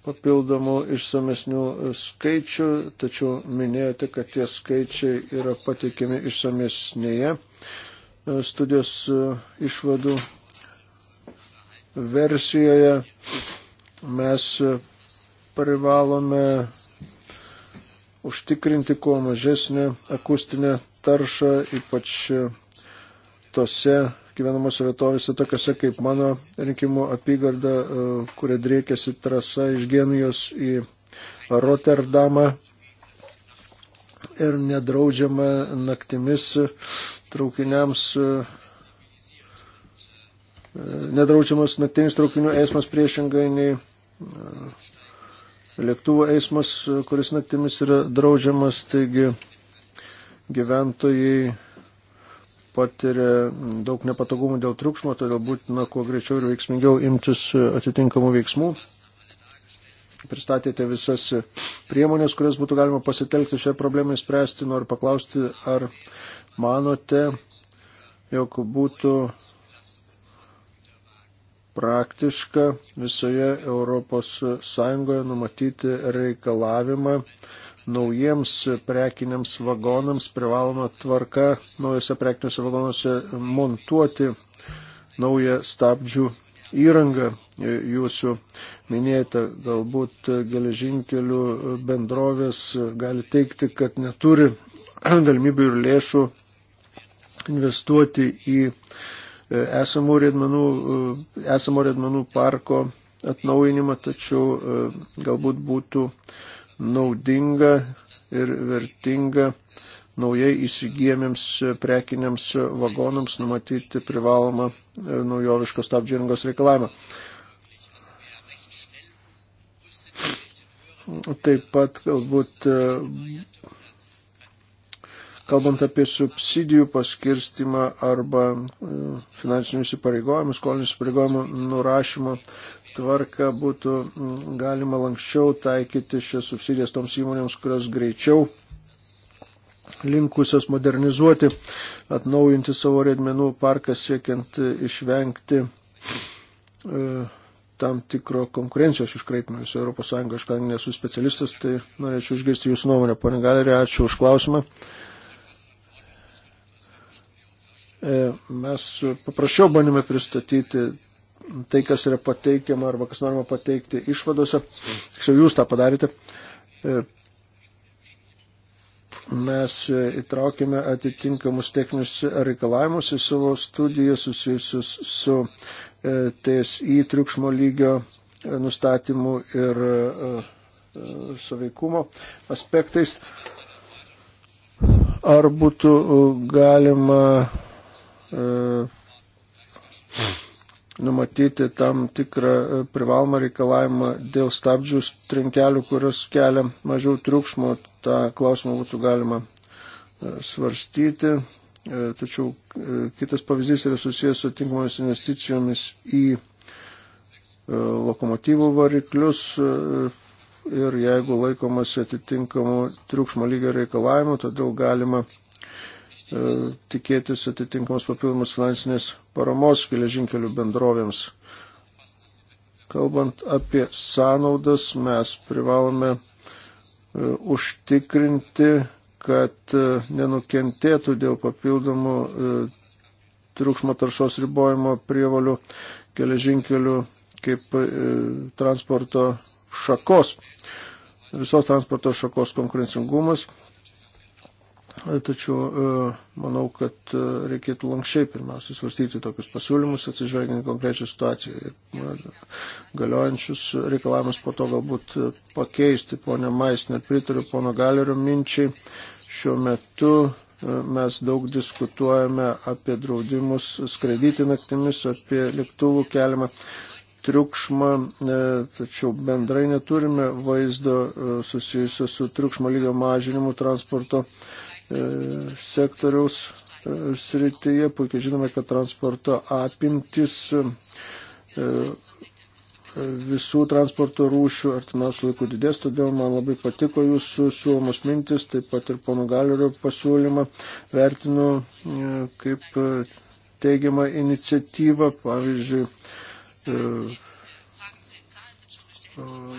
papildomų išsamesnių skaičių, tačiau minėjote, kad tie skaičiai yra patikimi išsamesnėje e, studijos e, išvadų versijoje. Mes e, privalome užtikrinti kuo mažesnę akustinę taršą, ypač tose gyvenamose vietovėse, tokiose kaip mano rinkimų apygarda, e, kuria driekėsi trasa iš Genijos į Rotterdamą ir nedraudžiama naktimis traukiniams. E, Nedraučiamas naktinis traukinių eismas priešingai nei e, lėktuvo eismas, kuris naktimis yra draudžiamas, taigi gyventojai patiria daug nepatogumų dėl triukšmo, todėl būtina kuo greičiau ir veiksmingiau imtis atitinkamų veiksmų. Pristatėte visas priemonės, kurias būtų galima pasitelkti šią problemą įspręsti. Noriu paklausti, ar manote, jog būtų praktiška visoje Europos Sąjungoje numatyti reikalavimą naujiems prekiniams vagonams privaloma tvarka naujose prekiniuose vagonuose montuoti naują stabdžių įrangą jūsų minėta. Galbūt geležinkelių bendrovės gali teikti, kad neturi galimybių ir lėšų investuoti į esamų riedmenų, esamo riedmenų parko atnaujinimą, tačiau e, galbūt būtų naudinga ir vertinga naujai įsigijamiems prekiniams vagonams numatyti privalomą e, naujoviško stabdžių įrangos reikalavimą. Taip pat galbūt e, kalbant apie subsidijų paskirstimą arba e, finansinių įsipareigojimų, skolinių įsipareigojimų nurašymo tvarką būtų galima lankščiau taikyti šias subsidijas toms įmonėms, kurios greičiau linkusios modernizuoti, atnaujinti savo redmenų parką siekiant išvengti e, tam tikro konkurencijos iškraipimo viso Europos Sąjungo. Aš kadangi nesu specialistas, tai norėčiau išgirsti jūsų nuomonę. Pane Galerė, ačiū už klausimą. E, E, mes paprasčiau bandėme pristatyti tai, kas yra pateikiama arba kas norima pateikti išvadose. Tiksliau jūs tą padarėte. E, mes įtraukėme atitinkamus techninius reikalavimus į savo studiją susijusius su e, TSI triukšmo lygio nustatymų ir saveikumo aspektais. Ar būtų galima E, numatyti tam tikrą e, privalomą reikalavimą dėl stabdžių trinkelių, kurios kelia mažiau triukšmo. Ta klausimą būtų galima e, svarstyti. Tačiau kitas pavyzdys yra susijęs su tinkamomis investicijomis į lokomotyvų variklius ir jeigu laikomasi atitinkamų triukšmo lygio reikalavimų, todėl galima E, tikėtis atitinkamos papildomos finansinės paramos geležinkelių bendrovėms. Kalbant apie sąnaudas, mes privalome e, užtikrinti, kad e, nenukentėtų dėl papildomų triukšmo taršos ribojimo prievalių geležinkelių kaip transporto šakos, visos transporto šakos konkurencingumas Tačiau e, manau, kad e, reikėtų lankščiai pirmiausia svarstyti tokius pasiūlymus, atsižvelgiant konkrečią situaciją ir galiojančius reikalavimus po to galbūt e, pakeisti. Pone Maisner, pritariu pono Galerio minčiai. Šiuo metu mes daug diskutuojame apie draudimus skraidyti naktimis, apie lėktuvų keliamą triukšmą, tačiau bendrai neturime vaizdo susijusio su triukšmo lygio mažinimu transporto E, sektoriaus e, srityje. Puikiai žinome, kad transporto apimtis e, visų transporto rūšių artimiausių laikų didės, todėl man labai patiko jūsų siūlomos mintis, taip pat ir pono Galerio pasiūlymą vertinu kaip teigiamą iniciatyvą, pavyzdžiui,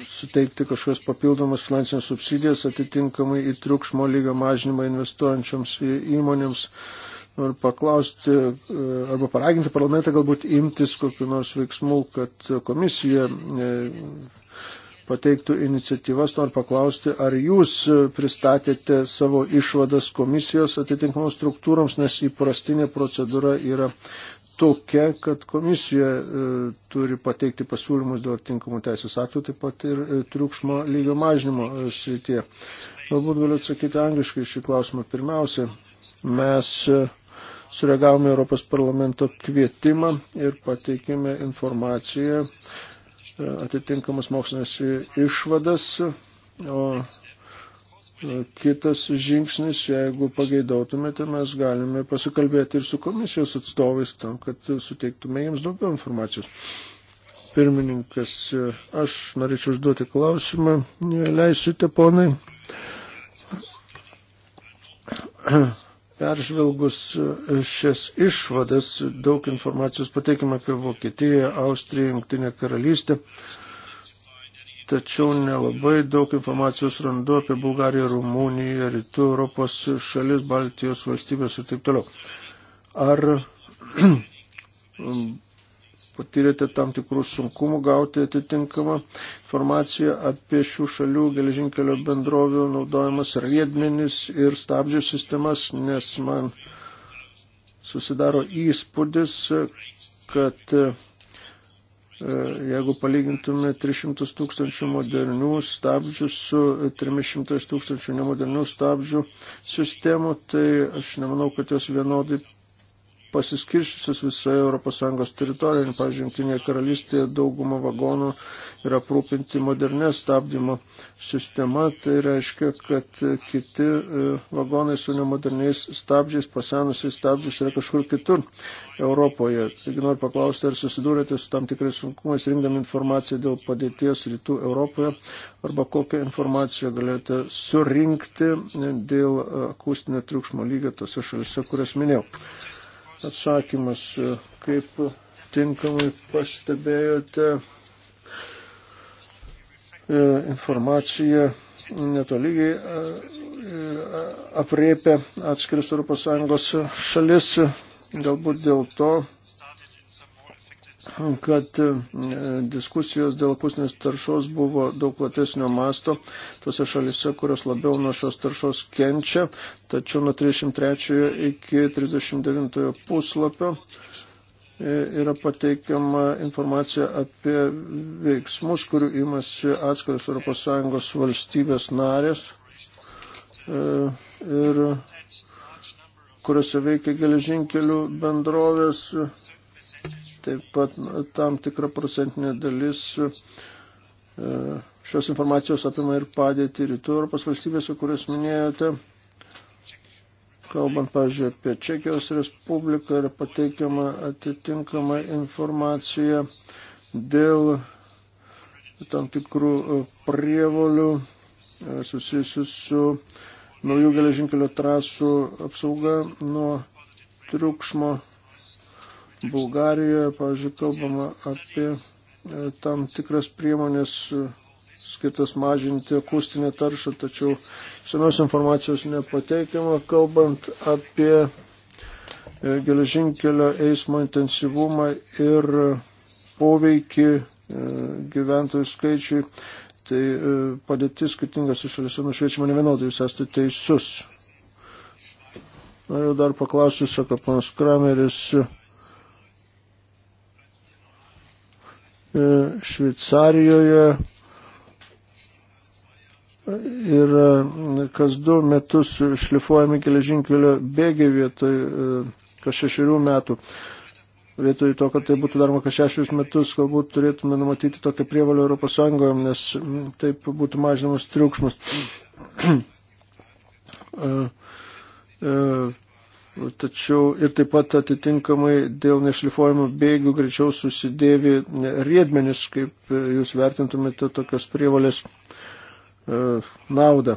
suteikti kažkokias papildomas finansinės subsidijas atitinkamai į triukšmo lygio mažinimą investuojančioms įmonėms. Noriu paklausti e, arba paraginti parlamentą galbūt imtis kokiu nors veiksmu, kad komisija e, pateiktų iniciatyvas. Noriu paklausti, ar jūs pristatėte savo išvadas komisijos atitinkamos struktūroms, nes įprastinė procedūra yra tokia, kad komisija e, turi pateikti pasiūlymus dėl tinkamų teisės aktų, taip pat ir e, triukšmo lygio mažinimo e, srityje. Galbūt galiu atsakyti angliškai šį klausimą. Pirmiausia, mes sureagavome Europos parlamento kvietimą ir pateikėme informaciją atitinkamas mokslinės išvadas, o Kitas žingsnis, jeigu pageidautumėte, mes galime pasikalbėti ir su komisijos atstovais tam, kad suteiktume jiems daugiau informacijos. Pirmininkas, aš norėčiau užduoti klausimą, leisite ponai. Peržvelgus šias išvadas, daug informacijos pateikime apie Vokietiją, Austriją, Junktinę karalystę. Uh, tačiau nelabai daug informacijos randu apie Bulgariją, Rumuniją, Rytų Europos šalis, Baltijos valstybės ir taip toliau. Ar patyrėte tam tikrų sunkumų gauti atitinkamą informaciją apie šių šalių geležinkelio bendrovių naudojimas riedmenis ir stabdžių sistemas, nes man susidaro įspūdis, kad E, jeigu palygintume 300 tūkstančių modernių stabdžių su 300 tūkstančių nemodernių stabdžių sistemų, tai aš nemanau, kad jos vienodai pasiskirščiusios visoje ES teritorijoje. Pavyzdžiui, Junktinėje karalystėje dauguma vagonų yra aprūpinti modernė stabdymo sistema. Tai reiškia, kad kiti e, vagonai su nemoderniais stabdžiais, pasenusiais stabdžiais yra kažkur kitur Europoje. Taigi noriu paklausti, ar susidūrėte su tam tikrais sunkumais rinkdami informaciją dėl padėties rytų Europoje arba kokią informaciją galėjote surinkti dėl e, akustinio triukšmo lygio tose šalise, kurias minėjau atsakymas, e, kaip tinkamai pastebėjote e, informaciją netolygiai e, apriepia atskiris ES šalis, galbūt dėl to kad e, diskusijos dėl pusnės taršos buvo daug platesnio masto tose šalise, kurios labiau nuo šios taršos kenčia, tačiau nuo 33 iki 39 puslapio e, yra pateikiama informacija apie veiksmus, kurių imasi atskiras ES valstybės narės e, ir kuriuose veikia geležinkelių bendrovės Taip pat tam tikra procentinė dalis e, šios informacijos apima ir padėti rytų Europos valstybėse, kurias minėjote. Kalbant, pavyzdžiui, apie Čekijos Respubliką yra pateikiama atitinkama informacija dėl tam tikrų e, prievolių e, susijusių su naujų geležinkelio trasų apsauga nuo triukšmo Bulgarijoje, pavyzdžiui, kalbama apie e, tam tikras priemonės e, skirtas mažinti akustinę taršą, tačiau senos informacijos nepateikiama, kalbant apie e, geležinkelio eismo intensyvumą ir poveikį gyventojų skaičiui, tai padėtis skirtingose šalise nušviečiama nevienodai, jūs esate teisus. Noriu dar paklausiu, sako panas Krameris, E, Šveicarijoje yra e, kas du metus šlifuojami geležinkelio bėgiai vietoj e, kas šešių metų. Vietoj to, kad tai būtų daroma kas šešius metus, galbūt turėtume numatyti tokią prievalę Europos Sąjungoje, nes taip būtų mažinamas triukšmas. tačiau ir taip pat atitinkamai dėl nešlifuojamų bėgių greičiau susidėvi riedmenis, kaip jūs vertintumėte tokios prievalės e, naudą.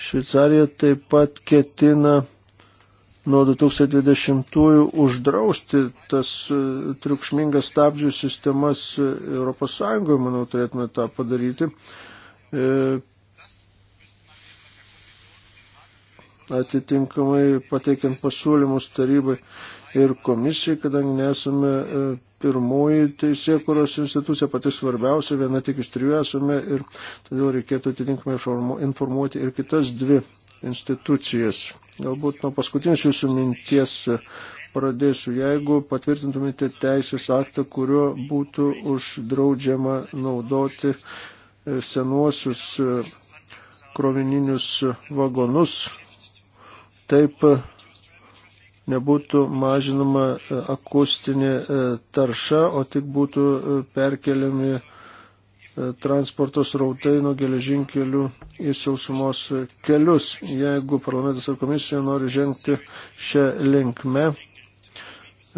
Šveicarija taip pat ketina nuo 2020-ųjų uždrausti tas e, triukšmingas stabdžių sistemas ES, manau, turėtume tą padaryti. E, atitinkamai pateikiant pasiūlymus tarybai ir komisijai, kadangi nesame e, pirmoji teisėkuros institucija, pati svarbiausia, viena tik iš trijų esame ir todėl reikėtų atitinkamai informuoti ir kitas dvi institucijas. Galbūt nuo paskutinės jūsų minties e, pradėsiu. Jeigu patvirtintumėte teisės aktą, kuriuo būtų uždraudžiama naudoti e, senuosius krovininius vagonus, Taip e, nebūtų mažinama e, akustinė e, tarša, o tik būtų perkeliami transporto srautai nuo geležinkelių į sausumos kelius. Jeigu parlamentas ar komisija nori žengti šią linkmę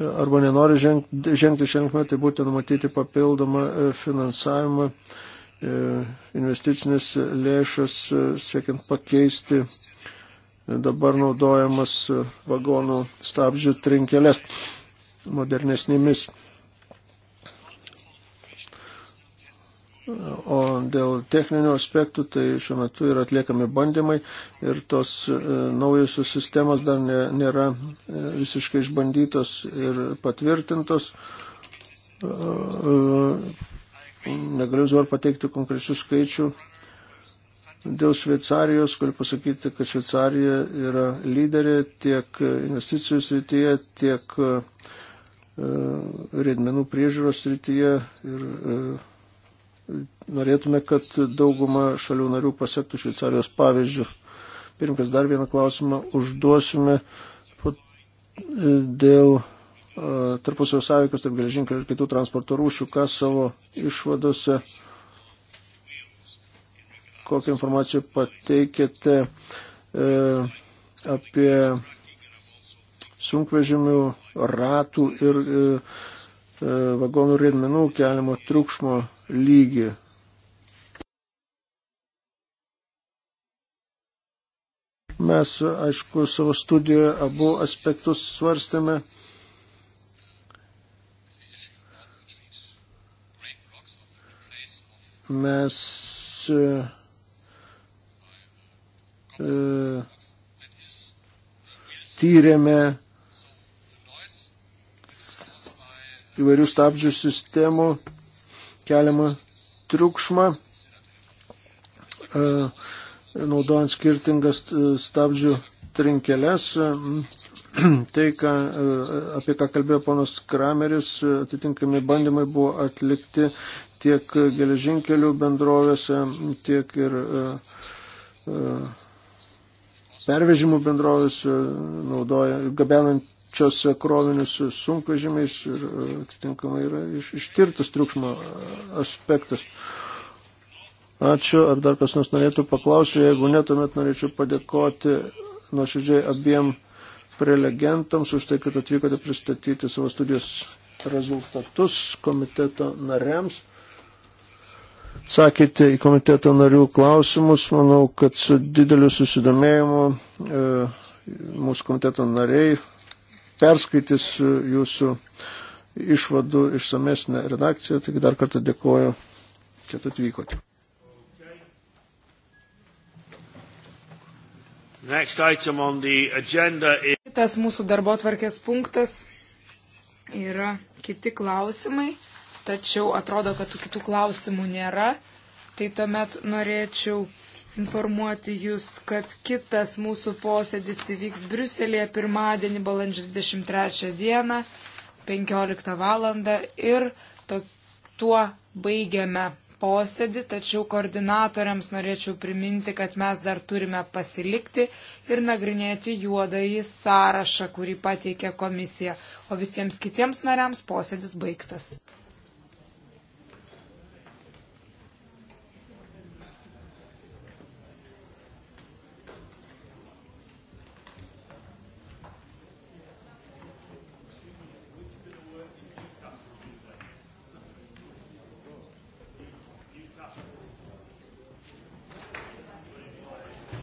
arba nenori žengti, žengti šią linkmę, tai būtent numatyti papildomą finansavimą investicinės lėšas, siekiant pakeisti dabar naudojamas vagonų stabdžių trinkelės modernesnėmis. O dėl techninių aspektų, tai šiuo metu yra atliekami bandymai ir tos e, naujosios sistemos dar nėra e, visiškai išbandytos ir patvirtintos. E, negaliu dabar pateikti konkrečių skaičių, dėl Šveicarijos, galiu pasakyti, kad Šveicarija yra lyderė tiek investicijų srityje, tiek e, riedmenų priežiūros srityje ir e, norėtume, kad dauguma šalių narių pasiektų Šveicarijos pavyzdžių. Pirmkas dar vieną klausimą užduosime e, dėl tarpusavio sąveikos tarp geležinkelių ir kitų transporto rūšių, kas savo išvadose uh, kokią informaciją pateikėte e, apie sunkvežimių ratų ir e, e, vagonų riedmenų keliamo triukšmo lygį. Mes, aišku, savo studijoje abu aspektus svarstėme. Mes E, tyrėme įvairių stabdžių sistemų keliamą triukšmą, e, naudojant skirtingas e, stabdžių trinkeles. Tai, ką, apie ką kalbėjo ponas Krameris, atitinkami bandymai buvo atlikti tiek geležinkelių bendrovėse, tiek ir uh, uh, pervežimų bendrovės e, naudoja, gabenančios krovinius sunkvežimiais ir e, atitinkamai yra iš, ištirtas triukšmo aspektas. Ačiū, ar dar kas nors norėtų paklausyti, jeigu ne, tuomet norėčiau padėkoti nuoširdžiai abiem prelegentams už tai, kad atvykote pristatyti savo studijos rezultatus komiteto nariams atsakėte į komiteto narių klausimus. Manau, kad su dideliu susidomėjimu e, mūsų komiteto nariai perskaitys jūsų išvadų išsamesnę redakciją. Taigi dar kartą dėkoju, kad atvykote. Kitas mūsų darbo tvarkės punktas yra kiti klausimai tačiau atrodo, kad tų kitų klausimų nėra. Tai tuomet norėčiau informuoti Jūs, kad kitas mūsų posėdis įvyks Briuselėje pirmadienį, balandžio 23 dieną, 15 val. ir to, tuo baigiame posėdį, tačiau koordinatoriams norėčiau priminti, kad mes dar turime pasilikti ir nagrinėti juodąjį sąrašą, kurį pateikė komisija, o visiems kitiems nariams posėdis baigtas.